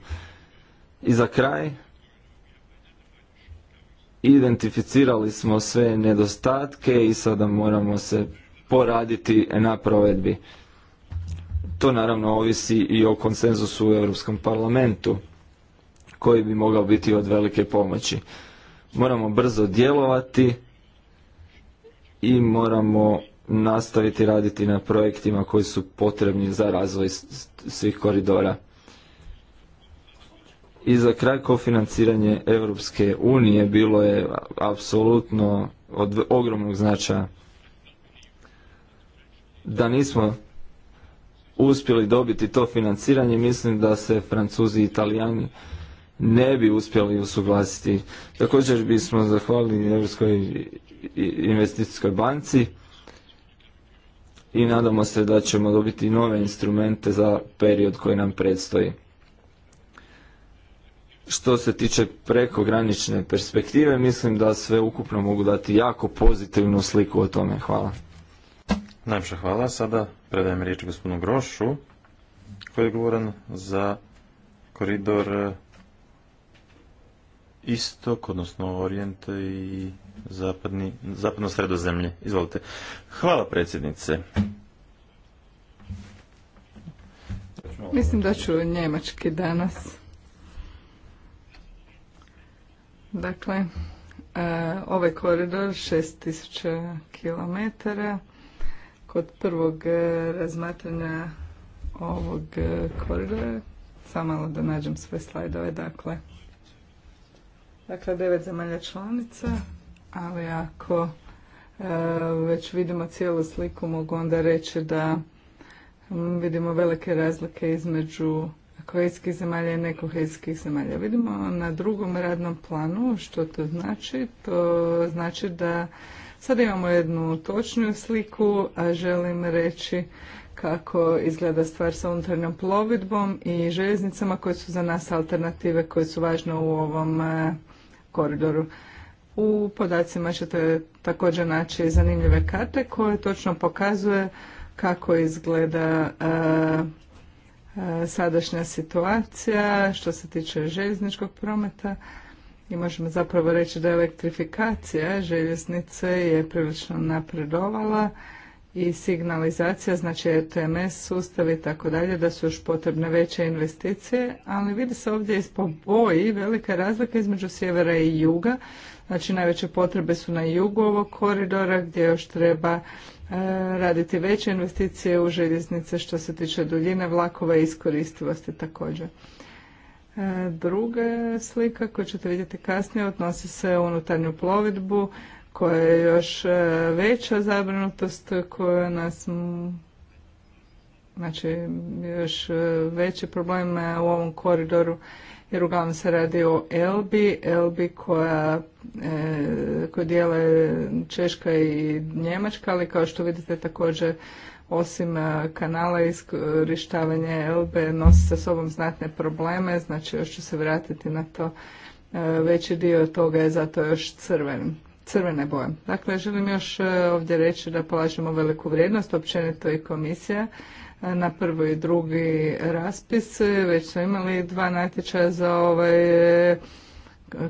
S1: I za kraj, identificirali smo sve nedostatke i sada moramo se poraditi na provedbi. To naravno ovisi i o konsenzusu u Europskom parlamentu koji bi mogao biti od velike pomoći. Moramo brzo djelovati i moramo nastaviti raditi na projektima koji su potrebni za razvoj svih koridora. I za kraj kofinanciranje Europske unije bilo je apsolutno od ogromnog značaja. Da nismo uspjeli dobiti to financiranje, mislim da se Francuzi i Italijani ne bi uspjeli usuglasiti. Također bismo zahvalili Europskoj investicijskoj banci i nadamo se da ćemo dobiti nove instrumente za period koji nam predstoji. Što se tiče prekogranične perspektive, mislim da sve ukupno mogu dati jako pozitivnu sliku o tome. Hvala.
S3: Najpša hvala. Sada predajem riječ gospodinu Grošu, koji je govoran za koridor eh, istok, odnosno orijent i zapadni, zapadno zemlje. Izvolite. Hvala predsjednice.
S2: Mislim da ću njemački danas. Dakle, e, ovaj koridor 6000 km kod prvog e, razmatranja ovog e, koridora samo malo da nađem sve slajdove dakle dakle devet zemalja članica ali ako e, već vidimo cijelu sliku mogu onda reći da vidimo velike razlike između kohezijskih zemalja i nekohezijskih zemalja. Vidimo na drugom radnom planu što to znači. To znači da sada imamo jednu točniju sliku, a želim reći kako izgleda stvar sa unutarnjom plovidbom i željeznicama koje su za nas alternative koje su važne u ovom e, koridoru. U podacima ćete također naći zanimljive karte koje točno pokazuje kako izgleda e, e, sadašnja situacija što se tiče željezničkog prometa i možemo zapravo reći da elektrifikacija željeznice je prilično napredovala i signalizacija, znači RTMS e sustav i tako dalje, da su još potrebne veće investicije, ali vidi se ovdje iz boji velika razlika između sjevera i juga Znači najveće potrebe su na jugu ovog koridora gdje još treba e, raditi veće investicije u željeznice što se tiče duljine vlakova i iskoristivosti također. E, druga slika koju ćete vidjeti kasnije odnosi se u unutarnju plovidbu koja je još e, veća zabrinutost koja nas znači još veći problem u ovom koridoru jer uglavnom se radi o Elbi, Elbi koja, e, dijele Češka i Njemačka, ali kao što vidite također osim e, kanala iskorištavanje Elbe nosi sa sobom znatne probleme, znači još ću se vratiti na to, e, veći dio toga je zato još crven crvene boje. Dakle, želim još e, ovdje reći da polažemo veliku vrijednost, općenito i komisija, na prvi i drugi raspis. Već smo imali dva natječaja za ovaj e,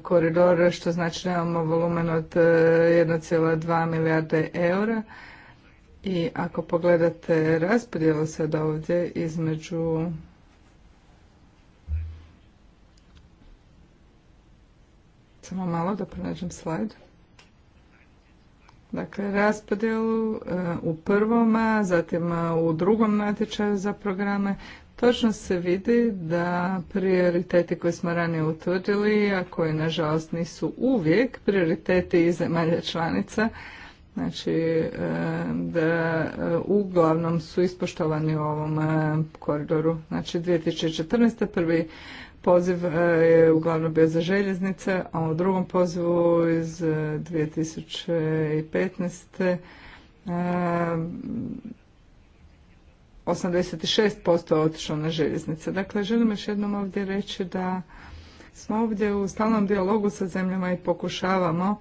S2: koridor, što znači da imamo volumen od 1,2 e, milijarde eura. I ako pogledate se sad ovdje između Samo malo da pronađem slajd dakle raspodjelu e, u prvom, a zatim e, u drugom natječaju za programe, točno se vidi da prioriteti koje smo ranije utvrdili, a koji nažalost nisu uvijek prioriteti iz zemalja članica, znači e, da uglavnom su ispoštovani u ovom koridoru. Znači 2014. prvi Poziv e, je uglavnom bio za željeznice, a u drugom pozivu iz 2015. E, 86% e, otišlo na željeznice. Dakle, želim još jednom ovdje reći da smo ovdje u stalnom dijalogu sa zemljama i pokušavamo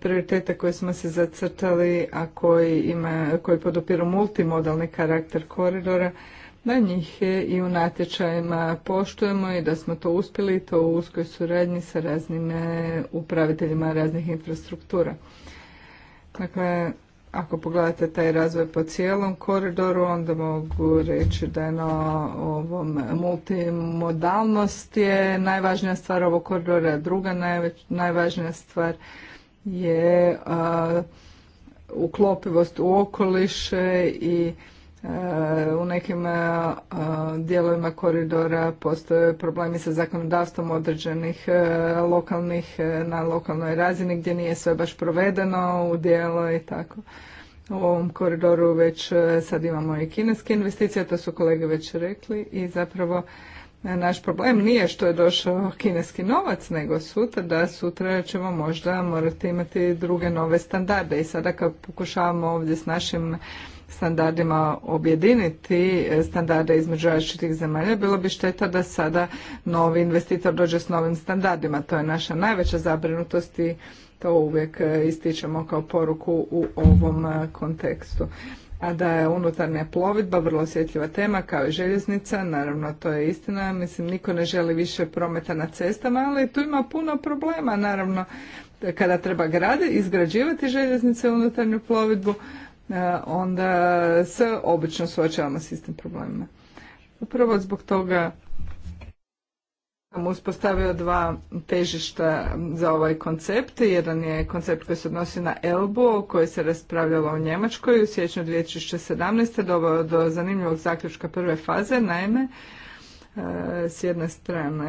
S2: prioritete koje smo se zacrtali, a koji, ima, koji podupiru multimodalni karakter koridora, da njih i u natječajima poštujemo i da smo to uspjeli to u uskoj suradnji sa raznim e, upraviteljima raznih infrastruktura. Dakle, ako pogledate taj razvoj po cijelom koridoru, onda mogu reći da je na ovom multimodalnost je najvažnija stvar ovog koridora, druga najvažnija stvar je uklopivost u okoliše i E, u nekim e, e, dijelovima koridora postoje problemi sa zakonodavstvom određenih lokalnih na lokalnoj razini gdje nije sve baš provedeno u dijelo i tako. U ovom koridoru već sad imamo i kineske investicije, to su kolege već rekli i zapravo naš problem nije što je došao kineski novac, nego sutra da sutra ćemo možda morati imati druge nove standarde i sada kad pokušavamo ovdje s našim standardima objediniti standarde između različitih zemalja, bilo bi šteta da sada novi investitor dođe s novim standardima. To je naša najveća zabrinutost i to uvijek e, ističemo kao poruku u ovom e, kontekstu. A da je unutarnja plovidba vrlo osjetljiva tema kao i željeznica, naravno to je istina, mislim niko ne želi više prometa na cestama, ali tu ima puno problema naravno kada treba grade, izgrađivati željeznice unutarnju plovidbu, E, onda s obično suočavamo s istim problemima. Upravo zbog toga sam uspostavio dva težišta za ovaj koncept. Jedan je koncept koji se odnosi na ELBO koji se raspravljalo u Njemačkoj u siječnju 2017. doveo do zanimljivog zaključka prve faze. Naime, e, s jedne strane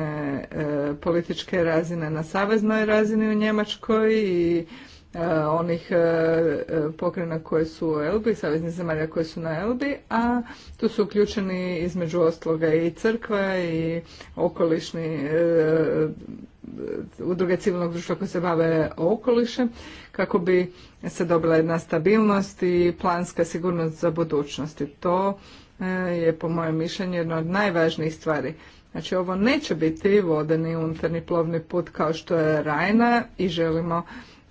S2: e, političke razine na saveznoj razini u Njemačkoj i E, onih e, e, pokrena koje su u Elbi, saveznih zemalja koje su na Elbi, a tu su uključeni između ostaloga i crkva i okolišni udruge civilnog društva koje se bave okolišem kako bi se dobila jedna stabilnost i planska sigurnost za budućnost. I to je po mojem mišljenju jedna od najvažnijih stvari. Znači ovo neće biti vodeni unutarnji plovni put kao što je Rajna i želimo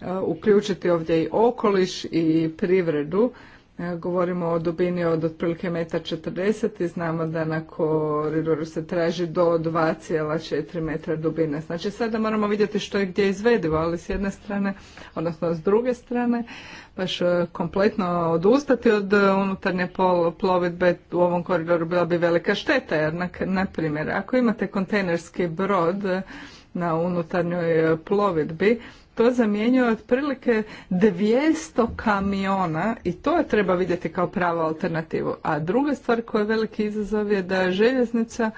S2: E, uključiti ovdje i okoliš i privredu. E, govorimo o dubini od otprilike metar 40 i znamo da na koridoru se traži do 2,4 metra dubine. Znači sada moramo vidjeti što je gdje izvedivo, ali s jedne strane, odnosno s druge strane, baš e, kompletno odustati od unutarnje plovidbe u ovom koridoru bila bi velika šteta, jer na, primjer, ako imate kontejnerski brod na unutarnjoj plovidbi, to zamjenjuje otprilike 200 kamiona i to je treba vidjeti kao pravu alternativu. A druga stvar koja je veliki izazov je da željeznica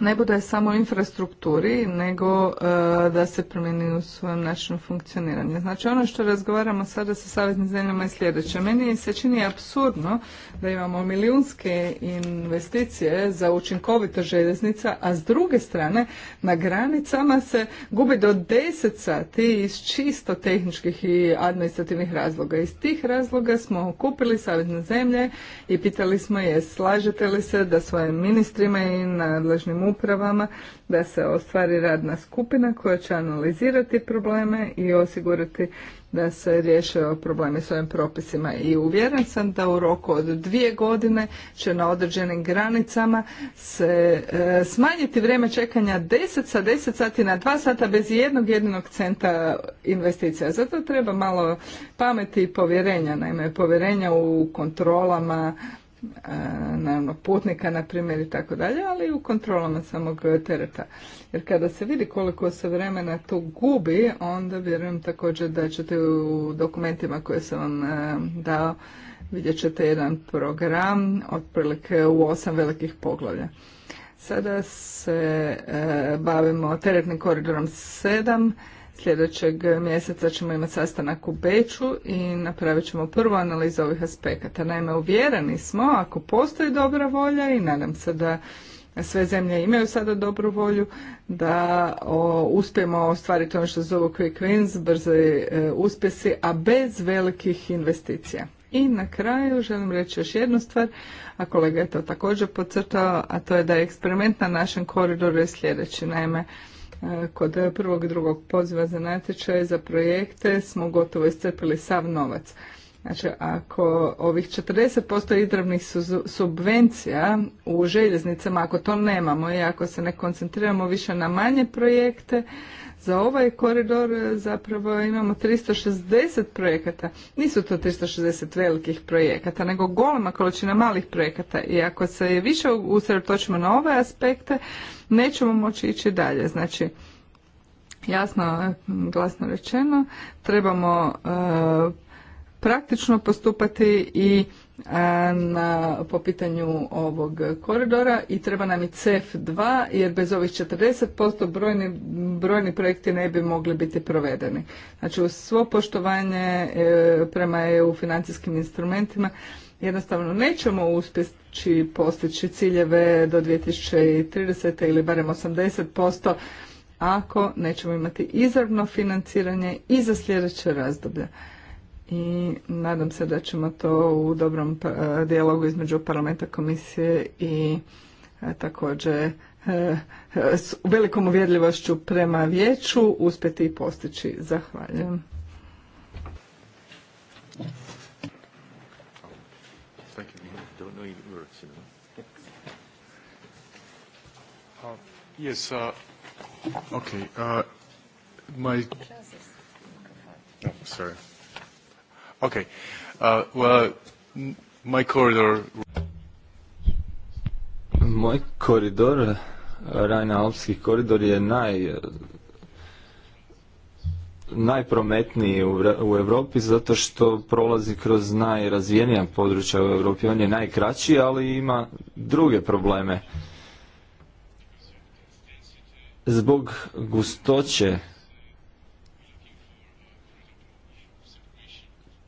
S2: ne bude samo u infrastrukturi, nego e, da se promijeni u svojem načinu funkcioniranja. Znači ono što razgovaramo sada sa savjetnim zemljama je sljedeće. Meni se čini absurdno da imamo milijunske investicije za učinkovito željeznica, a s druge strane na granicama se gubi do deset sati iz čisto tehničkih i administrativnih razloga. Iz tih razloga smo kupili savjetne zemlje i pitali smo je slažete li se da svojim ministrima i nadležnim upravama da se ostvari radna skupina koja će analizirati probleme i osigurati da se riješe problemi s ovim propisima. I uvjeren sam da u roku od dvije godine će na određenim granicama se e, smanjiti vrijeme čekanja 10 sa 10 sati na 2 sata bez jednog jedinog centa investicija. Zato treba malo pameti i povjerenja, naime povjerenja u kontrolama naravno putnika na primjer i tako dalje, ali i u kontrolama samog tereta. Jer kada se vidi koliko se vremena to gubi, onda vjerujem također da ćete u dokumentima koje sam vam dao vidjet ćete jedan program otprilike u osam velikih poglavlja. Sada se bavimo teretnim koridorom 7 Sljedećeg mjeseca ćemo imati sastanak u Beču i napravit ćemo prvu analizu ovih aspekata. Naime, uvjereni smo, ako postoji dobra volja i nadam se da sve zemlje imaju sada dobru volju, da uspijemo ostvariti ono što zovu quick wins, brze uspjesi, a bez velikih investicija. I na kraju želim reći još jednu stvar, a kolega je to također podcrtao, a to je da je eksperiment na našem koridoru je sljedeći. Naime, Kod prvog i drugog poziva za natječaje za projekte smo gotovo iscrpili sav novac. Znači, ako ovih 40% izravnih subvencija u željeznicama, ako to nemamo i ako se ne koncentriramo više na manje projekte, za ovaj koridor e, zapravo imamo 360 projekata. Nisu to 360 velikih projekata, nego golema količina malih projekata. I ako se više usredotočimo na ove aspekte, nećemo moći ići dalje. Znači, jasno, e, glasno rečeno, trebamo e, praktično postupati i na, po pitanju ovog koridora i treba nam i CEF2 jer bez ovih 40% brojni, brojni projekti ne bi mogli biti provedeni. Znači uz svo poštovanje e, prema EU financijskim instrumentima jednostavno nećemo uspjeći postići ciljeve do 2030. ili barem 80% ako nećemo imati izravno financiranje i za sljedeće razdoblje i nadam se da ćemo to u dobrom pa, e, dijalogu između parlamenta komisije i e, također e, s velikom uvjerljivošću prema vijeću uspjeti i postići. Zahvaljujem. Yes, Okay. Uh,
S1: Moj koridor, Rajna-Alpski koridor je najprometniji u, u Europi zato što prolazi kroz najrazvijenija područja u Europi. On je najkraći, ali ima druge probleme. Zbog gustoće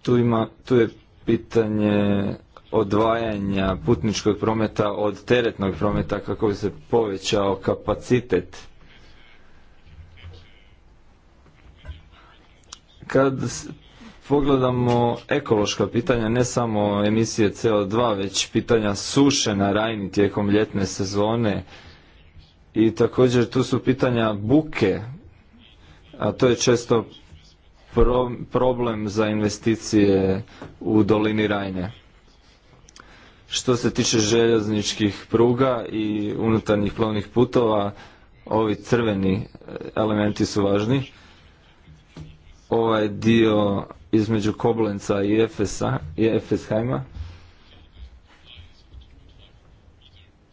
S1: Tu, ima, je pitanje odvajanja putničkog prometa od teretnog prometa kako bi se povećao kapacitet. Kad pogledamo ekološka pitanja, ne samo emisije CO2, već pitanja suše na rajni tijekom ljetne sezone i također tu su pitanja buke, a to je često problem za investicije u dolini Rajne. Što se tiče željezničkih pruga i unutarnjih plovnih putova, ovi crveni e, elementi su važni. Ovaj dio između Koblenca i Efesa i Efeshajma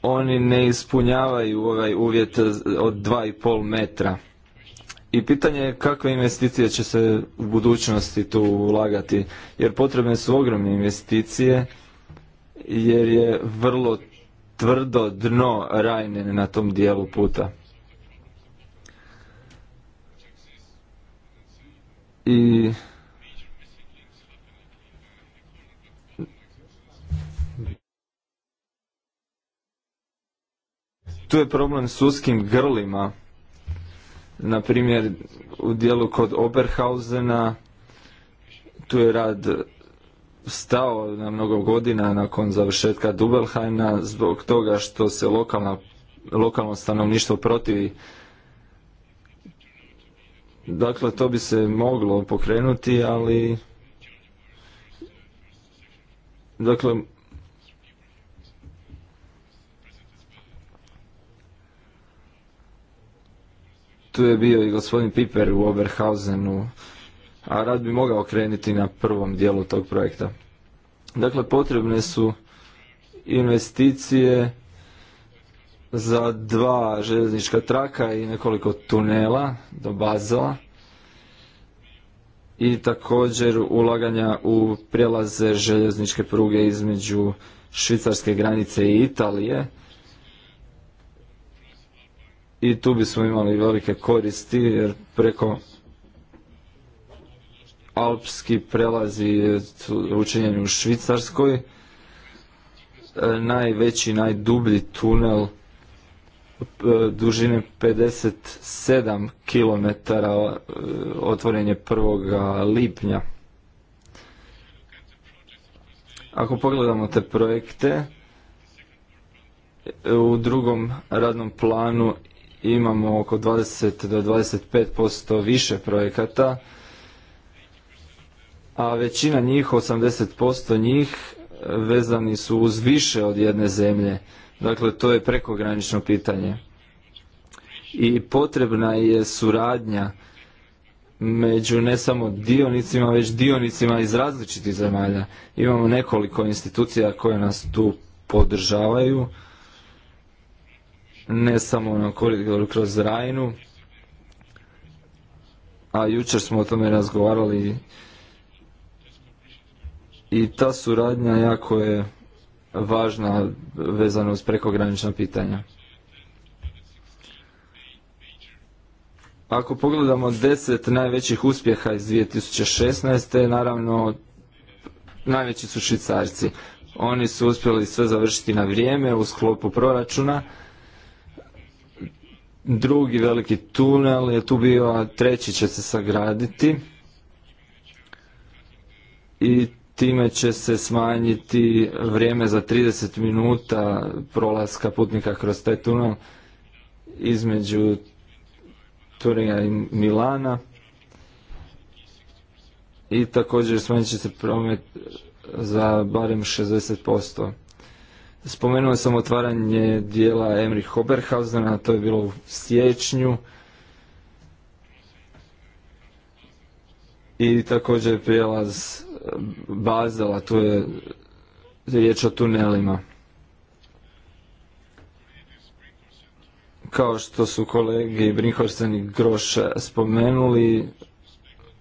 S1: oni ne ispunjavaju ovaj uvjet od 2,5 metra i pitanje je kakve investicije će se u budućnosti tu ulagati, jer potrebne su ogromne investicije, jer je vrlo tvrdo dno rajne na tom dijelu puta. I tu je problem s uskim grlima na primjer, u dijelu kod Oberhausena tu je rad stao na mnogo godina nakon završetka Dubelhajna zbog toga što se lokalna, lokalno stanovništvo protivi. Dakle, to bi se moglo pokrenuti, ali dakle, tu je bio i gospodin Piper u Oberhausenu, a rad bi mogao krenuti na prvom dijelu tog projekta. Dakle, potrebne su investicije za dva željeznička traka i nekoliko tunela do Bazela i također ulaganja u prijelaze željezničke pruge između švicarske granice i Italije i tu bismo imali velike koristi jer preko alpski prelazi učinjeni u Švicarskoj e, najveći, najdublji tunel e, dužine 57 km e, otvoren je 1. lipnja. Ako pogledamo te projekte, u drugom radnom planu imamo oko 20 do 25% više projekata, a većina njih, 80% njih, vezani su uz više od jedne zemlje. Dakle, to je prekogranično pitanje. I potrebna je suradnja među ne samo dionicima, već dionicima iz različitih zemalja. Imamo nekoliko institucija koje nas tu podržavaju ne samo na koridoru kroz Rajnu, a jučer smo o tome razgovarali i ta suradnja jako je važna vezana uz prekogranična pitanja. Ako pogledamo deset najvećih uspjeha iz 2016. naravno najveći su švicarci. Oni su uspjeli sve završiti na vrijeme u sklopu proračuna drugi veliki tunel je tu bio, a treći će se sagraditi i time će se smanjiti vrijeme za 30 minuta prolaska putnika kroz taj tunel između Turinja i Milana i također smanjit će se promet za barem 60%. Spomenuo sam otvaranje dijela Emri Hoberhausena, to je bilo u siječnju. I također prijelaz eh, Bazela, tu je riječ o tunelima. Kao što su kolege Brinkhorsten i Groš spomenuli,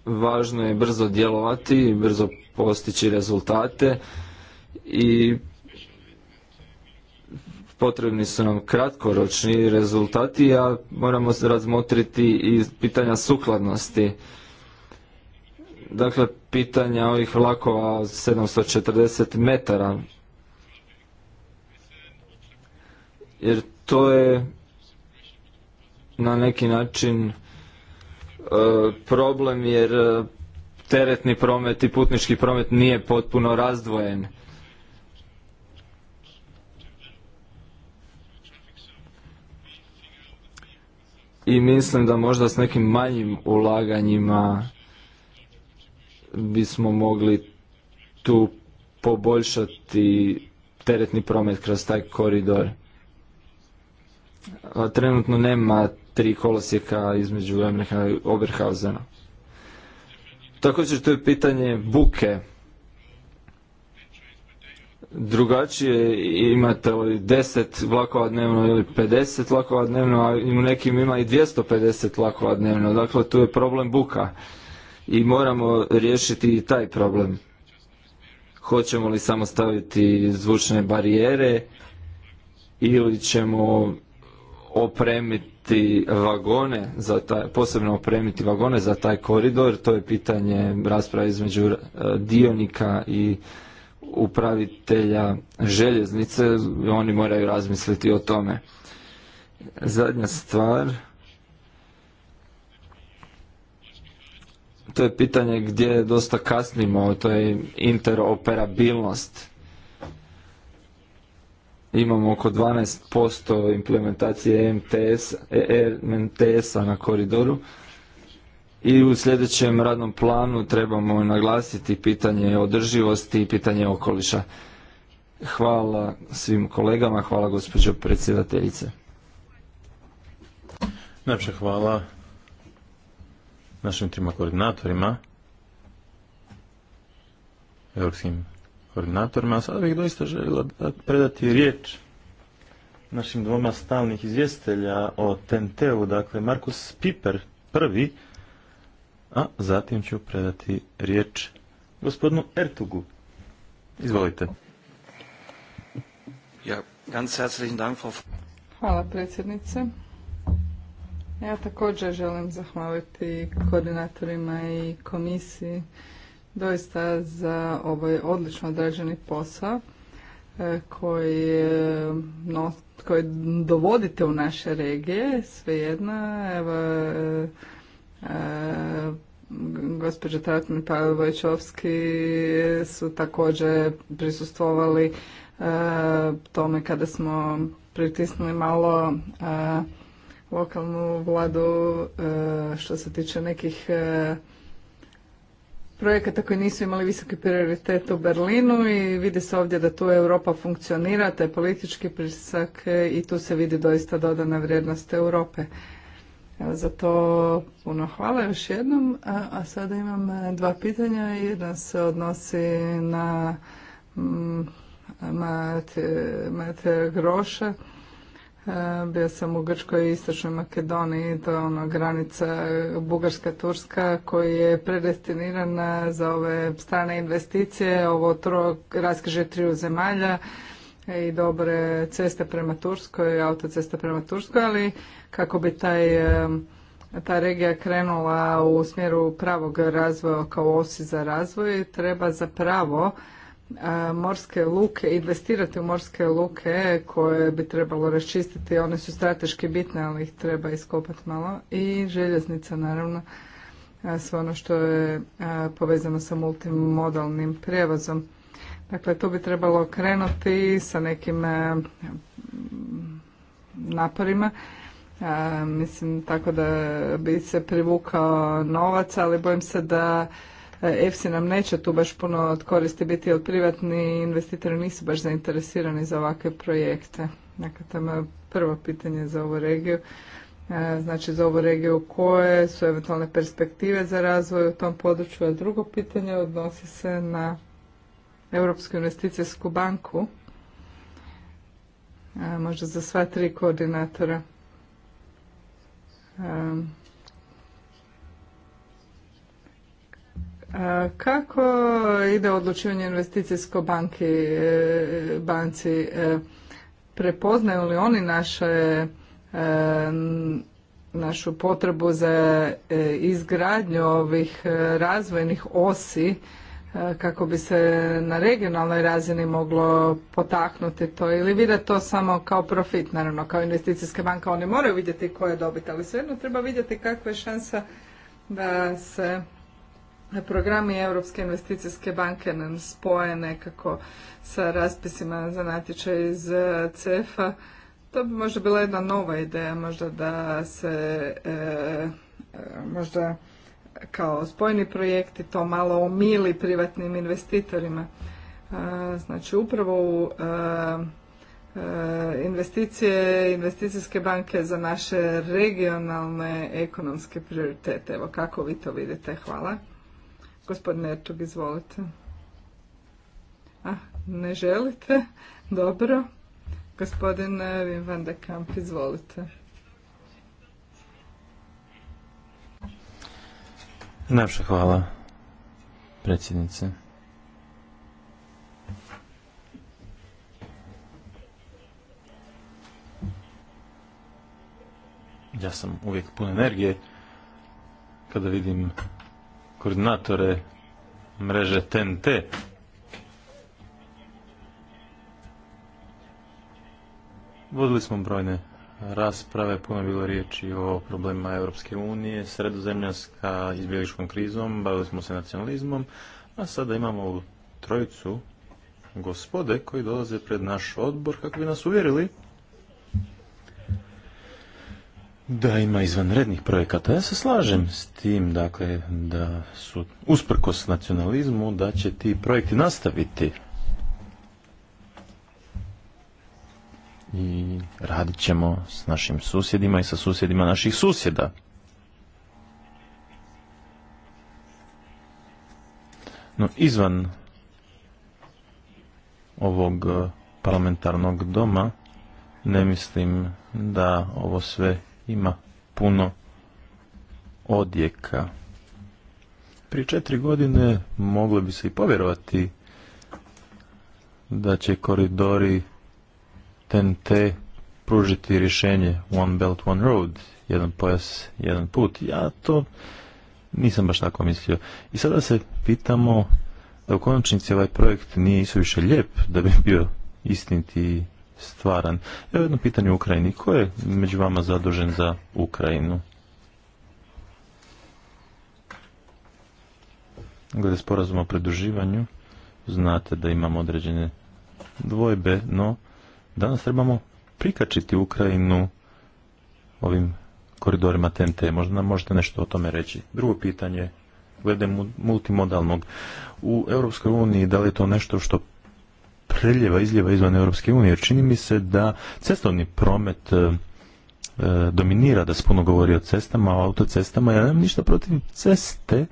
S1: važno je brzo djelovati, i brzo postići rezultate i potrebni su nam kratkoročni rezultati, a moramo se razmotriti i pitanja sukladnosti. Dakle, pitanja ovih vlakova 740 metara. Jer to je na neki način e, problem jer e, teretni promet i putnički promet nije potpuno razdvojen i mislim da možda s nekim manjim ulaganjima bismo mogli tu poboljšati teretni promet kroz taj koridor. Trenutno nema tri kolosijeka između Emreha i Oberhausena. Također to je pitanje buke drugačije, imate li ovaj 10 vlakova dnevno ili 50 vlakova dnevno, a u nekim ima i 250 vlakova dnevno, dakle tu je problem buka i moramo riješiti i taj problem. Hoćemo li samo staviti zvučne barijere ili ćemo opremiti vagone, za taj, posebno opremiti vagone za taj koridor, to je pitanje rasprave između e, dionika i upravitelja željeznice, oni moraju razmisliti o tome. Zadnja stvar, to je pitanje gdje dosta kasnimo, to je interoperabilnost. Imamo oko 12% implementacije e MTS-a e na koridoru i u sljedećem radnom planu trebamo naglasiti pitanje održivosti i pitanje okoliša. Hvala svim kolegama, hvala gospođo predsjedateljice.
S3: Najpše hvala našim trima koordinatorima, europskim koordinatorima, a sada bih doista željela predati riječ našim dvoma stalnih izvjestelja o TNT-u, dakle Markus Piper prvi, a zatim ću predati riječ gospodinu Ertugu. Izvolite.
S1: Ja, ganz herzlichen Dank,
S2: Hvala predsjednice. Ja također želim zahvaliti koordinatorima i komisiji doista za ovaj odlično odrađeni posao e, koji, koji dovodite u naše regije, svejedna, evo, e, E, gospođa i Pavel Vojčovski su također prisustvovali e, tome kada smo pritisnuli malo e, lokalnu vladu što se tiče nekih projekata koji nisu imali visoki prioritet u Berlinu i vidi se ovdje da tu Europa funkcionira, taj politički prisak i tu se vidi doista dodana vrijednost Europe. Evo za to puno hvala još jednom, a, sada imam e, dva pitanja. Jedno se odnosi na mm, Mate, Groša. E, bio sam u Grčkoj i Istočnoj Makedoniji, to je ono granica Bugarska-Turska koji je predestinirana e, za ove strane investicije, ovo tro tri triju zemalja i dobre ceste prema Turskoj, autoceste prema Turskoj, ali kako bi taj, ta regija krenula u smjeru pravog razvoja kao osi za razvoj, treba zapravo morske luke, investirati u morske luke koje bi trebalo raščistiti, one su strateški bitne, ali ih treba iskopati malo i željeznica naravno sve ono što je povezano sa multimodalnim prijevozom. Dakle, tu bi trebalo krenuti sa nekim e, naporima. E, mislim tako da bi se privukao novac, ali bojim se da EFSI nam neće tu baš puno od koristi biti, jer privatni investitori nisu baš zainteresirani za ovakve projekte. Dakle, to je prvo pitanje za ovu regiju. E, znači, za ovu regiju koje su eventualne perspektive za razvoj u tom području, a drugo pitanje odnosi se na Europsku investicijsku banku, e, možda za sva tri koordinatora. E, kako ide odlučivanje investicijsko banki, e, banci? Prepoznaju li oni naše, našu potrebu za izgradnju ovih razvojnih osi kako bi se na regionalnoj razini moglo potaknuti to ili vide to samo kao profit, naravno kao investicijske banka, oni moraju vidjeti koje je dobit, ali svejedno treba vidjeti kakva je šansa da se programi Europske investicijske banke nam spoje nekako sa raspisima za natječaj iz cefa a To bi možda bila jedna nova ideja, možda da se e, e, možda kao spojni projekti to malo omili privatnim investitorima. E, znači upravo u e, e, investicije, investicijske banke za naše regionalne ekonomske prioritete. Evo kako vi to vidite? Hvala. gospodin Ertug, izvolite. A, ne želite? Dobro. Gospodin eh, Van de Kamp, izvolite.
S3: Najpša hvala, predsjednice. Ja sam uvijek pun energije kada vidim koordinatore mreže TNT. Vodili smo brojne rasprave, puno je bilo riječi o problemima Europske unije, sredozemlja sa izbjegličkom krizom, bavili smo se nacionalizmom, a sada imamo trojicu gospode koji dolaze pred naš odbor kako bi nas uvjerili da ima izvanrednih projekata. Ja se slažem s tim, dakle, da su usprkos nacionalizmu, da će ti projekti nastaviti i radit ćemo s našim susjedima i sa susjedima naših susjeda. No, izvan ovog e, parlamentarnog doma ne mislim da ovo sve ima puno odjeka. Prije četiri godine moglo bi se i povjerovati da će koridori TNT pružiti rješenje One Belt, One Road, jedan pojas, jedan put. Ja to nisam baš tako mislio. I sada se pitamo da u konačnici ovaj projekt nije isuviše lijep da bi (laughs) bio istiniti stvaran. Evo jedno pitanje u Ukrajini. Ko je među vama zadužen za Ukrajinu? Glede sporazuma o preduživanju, znate da imamo određene dvojbe, no danas trebamo prikačiti Ukrajinu ovim koridorima TNT. Možda nam možete nešto o tome reći. Drugo pitanje, glede multimodalnog. U Europskoj uniji da li je to nešto što preljeva, izljeva izvan Europske unije? Jer čini mi se da cestovni promet e, e, dominira, da se puno govori o cestama, o autocestama. Ja nemam ništa protiv ceste,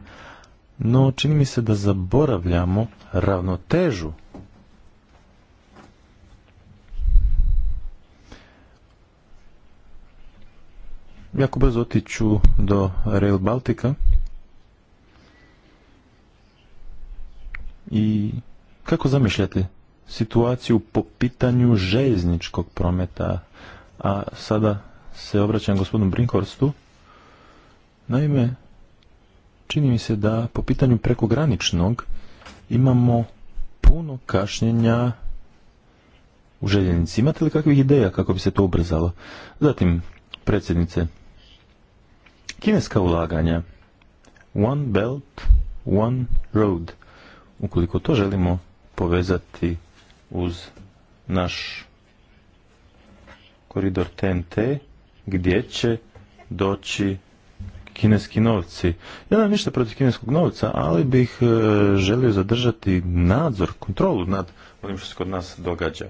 S3: no čini mi se da zaboravljamo ravnotežu jako brzo otiću do Rail Baltica i kako zamišljate situaciju po pitanju željezničkog prometa a sada se obraćam gospodinu Brinkhorstu naime čini mi se da po pitanju prekograničnog imamo puno kašnjenja u željeznici. Imate li kakvih ideja kako bi se to ubrzalo? Zatim, predsjednice, Kineska ulaganja. One belt, one road. Ukoliko to želimo povezati uz naš koridor TNT, gdje će doći kineski novci. Ja nemam ništa protiv kineskog novca, ali bih e, želio zadržati nadzor, kontrolu nad onim što se kod nas događa.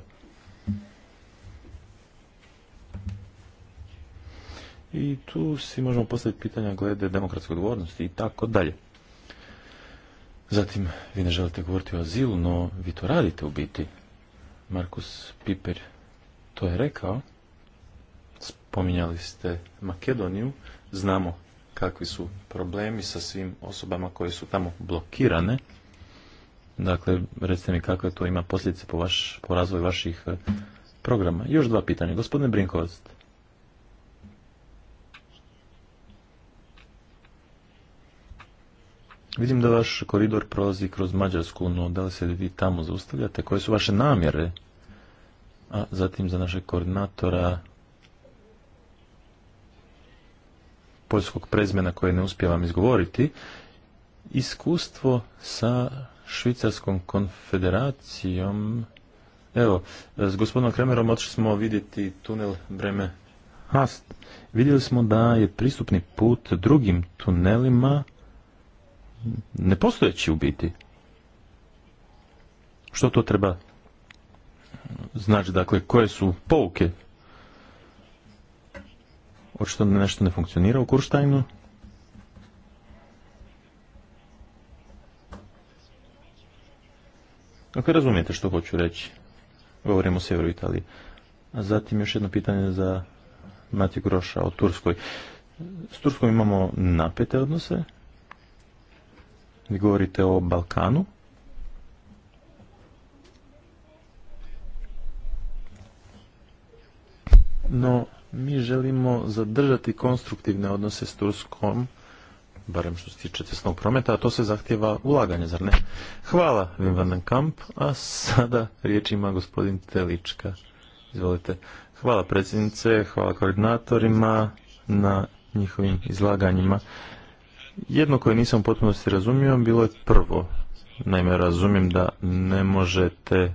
S3: i tu si možemo postaviti pitanja glede demokratske odgovornosti i tako dalje. Zatim, vi ne želite govoriti o azilu, no vi to radite u biti. Markus Piper to je rekao. Spominjali ste Makedoniju. Znamo kakvi su problemi sa svim osobama koje su tamo blokirane. Dakle, recite mi kakve to ima posljedice po, vaš, po razvoju vaših eh, programa. Još dva pitanja. Gospodine Brinkovac, Vidim da vaš koridor prolazi kroz Mađarsku, no da li se vi tamo zaustavljate? Koje su vaše namjere? A zatim za našeg koordinatora poljskog prezmena koje ne uspijevam izgovoriti, iskustvo sa Švicarskom konfederacijom. Evo, s gospodinom Kremerom otišli smo vidjeti tunel Breme Hast. Vidjeli smo da je pristupni put drugim tunelima nepostojeći u biti. Što to treba znači, dakle, koje su pouke? Očito nešto ne funkcionira u Kurštajnu. Dakle, razumijete što hoću reći. Govorimo o sjeveru Italiji. A zatim još jedno pitanje za Mati Groša o Turskoj. S Turskom imamo napete odnose, vi govorite o Balkanu. No, mi želimo zadržati konstruktivne odnose s Turskom, barem što se tiče cestnog prometa, a to se zahtjeva ulaganje, zar ne? Hvala, Wim van Kamp, a sada riječ ima gospodin Telička. Izvolite. Hvala predsjednice, hvala koordinatorima na njihovim izlaganjima. Jedno koje nisam u potpunosti razumio bilo je prvo. Naime, razumijem da ne možete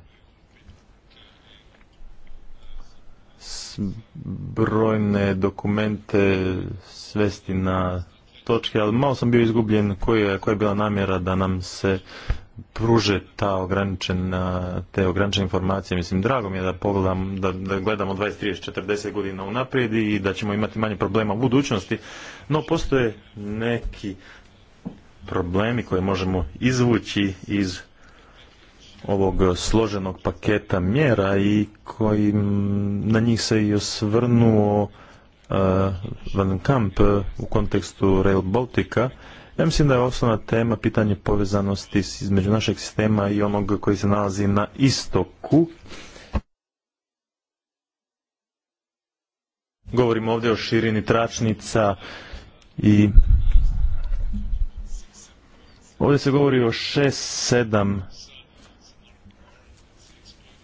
S3: brojne dokumente svesti na točke, ali malo sam bio izgubljen koja je bila namjera da nam se pruže ta ograničena, te ograničene informacije. Mislim, drago mi je da pogledam, da, da gledamo 20, 30, 40 godina unaprijed i da ćemo imati manje problema u budućnosti, no postoje neki problemi koje možemo izvući iz ovog složenog paketa mjera i koji na njih se i osvrnuo eh, Van Kamp u kontekstu Rail Baltica ja mislim da je osnovna tema pitanje povezanosti između našeg sistema i onog koji se nalazi na istoku. Govorimo ovdje o širini tračnica i ovdje se govori o 6-7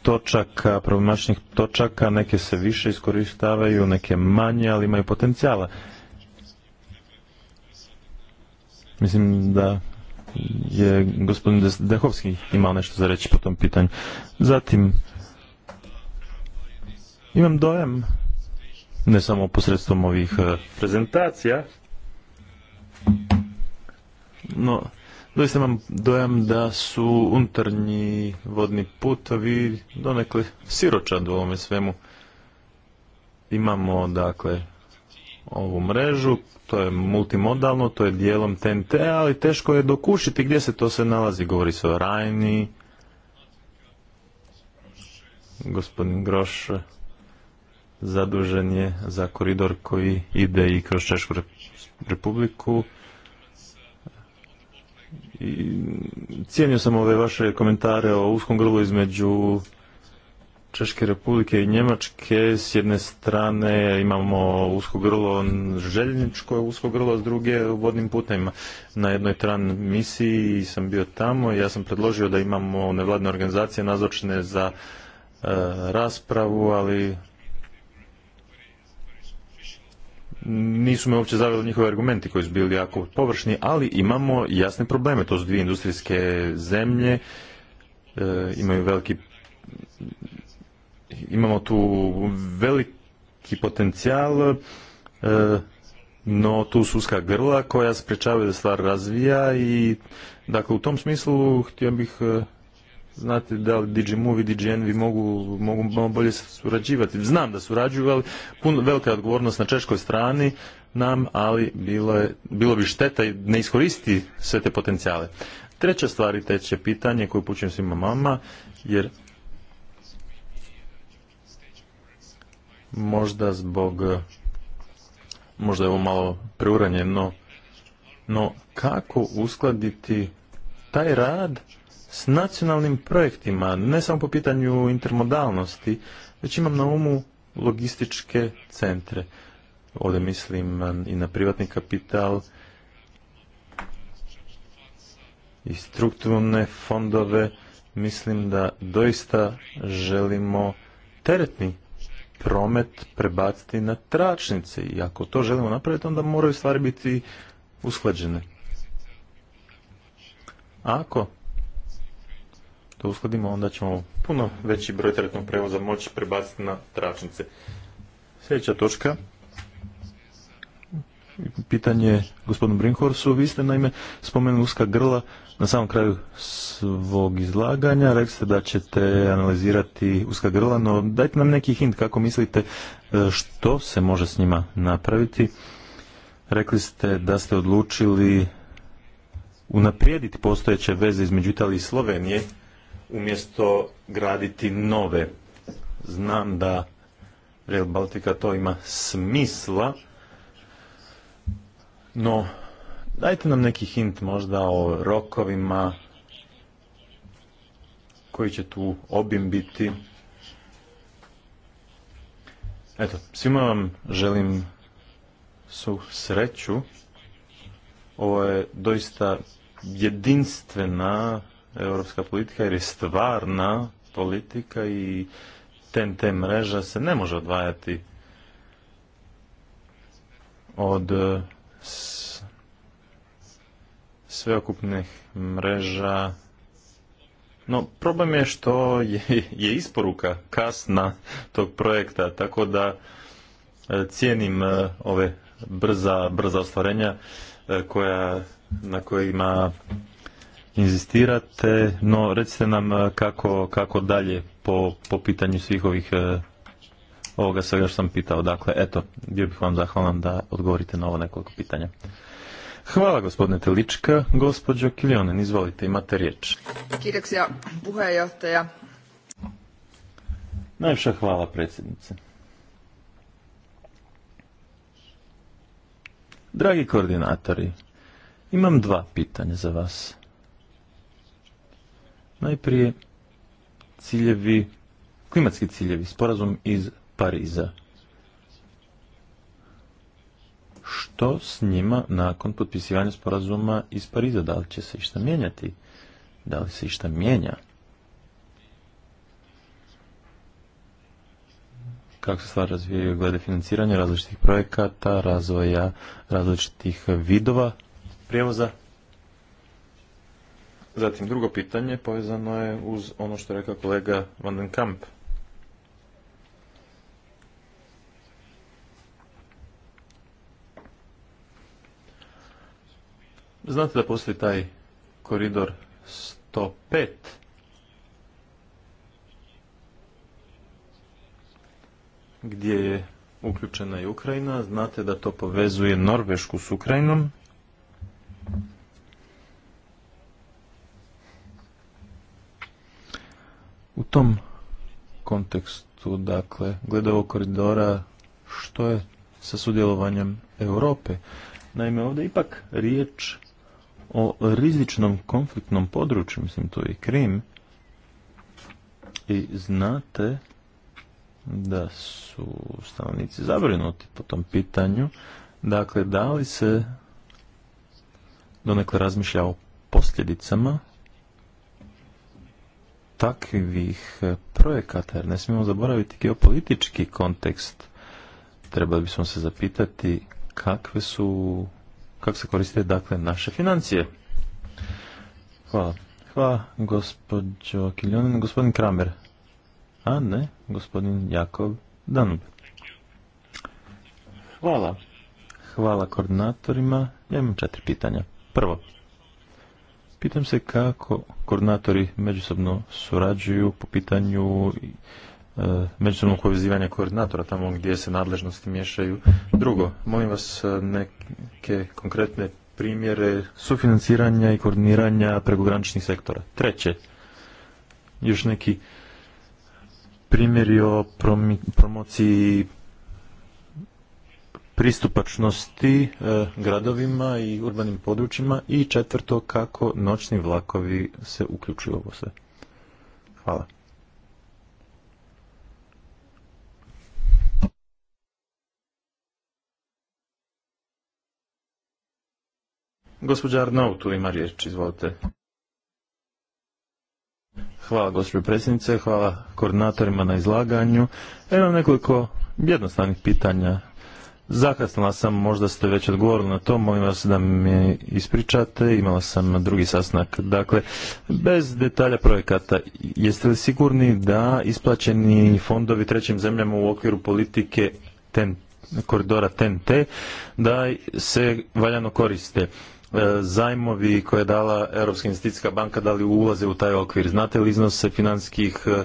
S3: točaka, problematičnih točaka, neke se više iskoristavaju, neke manje, ali imaju potencijala. Mislim da je gospodin Dehovski imao nešto za reći po tom pitanju. Zatim, imam dojem, ne samo posredstvom ovih e, prezentacija, no, doista imam dojam da su unutarnji vodni putovi donekle siročad u ovome svemu. Imamo, dakle, ovu mrežu, to je multimodalno, to je dijelom TNT, ali teško je dokušiti gdje se to sve nalazi. Govori se o Rajni, gospodin Groš zadužen je za koridor koji ide i kroz Češku republiku. I cijenio sam ove vaše komentare o uskom grlu između Češke republike i Njemačke s jedne strane imamo usko grlo, željezničko usko grlo, s druge vodnim putem. Na jednoj tran misiji sam bio tamo i ja sam predložio da imamo nevladne organizacije nazočne za e, raspravu, ali nisu me uopće zaveli njihove argumenti koji su bili jako površni, ali imamo jasne probleme. To su dvije industrijske zemlje, e, imaju veliki imamo tu veliki potencijal, e, no tu su uska grla koja sprečavaju da stvar razvija i dakle u tom smislu htio bih e, znati da li DigiMove i DigiEnvy mogu, mogu malo bolje surađivati. Znam da surađuju, ali puno, velika odgovornost na češkoj strani nam, ali bilo, je, bilo bi šteta i ne iskoristi sve te potencijale. Treća stvar i treće pitanje koje upućujem svima mama, jer možda zbog možda je ovo malo preuranjeno no kako uskladiti taj rad s nacionalnim projektima ne samo po pitanju intermodalnosti već imam na umu logističke centre ovdje mislim i na privatni kapital i strukturne fondove mislim da doista želimo teretni promet prebaciti na tračnice i ako to želimo napraviti onda moraju stvari biti usklađene. ako to uskladimo onda ćemo puno veći broj teretnog prevoza moći prebaciti na tračnice. Sljedeća točka pitanje gospodinu Brinkhorsu. Vi ste naime spomenuli uska grla na samom kraju svog izlaganja. Rekli ste da ćete analizirati uska grla, no dajte nam neki hint kako mislite e, što se može s njima napraviti. Rekli ste da ste odlučili unaprijediti postojeće veze između Italije i Slovenije umjesto graditi nove. Znam da Real Baltica to ima smisla, no, dajte nam neki hint možda o rokovima koji će tu obim biti. Eto, svima vam želim su sreću. Ovo je doista jedinstvena europska politika jer je stvarna politika i TNT mreža se ne može odvajati od sveokupnih mreža. No, problem je što je, isporuka kasna tog projekta, tako da e, cijenim e, ove brza, brza ostvarenja e, koja, na kojima inzistirate, no recite nam kako, kako dalje po, po pitanju svih ovih ovoga svega što sam pitao. Dakle, eto, bio bih vam zahvalan da odgovorite na ovo nekoliko pitanja. Hvala gospodine Telička. Gospođo Kiljonen, izvolite, imate riječ. Kiitoksia hvala predsjednice. Dragi koordinatori, imam dva pitanja za vas. Najprije ciljevi, klimatski ciljevi, sporazum iz Pariza. Što s njima nakon potpisivanja sporazuma iz Pariza? Da li će se išta mijenjati? Da li se išta mijenja? kako se stvar razvijaju glede financiranja različitih projekata, razvoja različitih vidova prijevoza. Zatim drugo pitanje povezano je uz ono što je rekao kolega Van den Kamp. Znate da postoji taj koridor 105 gdje je uključena i Ukrajina. Znate da to povezuje Norvešku s Ukrajinom. U tom kontekstu, dakle, glede ovog koridora, što je sa sudjelovanjem Europe? Naime, ovdje ipak riječ o rizičnom konfliktnom području, mislim to je Krim, i znate da su stanovnici zabrinuti po tom pitanju, dakle da li se donekle razmišlja o posljedicama takvih projekata, jer ne smijemo zaboraviti geopolitički kontekst. Trebali bismo se zapitati kakve su kako se koriste dakle naše financije. Hvala. Hvala gospođo Kiljonin. Gospodin Kramer. A ne, gospodin Jakov Danub. Hvala. Hvala koordinatorima. Ja imam četiri pitanja. Prvo, pitam se kako koordinatori međusobno surađuju po pitanju E, međusobno povezivanja koordinatora tamo gdje se nadležnosti miješaju. Drugo, molim vas e, neke konkretne primjere sufinanciranja i koordiniranja prekograničnih sektora. Treće, još neki primjeri o promociji pristupačnosti e, gradovima i urbanim područjima i četvrto kako noćni vlakovi se uključuju u ovo sve. Hvala. Gospođa Arnau, tu ima riječ, izvolite. Hvala gospođo predsjednice, hvala koordinatorima na izlaganju. Evo nekoliko jednostavnih pitanja. Zakasnila sam, možda ste već odgovorili na to, molim vas da mi ispričate, imala sam drugi sastanak. Dakle, bez detalja projekata, jeste li sigurni da isplaćeni fondovi trećim zemljama u okviru politike koridora TNT, da se valjano koriste? E, zajmovi koje je dala Europska investicijska banka, da li ulaze u taj okvir? Znate li iznose financijskih e,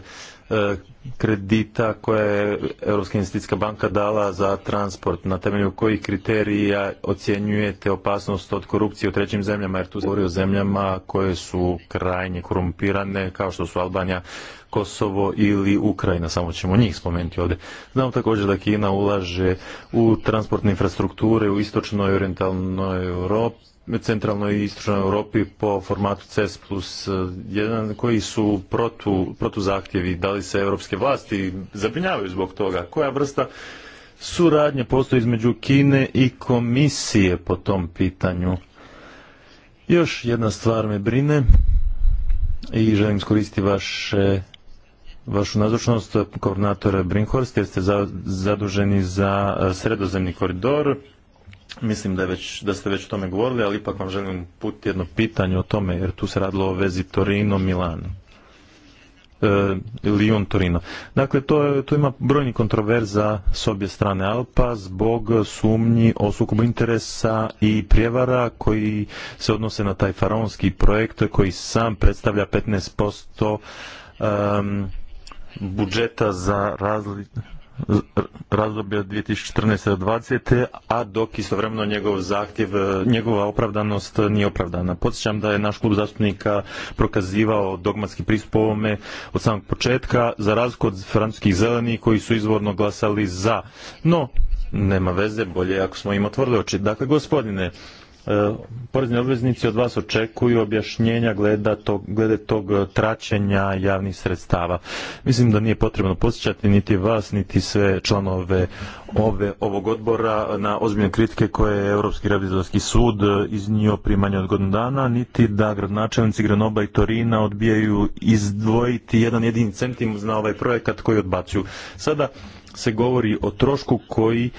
S3: e, kredita koje je Europska investicijska banka dala za transport, na temelju kojih kriterija ocjenjujete opasnost od korupcije u trećim zemljama, jer tu se govori o zemljama koje su krajnje korumpirane, kao što su Albanija, Kosovo ili Ukrajina, samo ćemo njih spomenuti ovdje. Znamo također da Kina ulaže u transportne infrastrukture u istočnoj i orientalnoj Europi, centralnoj i istočnoj Europi po formatu CES plus 1, koji su protu, protu zahtjevi, da li se europske vlasti zabrinjavaju zbog toga, koja vrsta suradnje postoji između Kine i komisije po tom pitanju. Još jedna stvar me brine i želim skoristiti vašu nazočnost koordinatora Brinkhorst jer ste zaduženi za eh, sredozemni koridor Mislim da, već, da ste već o tome govorili, ali ipak vam želim put jedno pitanje o tome, jer tu se radilo o vezi Torino-Milano. E, Lion Torino. Dakle, to, to ima brojni kontroverza s obje strane Alpa zbog sumnji o sukobu interesa i prijevara koji se odnose na taj faraonski projekt koji sam predstavlja 15% um, budžeta za razli razdoblje od 2014. 2020. a dok istovremeno njegov zahtjev, e, njegova opravdanost nije opravdana. Podsjećam da je naš klub zastupnika prokazivao dogmatski pristup ovome od samog početka, za razliku od francuskih zelenih koji su izvorno glasali za. No, nema veze, bolje ako smo im otvorili oči. Dakle, gospodine, E, porezni obveznici od vas očekuju objašnjenja glede tog, glede tog e, traćenja javnih sredstava. Mislim da nije potrebno posjećati niti vas, niti sve članove ove, ovog odbora na ozbiljne kritike koje je Europski revizorski sud e, iznio primanje od godinu dana, niti da gradonačelnici granoba i Torina odbijaju izdvojiti jedan jedini centim na ovaj projekat koji odbacuju. Sada se govori o trošku koji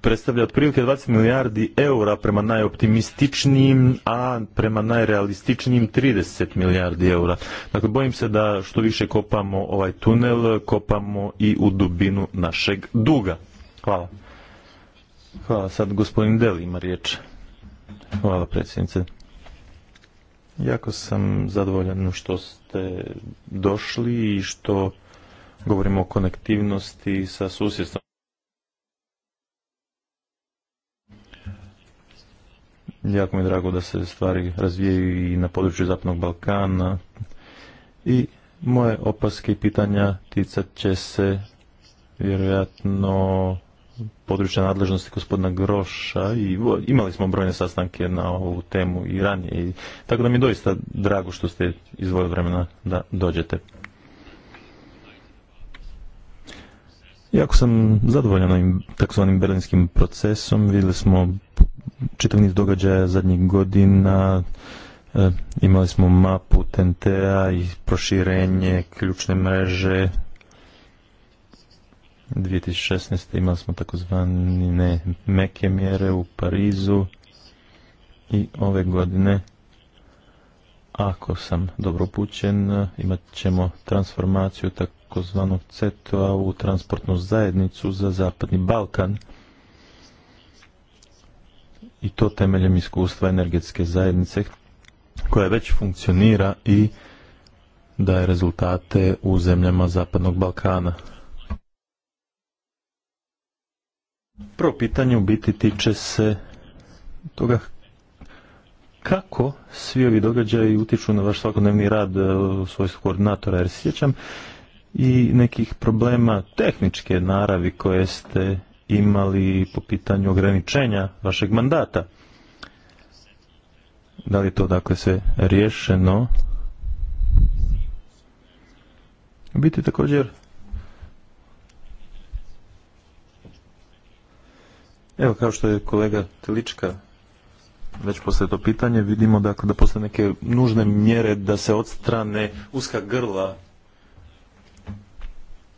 S3: predstavlja otprilike 20 milijardi eura prema najoptimističnijim, a prema najrealističnijim 30 milijardi eura. Dakle, bojim se da što više kopamo ovaj tunel, kopamo i u dubinu našeg duga. Hvala. Hvala. Sad gospodin Deli ima riječ. Hvala predsjednice. Jako sam zadovoljan što ste došli i što govorimo o konektivnosti sa susjedstvom. Jako mi je drago da se stvari razvijaju i na području Zapadnog Balkana. I moje opaske i pitanja ticat će se vjerojatno područja nadležnosti gospodina Groša i imali smo brojne sastanke na ovu temu i ranije. tako da mi je doista drago što ste izvojili vremena da dođete. Jako sam zadovoljan ovim takzvanim berlinskim procesom. Vidjeli smo čitav niz događaja zadnjih godina. Eh, imali smo mapu Tentea i proširenje ključne mreže. 2016. imali smo takozvani meke mjere u Parizu i ove godine ako sam dobro upućen, imat ćemo transformaciju tako takozvanog CETO-a u transportnu zajednicu za Zapadni Balkan i to temeljem iskustva energetske zajednice koja već funkcionira i daje rezultate u zemljama Zapadnog Balkana. Prvo pitanje u biti tiče se toga kako svi ovi događaji utiču na vaš svakodnevni rad e, u svojstvu koordinatora, jer sjećam i nekih problema tehničke naravi koje ste imali po pitanju ograničenja vašeg mandata. Da li je to dakle sve riješeno? biti također Evo kao što je kolega Telička već poslije to pitanje, vidimo dakle da postoje neke nužne mjere da se odstrane uska grla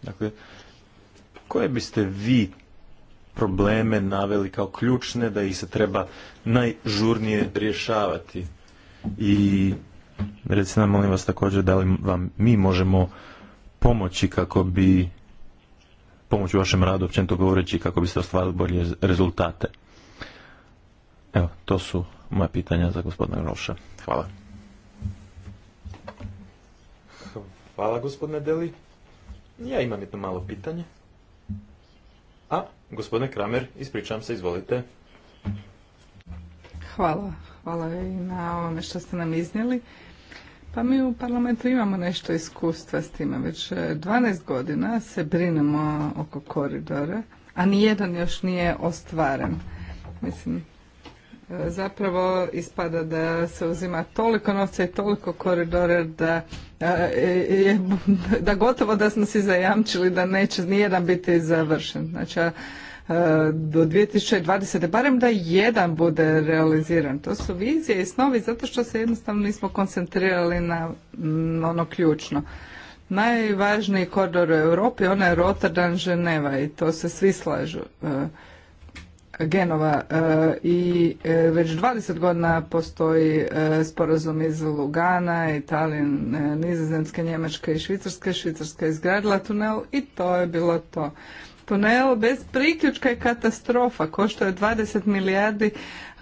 S3: Dakle, koje biste vi probleme naveli kao ključne da ih se treba najžurnije rješavati? I recite nam, molim vas također, da li vam mi možemo pomoći kako bi pomoći u vašem radu, općenito govoreći, kako biste ostvarili bolje rezultate? Evo, to su moja pitanja za gospodina Groša. Hvala. Hvala gospodine Deli. Ja imam jedno malo pitanje. A, gospodine Kramer, ispričam se, izvolite.
S2: Hvala. Hvala i na ovome što ste nam iznijeli. Pa mi u parlamentu imamo nešto iskustva s time. Već 12 e, godina se brinemo oko koridora, a nijedan još nije ostvaren. Mislim, zapravo ispada da se uzima toliko novca i toliko koridora da, e, da gotovo da smo si zajamčili da neće nijedan biti završen. Znači, do 2020. barem da jedan bude realiziran. To su vizije i snovi zato što se jednostavno nismo koncentrirali na ono ključno. Najvažniji koridor u Europi, onaj Rotterdam, Ženeva i to se svi slažu. E, genova e, i e, već 20 godina postoji e, sporazum iz Lugana, Italije, Nizozemske, Njemačke i Švicarske. Švicarska je izgradila tunel i to je bilo to. Tunel bez priključka je katastrofa, Košto je 20 milijardi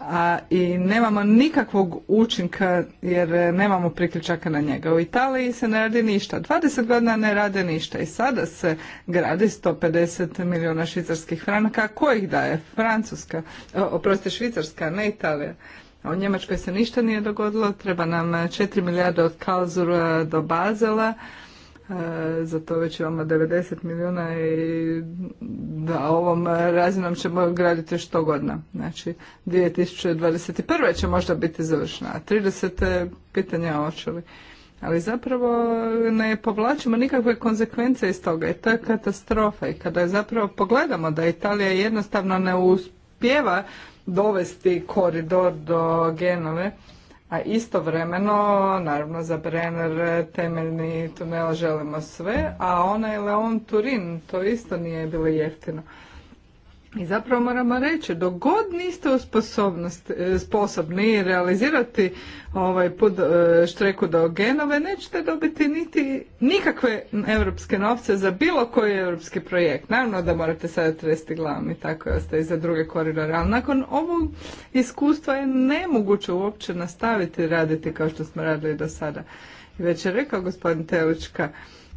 S2: a i nemamo nikakvog učinka jer e, nemamo priključaka na njega. U Italiji se ne radi ništa. 20 godina ne rade ništa i sada se gradi 150 milijuna švicarskih franaka kojih daje Francuska, oprosti Švicarska, ne Italija. U Njemačkoj se ništa nije dogodilo, treba nam 4 milijarde od Kalzura do Bazela. E, za to već imamo 90 milijuna i da ovom razinom ćemo graditi što godina. Znači 2021. će možda biti završena, a 30. pitanja očeli. Ali zapravo ne povlačimo nikakve konsekvence iz toga i to je katastrofa. I kada zapravo pogledamo da Italija jednostavno ne uspjeva dovesti koridor do Genove, a istovremeno, naravno za Brenner temeljni tunel želimo sve, a onaj Leon Turin, to isto nije bilo jeftino. I zapravo moramo reći, dok god niste e, sposobni realizirati ovaj pod e, štreku do genove, nećete dobiti niti nikakve europske novce za bilo koji europski projekt. Naravno da morate sada tresti glavom i tako i za druge koridore, ali nakon ovog iskustva je nemoguće uopće nastaviti raditi kao što smo radili do sada. Već je rekao gospodin Telička,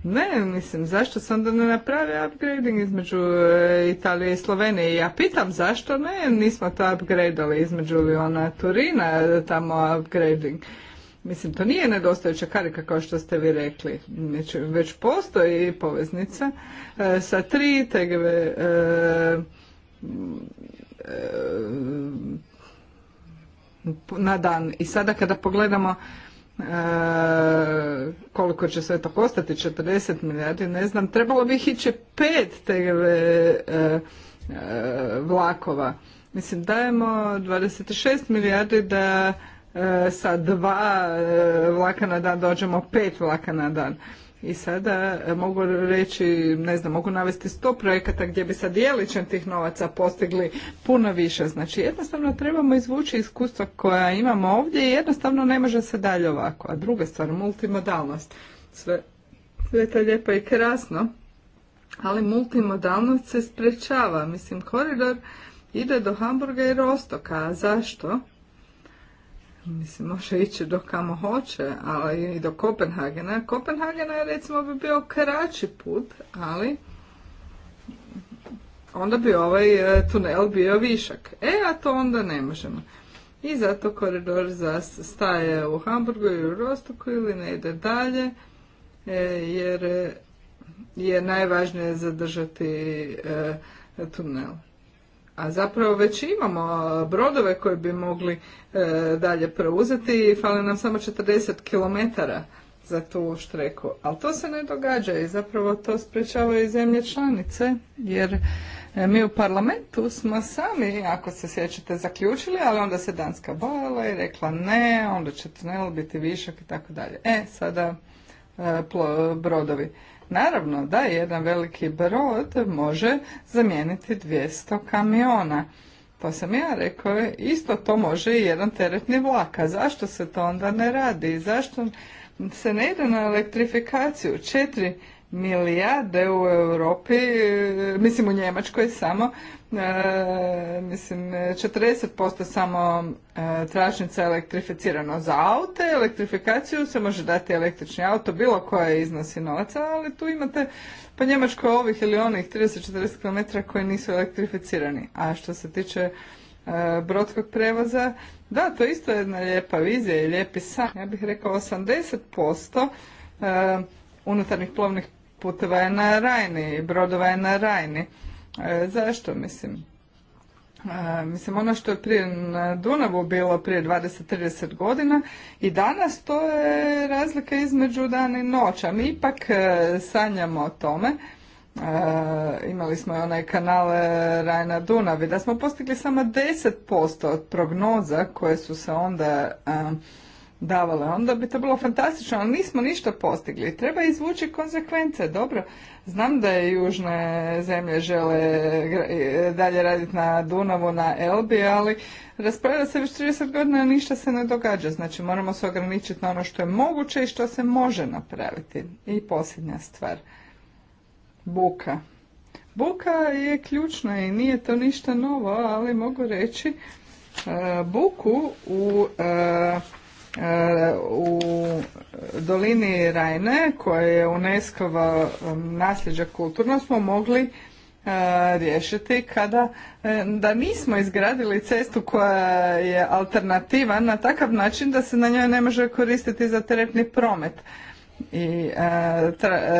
S2: ne, mislim, zašto sam da ne napravi upgrading između e, Italije i Slovenije? Ja pitam zašto ne, nismo to upgradeali između Liona Turina, tamo upgrading. Mislim, to nije nedostajuća karika kao što ste vi rekli. Znači, već postoji poveznica e, sa tri TGV e, na dan. I sada kada pogledamo E, koliko će sve to postati, 40 milijardi, ne znam, trebalo bi ići pet TGV e, e, vlakova. Mislim, dajemo 26 milijardi da sa dva vlaka na dan dođemo pet vlaka na dan i sada mogu reći, ne znam, mogu navesti sto projekata gdje bi sa dijelićem tih novaca postigli puno više. Znači jednostavno trebamo izvući iskustva koja imamo ovdje i jednostavno ne može se dalje ovako. A druga stvar, multimodalnost. Sve, sve to je lijepo i krasno, ali multimodalnost se sprečava. Mislim, koridor ide do Hamburga i Rostoka. A zašto? mislim, može ići do kamo hoće, ali i do Kopenhagena. Kopenhagena recimo bi bio kraći put, ali onda bi ovaj e, tunel bio višak. E, a to onda ne možemo. I zato koridor staje u Hamburgu ili u Rostoku ili ne ide dalje, e, jer je najvažnije zadržati e, tunel a zapravo već imamo brodove koje bi mogli e, dalje preuzeti i fale nam samo 40 km za tu štreku. Ali to se ne događa i zapravo to sprečavaju i zemlje članice, jer e, mi u parlamentu smo sami, ako se sjećate, zaključili, ali onda se Danska bojala i rekla ne, onda će ne biti višak i tako dalje. E, sada e, brodovi. Naravno da jedan veliki brod može zamijeniti 200 kamiona. Pa sam ja rekao, isto to može i jedan teretni vlak. A zašto se to onda ne radi? Zašto se ne ide na elektrifikaciju? Četiri je u Europi, mislim u Njemačkoj samo, e, mislim 40% samo e, tračnica je elektrificirano za aute, elektrifikaciju se može dati električni auto, bilo koje iznosi novaca, ali tu imate po Njemačkoj ovih ili onih 30-40 km koji nisu elektrificirani. A što se tiče e, brodskog prevoza, da, to isto jedna lijepa vizija i lijepi Ja bih rekao 80% unutarnjih plovnih puteva je na Rajni, brodova je na Rajni. E, zašto, mislim? E, mislim, ono što je prije na Dunavu bilo prije 20-30 godina i danas to je razlika između dan i noć, a mi ipak e, sanjamo o tome. imali smo i onaj kanal Rajna Dunavi, da smo postigli samo 10% od prognoza koje su se onda davale, onda bi to bilo fantastično, ali nismo ništa postigli. Treba izvući konsekvence, dobro. Znam da je južne zemlje žele dalje raditi na Dunavu, na Elbi, ali raspravlja se već 30 godina ništa se ne događa. Znači moramo se ograničiti na ono što je moguće i što se može napraviti. I posljednja stvar. Buka. Buka je ključna i nije to ništa novo, ali mogu reći e, buku u e, E, u dolini Rajne, koja je unesco um, nasljeđa kulturno, smo mogli e, riješiti kada e, da nismo izgradili cestu koja je alternativa na takav način da se na njoj ne može koristiti za teretni promet. I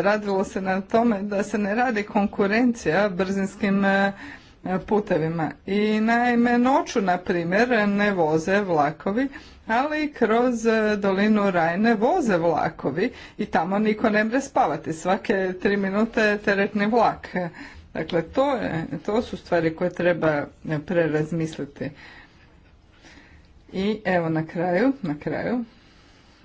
S2: radilo se na tome da se ne radi konkurencija brzinskim putevima. I naime noću, na primjer, ne voze vlakovi, ali kroz e, dolinu Rajne voze vlakovi i tamo niko ne mre spavati. Svake tri minute teretni vlak. Dakle, to, je, to su stvari koje treba e, prerazmisliti. I evo na kraju, na kraju,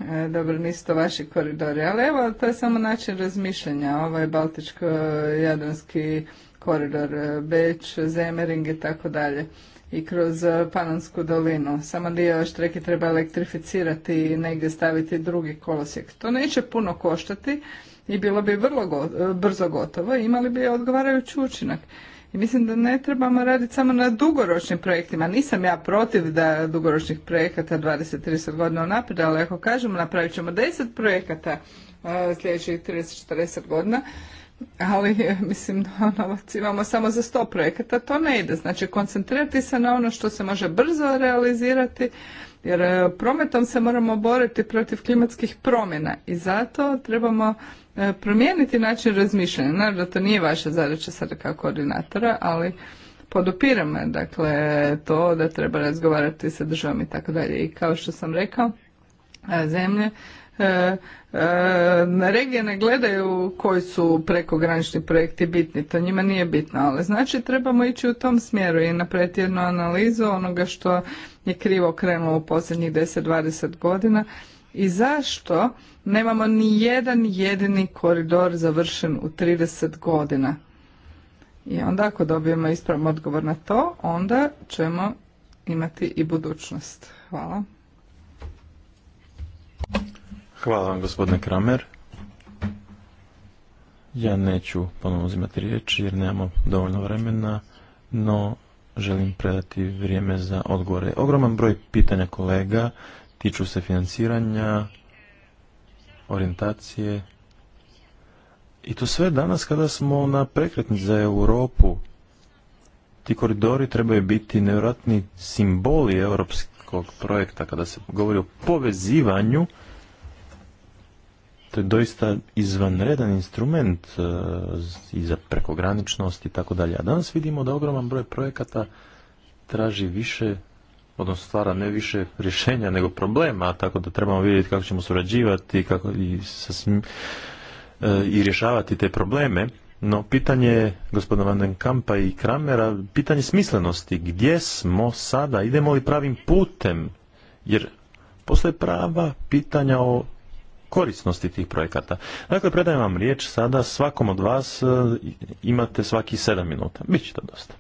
S2: e, dobro nisu to vaši koridori, ali evo to je samo način razmišljanja, ovaj Baltičko-Jadranski koridor, Beč, Zemering i tako dalje i kroz e, Panonsku dolinu. Samo dio štreke treba elektrificirati i negdje staviti drugi kolosijek. To neće puno koštati i bilo bi vrlo e, brzo gotovo i imali bi odgovarajući učinak. I mislim da ne trebamo raditi samo na dugoročnim projektima. Nisam ja protiv da dugoročnih projekata 20-30 godina unaprijed, ali ako kažemo napravit ćemo 10 projekata e, sljedećih 30-40 godina, ali (laughs) mislim da novac imamo samo za sto projekata, to ne ide. Znači koncentrirati se na ono što se može brzo realizirati, jer e, prometom se moramo boriti protiv klimatskih promjena i zato trebamo e, promijeniti način razmišljanja. Naravno da to nije vaša zadaća sada kao koordinatora, ali podupiramo dakle to da treba razgovarati sa državom i tako dalje. I kao što sam rekao, e, zemlje E, e, regije ne gledaju koji su prekogranični projekti bitni, to njima nije bitno, ali znači trebamo ići u tom smjeru i na jednu analizu onoga što je krivo krenulo u posljednjih 10-20 godina i zašto nemamo ni jedan jedini koridor završen u 30 godina. I onda ako dobijemo ispravan odgovor na to, onda ćemo imati i budućnost. Hvala.
S3: Hvala vam gospodine Kramer. Ja neću ponovno uzimati riječ jer nemamo dovoljno vremena, no želim predati vrijeme za odgovore. Ogroman broj pitanja kolega tiču se financiranja, orijentacije i to sve danas kada smo na prekretnici za Europu. Ti koridori trebaju biti nevjerojatni simboli europskog projekta kada se govori o povezivanju to je doista izvanredan instrument e, i za prekograničnost i tako dalje. A danas vidimo da ogroman broj projekata traži više, odnosno stvara ne više rješenja nego problema, tako da trebamo vidjeti kako ćemo surađivati kako i, e, i rješavati te probleme. No, pitanje gospodina Van Kampa i Kramera, pitanje smislenosti, gdje smo sada, idemo li pravim putem, jer postoje prava pitanja o korisnosti tih projekata. Dakle, predajem vam riječ sada, svakom od vas e, imate svaki sedam minuta. Biće to dosta.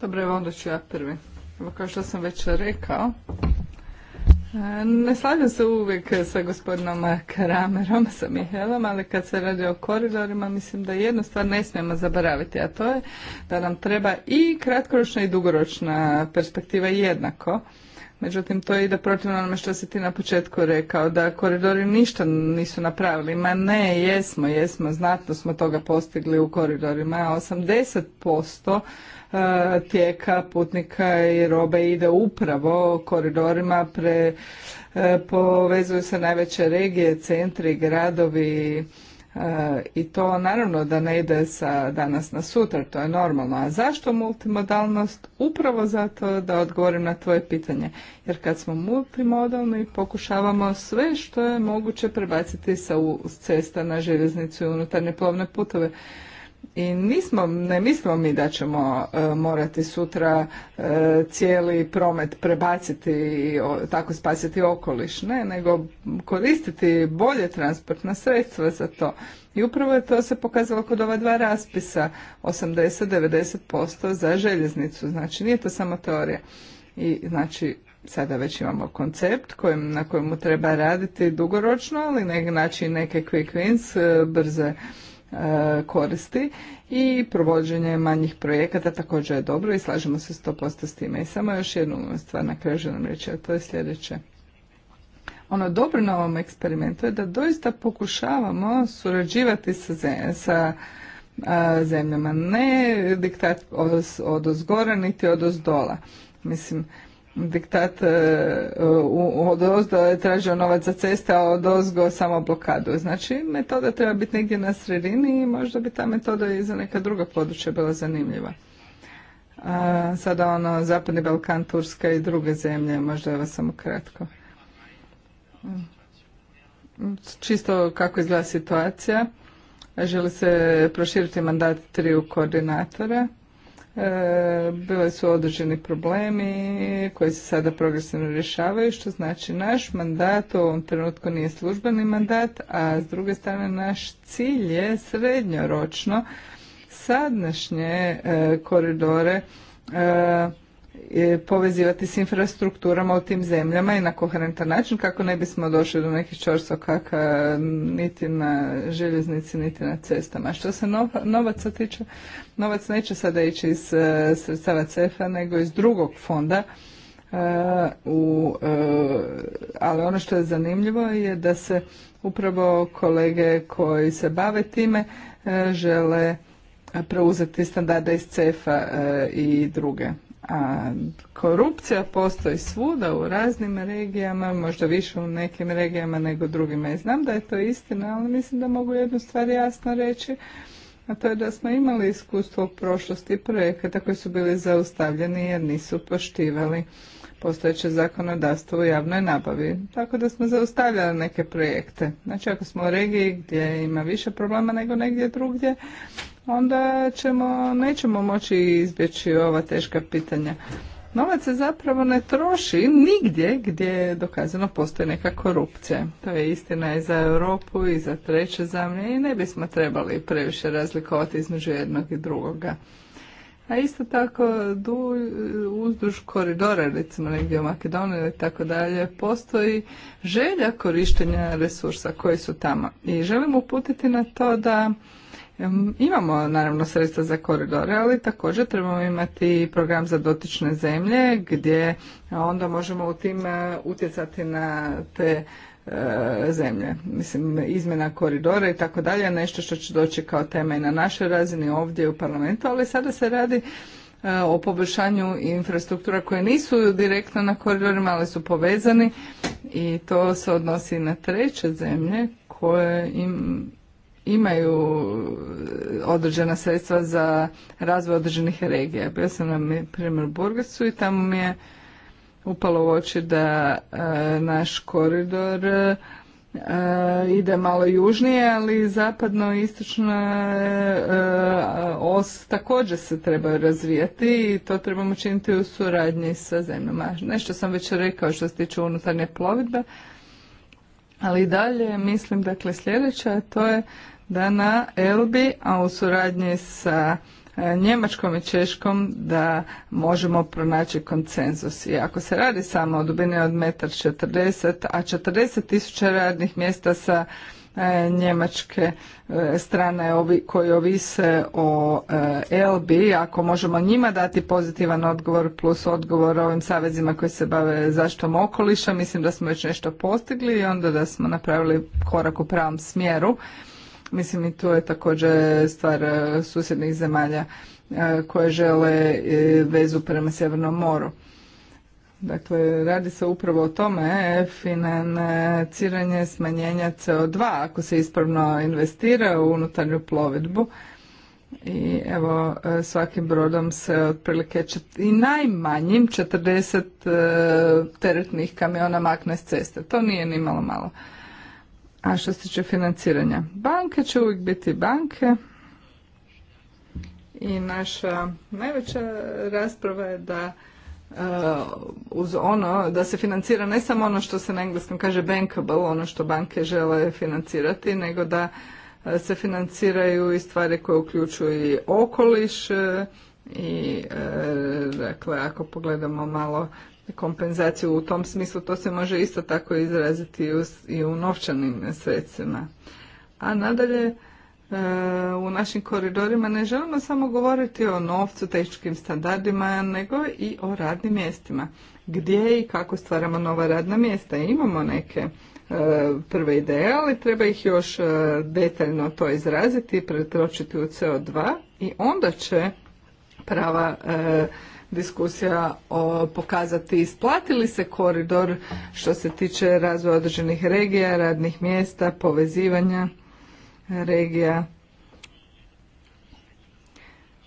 S2: Dobro, evo onda ću ja prvi. Evo kao što sam već rekao, e, ne slažem se uvijek sa gospodinom Karamerom, sa Mihelom, ali kad se radi o koridorima, mislim da jednu stvar ne smijemo zaboraviti, a to je da nam treba i kratkoročna i dugoročna perspektiva jednako. Međutim, to ide protivno onome što si ti na početku rekao, da koridori ništa nisu napravili. Ma ne, jesmo, jesmo, znatno smo toga postigli u koridorima. 80% e, tijeka putnika i robe ide upravo koridorima, pre, e, povezuju se najveće regije, centri, gradovi, i to naravno da ne ide sa danas na sutra, to je normalno. A zašto multimodalnost? Upravo zato da odgovorim na tvoje pitanje. Jer kad smo multimodalni pokušavamo sve što je moguće prebaciti sa cesta na željeznicu i unutarnje plovne putove. I ne mislimo mi da ćemo e, morati sutra e, cijeli promet prebaciti i tako spasiti okoliš, ne, nego koristiti bolje transportna sredstva za to. I upravo je to se pokazalo kod ova dva raspisa, 80-90% za željeznicu, znači nije to samo teorija. I znači sada već imamo koncept kojim, na kojemu treba raditi dugoročno, ali nek, znači neke quick wins, e, brze E, koristi i provođenje manjih projekata također je dobro i slažemo se 100% s time. I samo još jednu stvar na kraju želim reći, a to je sljedeće. Ono dobro na ovom eksperimentu je da doista pokušavamo surađivati sa, e, zemljama, ne diktat od, od ozgora niti od ozdola. Mislim, diktat e, od ozdo je tražio novac za ceste, a od ozgo samo blokadu. Znači, metoda treba biti negdje na sredini i možda bi ta metoda i za neka druga područja bila zanimljiva. E, sada ono, Zapadni Balkan, Turska i druge zemlje, možda evo samo kratko. Čisto kako izgleda situacija. Želi se proširiti mandat triju koordinatora E, bile su određeni problemi koji se sada progresivno rješavaju, što znači naš mandat u ovom trenutku nije službeni mandat, a s druge strane naš cilj je srednjoročno sadnašnje e, koridore e, E, povezivati s infrastrukturama u tim zemljama i na koherentan način kako ne bismo došli do nekih čorsokaka niti na željeznici niti na cestama. Što se novaca tiče, novac neće sada ići iz e, sredstava CEFA nego iz drugog fonda. E, u, ali ono što je zanimljivo je da se upravo kolege koji se bave time žele preuzeti standarde iz CEFA i druge. A korupcija postoji svuda u raznim regijama, možda više u nekim regijama nego drugima. I znam da je to istina, ali mislim da mogu jednu stvar jasno reći, a to je da smo imali iskustvo u prošlosti projekata koji su bili zaustavljeni jer nisu poštivali postojeće zakonodavstvo u javnoj nabavi. Tako da smo zaustavljali neke projekte. Znači ako smo u regiji gdje ima više problema nego negdje drugdje, onda ćemo, nećemo moći izbjeći ova teška pitanja. Novac se zapravo ne troši nigdje gdje je dokazano postoji neka korupcija. To je istina i za Europu i za treće zemlje i ne bismo trebali previše razlikovati između jednog i drugoga. A isto tako du, uzduž koridora, recimo negdje u Makedoniji i tako dalje, postoji želja korištenja resursa koji su tamo. I želim uputiti na to da Imamo naravno sredstva za koridore, ali također trebamo imati program za dotične zemlje gdje onda možemo u tim e, utjecati na te e, zemlje. Mislim, izmjena koridora i tako dalje, nešto što će doći kao tema i na našoj razini ovdje u parlamentu, ali sada se radi e, o poboljšanju infrastruktura koje nisu direktno na koridorima, ali su povezani i to se odnosi na treće zemlje koje im imaju e, određena sredstva za razvoj određenih regija. Bio sam na primjer Burgasu i tamo mi je upalo u oči da e, naš koridor e, ide malo južnije, ali zapadno i istočna os također se treba razvijati i to trebamo činiti u suradnji sa zemljama. Nešto sam već rekao što se tiče unutarnje plovidbe, ali dalje mislim dakle sljedeće, to je da na Elbi, a u suradnji sa e, Njemačkom i Češkom da možemo pronaći konsenzus. I ako se radi samo o dubini od metar četrdeset, a 40 tisuća radnih mjesta sa e, njemačke e, strane koji ovise o LB, ako možemo njima dati pozitivan odgovor plus odgovor ovim savezima koji se bave zaštom okoliša, mislim da smo već nešto postigli i onda da smo napravili korak u pravom smjeru. Mislim i tu je također stvar e, susjednih zemalja e, koje žele e, vezu prema Sjevernom moru. Dakle, radi se upravo o tome, financiranje smanjenja CO2, ako se ispravno investira u unutarnju plovidbu. I evo, svakim brodom se otprilike i najmanjim 40 teretnih kamiona makne s ceste. To nije ni malo malo. A što se tiče financiranja, banke će uvijek biti banke i naša najveća rasprava je da e, uz ono da se financira ne samo ono što se na engleskom kaže bankable, ono što banke žele financirati, nego da e, se financiraju i stvari koje uključuju i okoliš e, i dakle ako pogledamo malo kompenzaciju u tom smislu, to se može isto tako izraziti i u novčanim sredstvima. A nadalje, e, u našim koridorima ne želimo samo govoriti o novcu, tehničkim standardima, nego i o radnim mjestima. Gdje i kako stvaramo nova radna mjesta? Imamo neke e, prve ideje, ali treba ih još e, detaljno to izraziti, pretročiti u CO2 i onda će prava diskusija o pokazati isplatili se koridor što se tiče razvoja određenih regija, radnih mjesta, povezivanja regija.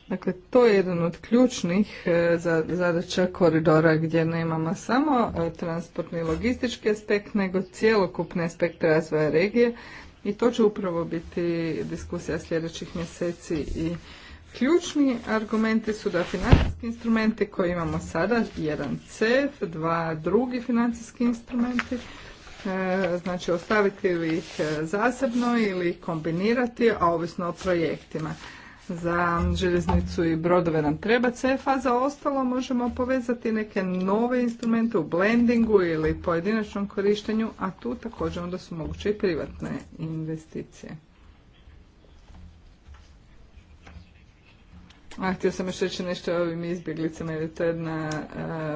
S2: Dakle, to je jedan od ključnih e, zadaća koridora gdje nemamo samo e, transportni i logistički aspekt, nego cjelokupni aspekt razvoja regije i to će upravo biti diskusija sljedećih mjeseci i Ključni argumenti su da financijski instrumenti koje imamo sada, jedan CEF, dva drugi financijski instrumenti, e, znači ostaviti ih e, zasebno ili kombinirati, a ovisno o projektima. Za željeznicu i brodove nam treba CEF, a za ostalo možemo povezati neke nove instrumente u blendingu ili pojedinačnom korištenju, a tu također onda su moguće i privatne investicije. A htio sam još reći nešto o ovim izbjeglicama, jer je to jedna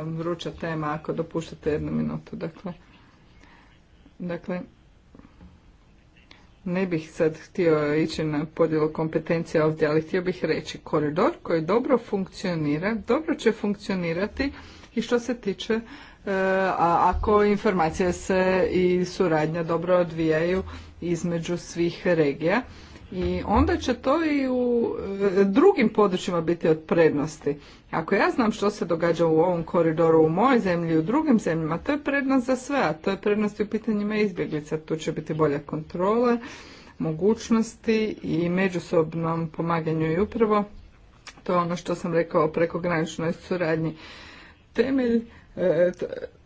S2: vruća tema, ako dopuštate jednu minutu. Dakle, dakle, ne bih sad htio ići na podjelu kompetencija ovdje, ali htio bih reći koridor koji dobro funkcionira, dobro će funkcionirati i što se tiče e, ako informacije se i suradnja dobro odvijaju između svih regija i onda će to i u e, drugim područjima biti od prednosti. Ako ja znam što se događa u ovom koridoru u mojoj zemlji i u drugim zemljama, to je prednost za sve, a to je prednost i u pitanjima izbjeglica. Tu će biti bolja kontrola, mogućnosti i međusobnom pomaganju i upravo. To je ono što sam rekao o prekograničnoj suradnji. Temelj, e,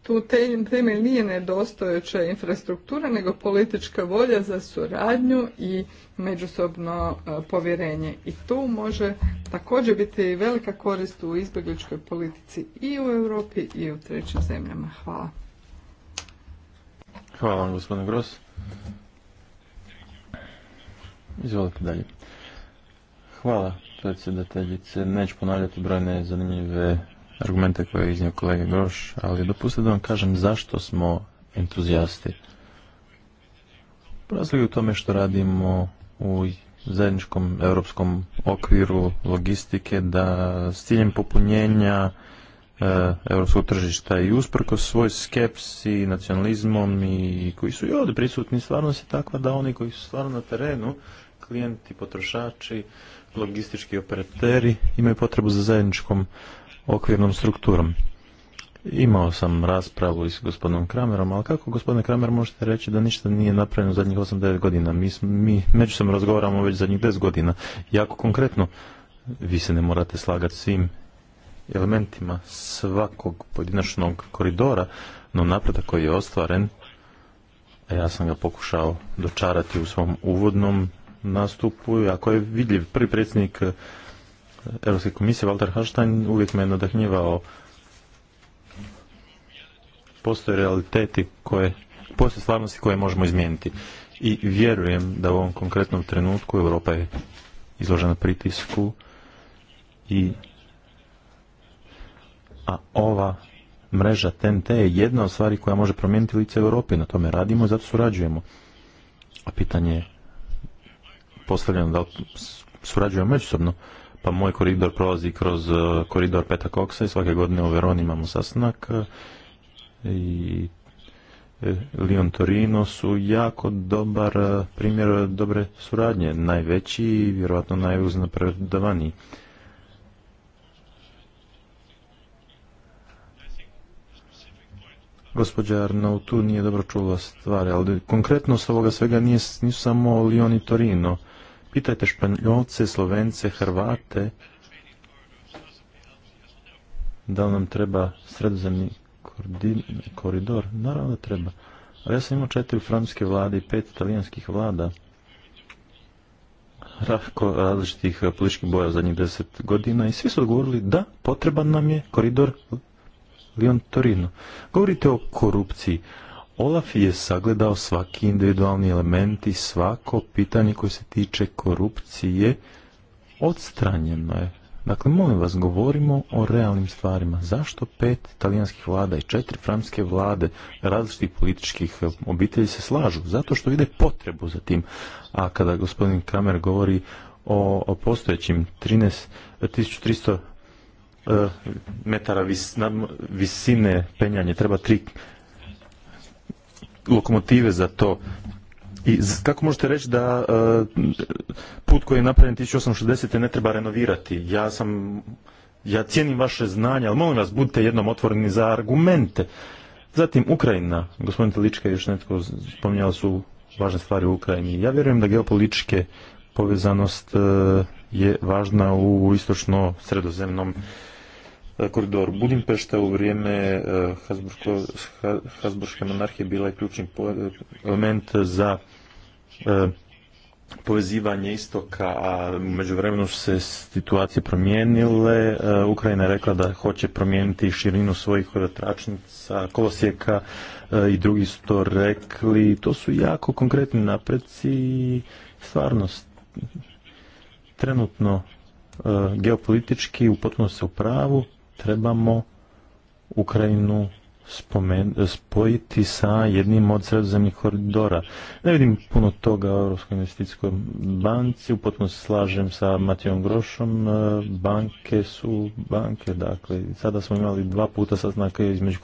S2: tu temelj nije nedostojeća infrastruktura, nego politička volja za suradnju i međusobno e, povjerenje. I tu može također biti velika korist u izbjegličkoj politici i u Europi i u trećim zemljama. Hvala.
S3: Hvala vam, gospodine Gros. Izvolite dalje. Hvala, predsjedateljice. Neću ponavljati brojne zanimljive argumente koje je iznio kolega Groš, ali dopustite da vam kažem zašto smo entuzijasti. Razlog je u tome što radimo u zajedničkom europskom okviru logistike da s ciljem popunjenja e, europskog tržišta i usprko svoj skepsi, nacionalizmom i koji su i ovdje prisutni, stvarno se takva da oni koji su stvarno na terenu, klijenti, potrošači, logistički operateri imaju potrebu za zajedničkom okvirnom strukturom. Imao sam raspravu i s gospodinom Kramerom, ali kako gospodine Kramer možete reći da ništa nije napravljeno zadnjih 8-9 godina? Mi, mi međusobno razgovaramo već zadnjih 10 godina. Jako konkretno, vi se ne morate slagati svim elementima svakog pojedinačnog koridora, no napredak koji je ostvaren, a ja sam ga pokušao dočarati u svom uvodnom nastupu, ako je vidljiv prvi predsjednik Europske komisije, Walter Hallstein, uvijek me nadahnjivao postoje realiteti koje, postoje stvarnosti koje možemo izmijeniti. I vjerujem da u ovom konkretnom trenutku Europa je izložena pritisku i a ova mreža TNT je jedna od stvari koja može promijeniti lice Europe. Na tome radimo i zato surađujemo. A pitanje je postavljeno da li surađujemo međusobno pa moj koridor prolazi kroz e, koridor Peta Koksa i svake godine u Veroni imamo sastanak e, i e, Lion Torino su jako dobar primjer dobre suradnje, najveći i vjerojatno najuznapredavaniji. Gospođa Arnautu nije dobro čula stvari, ali konkretno s ovoga svega nije, nisu samo Lion i Torino. Pitajte Španjolce, Slovence, Hrvate da li nam treba sredozemni koridor. Naravno da treba. Ali ja sam imao četiri francuske vlade i pet italijanskih vlada. različitih političkih boja zadnjih deset godina i svi su odgovorili da potreban nam je koridor Lion Torino. Govorite o korupciji, Olaf je sagledao svaki individualni element i svako pitanje koje se tiče korupcije odstranjeno je. Dakle, molim vas, govorimo o realnim stvarima. Zašto pet talijanskih vlada i četiri francuske vlade različitih političkih obitelji se slažu? Zato što vide potrebu za tim. A kada gospodin Kramer govori o, postojećim 13, 1300 e, metara visine penjanje, treba tri lokomotive za to. I kako možete reći da e, put koji je napravljen 1860. ne treba renovirati? Ja sam, ja cijenim vaše znanje, ali molim vas, budite jednom otvoreni za argumente. Zatim Ukrajina, gospodin Telička je još netko spominjala su važne stvari u Ukrajini. Ja vjerujem da geopolitičke povezanost e, je važna u istočno sredozemnom koridor Budimpešta u vrijeme e, Hasburgske monarhije bila je ključni element za e, povezivanje istoka, a u međuvremenu su se situacije promijenile. E, Ukrajina je rekla da hoće promijeniti širinu svojih tračnica, kolosijeka i drugi su to rekli. To su jako konkretni napreci i stvarno trenutno geopolitički u potpunosti u pravu trebamo Ukrajinu spojiti sa jednim od sredozemnih koridora. Ne vidim puno toga u Europskoj investicijskoj banci, u potpunosti slažem sa Matijom Grošom, e, banke su banke, dakle, sada smo imali dva puta saznake između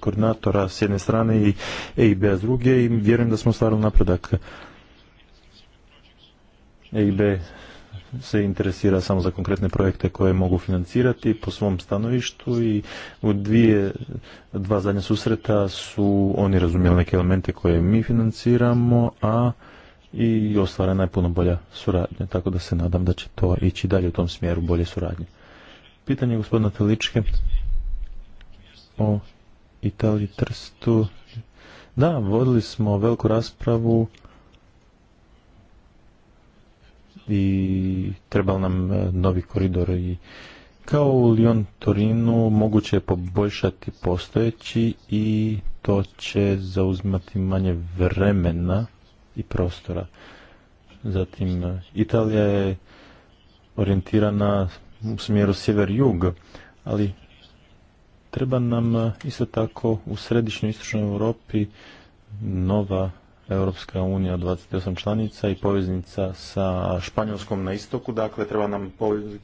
S3: koordinatora s jedne strane i EIB s druge i vjerujem da smo stvarili napredak. EIB se interesira samo za konkretne projekte koje mogu financirati po svom stanovištu i u dvije, dva zadnja susreta su oni razumjeli neke elemente koje mi financiramo, a i ostvarena je puno bolja suradnja, tako da se nadam da će to ići dalje u tom smjeru bolje suradnje. Pitanje gospodina Teličke o Italiji Trstu. Da, vodili smo veliku raspravu i treba nam e, novi koridor i kao u Lyon Torinu moguće je poboljšati postojeći i to će zauzimati manje vremena i prostora. Zatim e, Italija je orijentirana u smjeru sjever-jug, ali treba nam e, isto tako u središnjoj istočnoj Europi nova Europska unija 28 članica i poveznica sa Španjolskom na istoku, dakle treba nam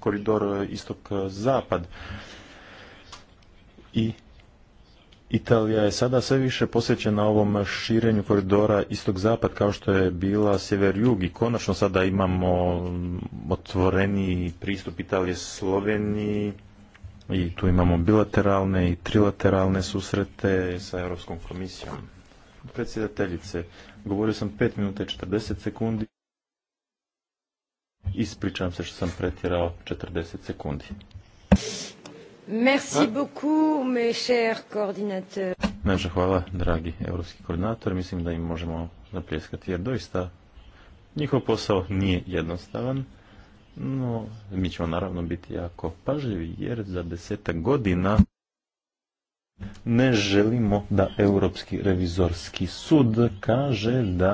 S3: koridor istok-zapad. I Italija je sada sve više posvećena ovom širenju koridora istok-zapad kao što je bila sjever-jug i konačno sada imamo otvoreni pristup Italije Sloveniji i tu imamo bilateralne i trilateralne susrete sa Europskom komisijom predsjedateljice. Govorio sam 5 minuta i 40 sekundi. Ispričavam se što sam pretjerao 40 sekundi.
S2: Merci beaucoup, mes chers
S3: hvala, dragi europski koordinator. Mislim da im možemo napljeskati jer doista njihov posao nije jednostavan. No, mi ćemo naravno biti jako pažljivi, jer za desetak godina ne želimo da Europski revizorski sud kaže da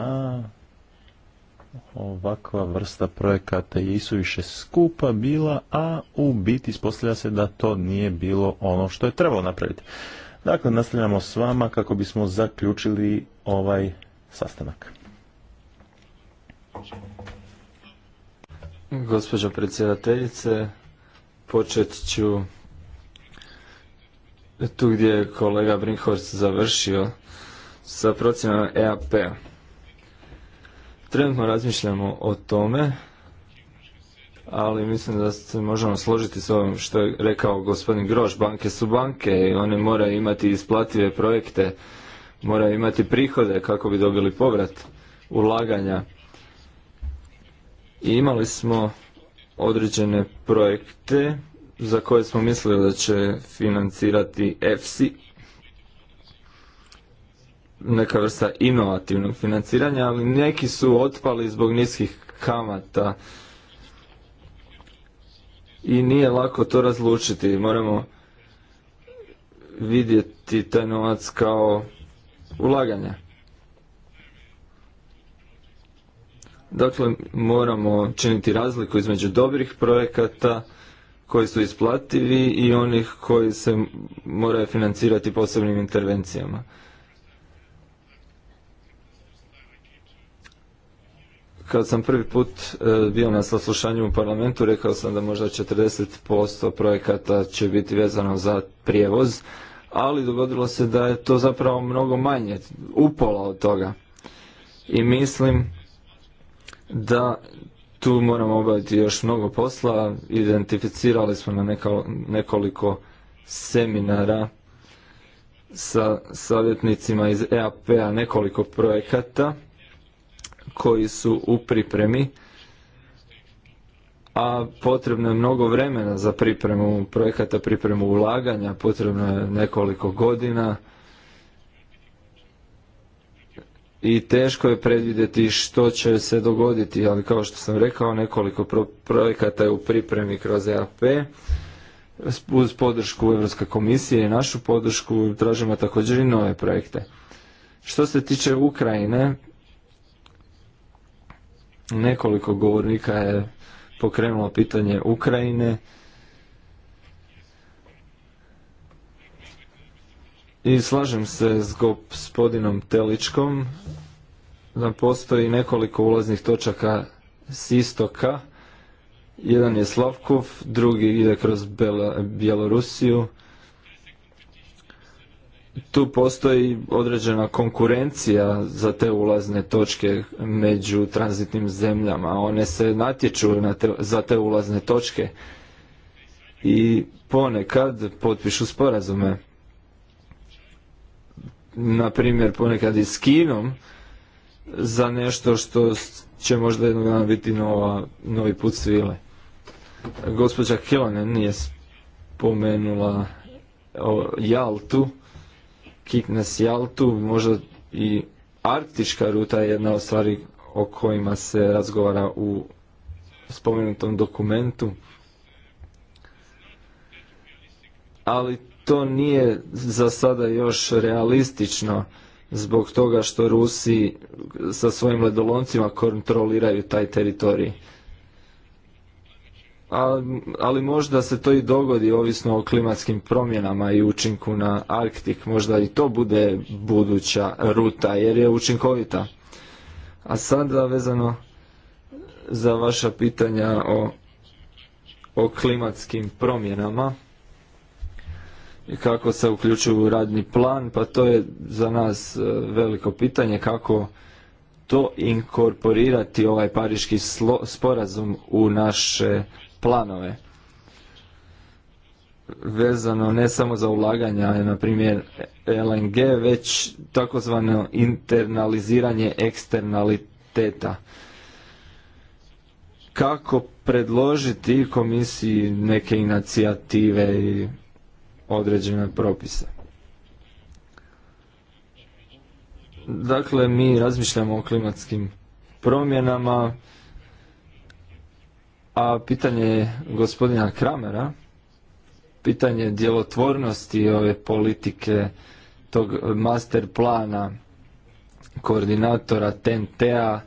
S3: ovakva vrsta projekata je više skupa bila, a u biti ispostavlja se da to nije bilo ono što je trebalo napraviti. Dakle, nastavljamo s vama kako bismo zaključili ovaj sastanak.
S1: Gospođo predsjedateljice, počet ću tu gdje je kolega Brinkhorst završio sa procjenama eap Trenutno razmišljamo o tome, ali mislim da se možemo složiti s ovim što je rekao gospodin Groš. Banke su banke i one moraju imati isplative projekte, moraju imati prihode kako bi dobili povrat ulaganja. I imali smo određene projekte za koje smo mislili da će financirati EFSI, neka vrsta inovativnog financiranja, ali neki su otpali zbog niskih kamata i nije lako to razlučiti. Moramo vidjeti taj novac kao ulaganja. Dakle, moramo činiti razliku između dobrih projekata koji su isplativi i onih koji se moraju financirati posebnim intervencijama. Kad sam prvi put e, bio na saslušanju u parlamentu, rekao sam da možda 40% projekata će biti vezano za prijevoz, ali dogodilo se da je to zapravo mnogo manje, upola od toga. I mislim da tu moramo obaviti još mnogo posla. Identificirali smo na nekoliko seminara sa savjetnicima iz EAP-a nekoliko projekata koji su u pripremi, a potrebno je mnogo vremena za pripremu projekata, pripremu ulaganja, potrebno je nekoliko godina i teško je predvidjeti što će se dogoditi, ali kao što sam rekao, nekoliko projekata je u pripremi kroz EAP uz podršku Europske komisije i našu podršku tražimo također i nove projekte. Što se tiče Ukrajine, nekoliko govornika je pokrenulo pitanje Ukrajine. I slažem se s gospodinom Teličkom da postoji nekoliko ulaznih točaka s istoka. Jedan je Slavkov, drugi ide kroz Bela, Bjelorusiju. Tu postoji određena konkurencija za te ulazne točke među tranzitnim zemljama. One se natječu na za te ulazne točke i ponekad potpišu sporazume na primjer ponekad i s Kinom za nešto što će možda jednog dana biti nova, novi put svile. Gospođa Kilonen nije spomenula o Jaltu, kiknes Jaltu, možda i arktička ruta je jedna od stvari o kojima se razgovara u spomenutom dokumentu. Ali to nije za sada još realistično zbog toga što Rusi sa svojim ledoloncima kontroliraju taj teritorij. ali možda se to i dogodi ovisno o klimatskim promjenama i učinku na Arktik. Možda i to bude buduća ruta jer je učinkovita. A sada vezano za vaša pitanja o klimatskim promjenama i kako se uključuju u radni plan, pa to je za nas e, veliko pitanje kako to inkorporirati ovaj pariški sporazum u naše planove. Vezano ne samo za ulaganja, e, na primjer LNG, već takozvano internaliziranje eksternaliteta. Kako predložiti komisiji neke inicijative i određene propise. Dakle, mi razmišljamo o klimatskim promjenama, a pitanje gospodina Kramera, pitanje djelotvornosti ove politike, tog master plana, koordinatora TNT-a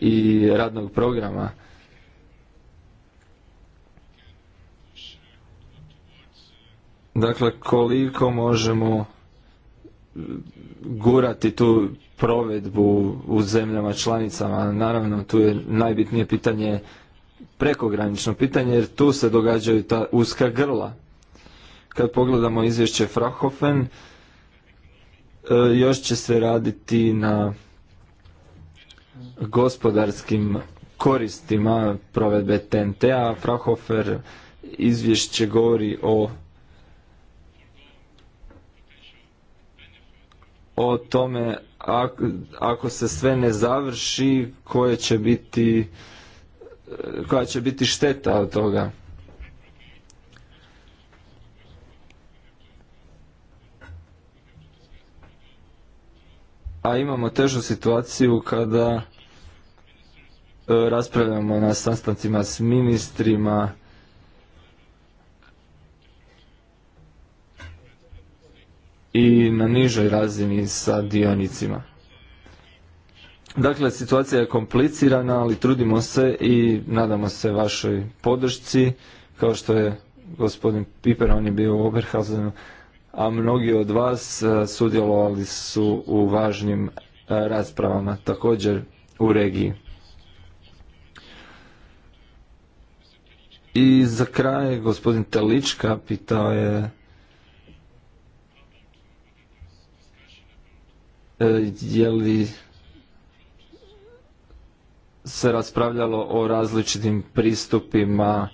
S1: i radnog programa, Dakle, koliko možemo gurati tu provedbu u zemljama članicama, naravno tu je najbitnije pitanje prekogranično pitanje jer tu se događaju ta uska grla. Kad pogledamo izvješće Frahofen, e, još će se raditi na gospodarskim koristima provedbe TNT-a. Frahofer izvješće govori o o tome ako se sve ne završi koje će biti e, koja će biti šteta od toga. A imamo težu situaciju kada e, raspravljamo na sastancima s ministrima i na nižoj razini sa dionicima. Dakle, situacija je komplicirana, ali trudimo se i nadamo se vašoj podršci, kao što je gospodin Piper, on je bio u Oberhausenu, a mnogi od vas e, sudjelovali su u važnim e, raspravama, također u regiji. I za kraj, gospodin Telička pitao je E, je li se raspravljalo o različitim pristupima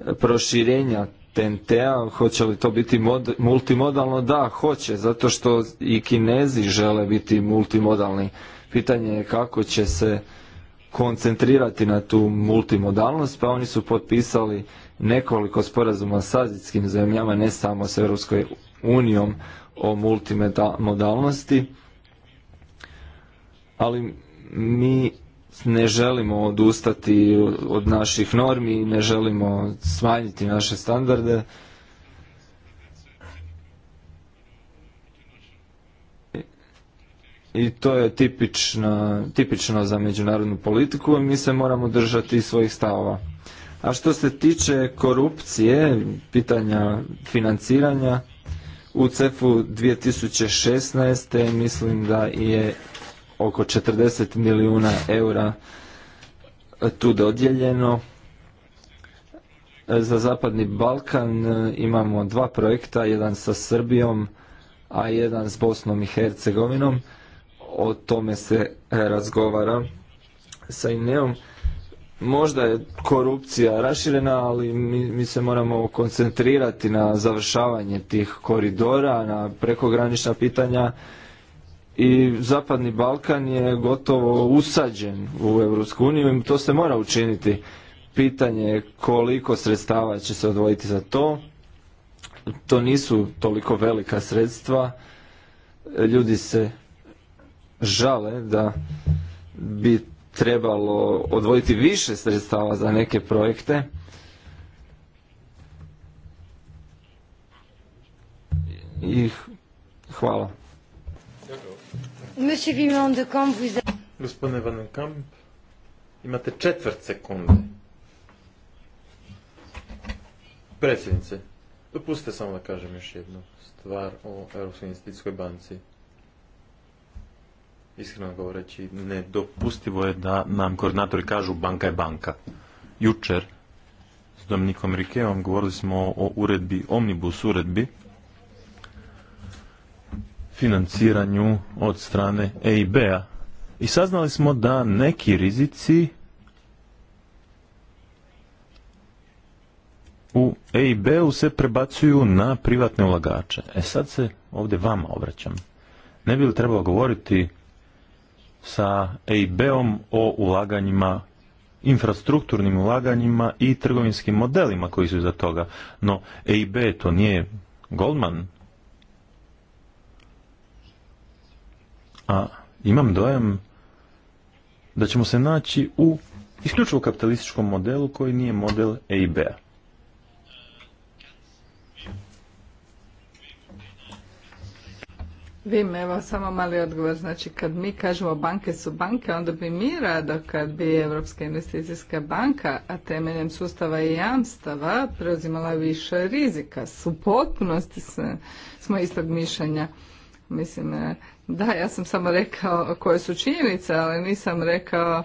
S1: e, proširenja TNT-a, hoće li to biti multimodalno? Da, hoće, zato što i kinezi žele biti multimodalni. Pitanje je kako će se koncentrirati na tu multimodalnost, pa oni su potpisali nekoliko sporazuma sa azijskim zemljama, ne samo s Europskoj unijom o multimodalnosti ali mi ne želimo odustati od naših normi, ne želimo smanjiti naše standarde. I to je tipično, tipično za međunarodnu politiku i mi se moramo držati svojih stavova. A što se tiče korupcije, pitanja financiranja, u CEF-u 2016. mislim da je oko 40 milijuna eura tu dodijeljeno. Za Zapadni Balkan e, imamo dva projekta, jedan sa Srbijom, a jedan s Bosnom i Hercegovinom. O tome se e, razgovara sa INEom. Možda je korupcija raširena, ali mi, mi se moramo koncentrirati na završavanje tih koridora, na prekogranična pitanja i Zapadni Balkan je gotovo usađen u Europsku uniju i to se mora učiniti. Pitanje je koliko sredstava će se odvojiti za to. To nisu toliko velika sredstva. Ljudi se žale da bi trebalo odvojiti više sredstava za neke projekte. I hvala. Monsieur Vimon de Kamp, vous
S3: Gospodine Van Kamp, imate četvrt sekunde. Predsjednice, dopustite samo da kažem još jednu stvar o Europskoj investicijskoj banci. Iskreno govoreći, nedopustivo je da nam koordinatori kažu banka je banka. Jučer s Dominikom Rikeom govorili smo o uredbi, omnibus uredbi, financiranju od strane EIB-a. I saznali smo da neki rizici u EIB-u se prebacuju na privatne ulagače. E sad se ovdje vama obraćam. Ne bi li trebalo govoriti sa EIB-om o ulaganjima, infrastrukturnim ulaganjima i trgovinskim modelima koji su za toga. No EIB to nije Goldman a imam dojam da ćemo se naći u isključivo kapitalističkom modelu koji nije model i a
S2: Vim, evo samo mali odgovor, znači kad mi kažemo banke su banke, onda bi mi rado kad bi Europska investicijska banka, a temeljem sustava i jamstava, preuzimala više rizika. Su potpunosti smo istog mišljenja. Mislim, e, da, ja sam samo rekao koje su činjenice, ali nisam rekao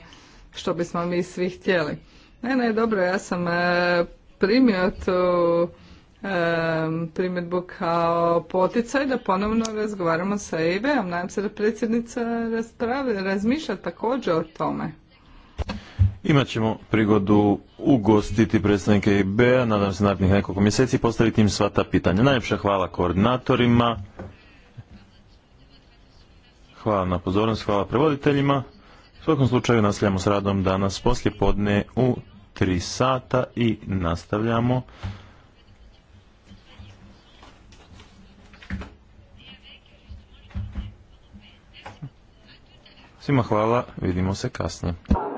S2: što bismo mi svi htjeli. Ne, ne, dobro, ja sam e, primio tu e, primjedbu kao poticaj da ponovno razgovaramo sa EIB-om. Nadam se da predsjednica razmišlja također o tome.
S3: Imat ćemo prigodu ugostiti predstavnike EIB-a, nadam se narednih nekoliko mjeseci, postaviti im sva ta pitanja. Najljepša hvala koordinatorima. Hvala na pozornost, hvala prevoditeljima. U svakom slučaju nastavljamo s radom danas poslije podne u 3 sata i nastavljamo Svima hvala, vidimo se kasnije.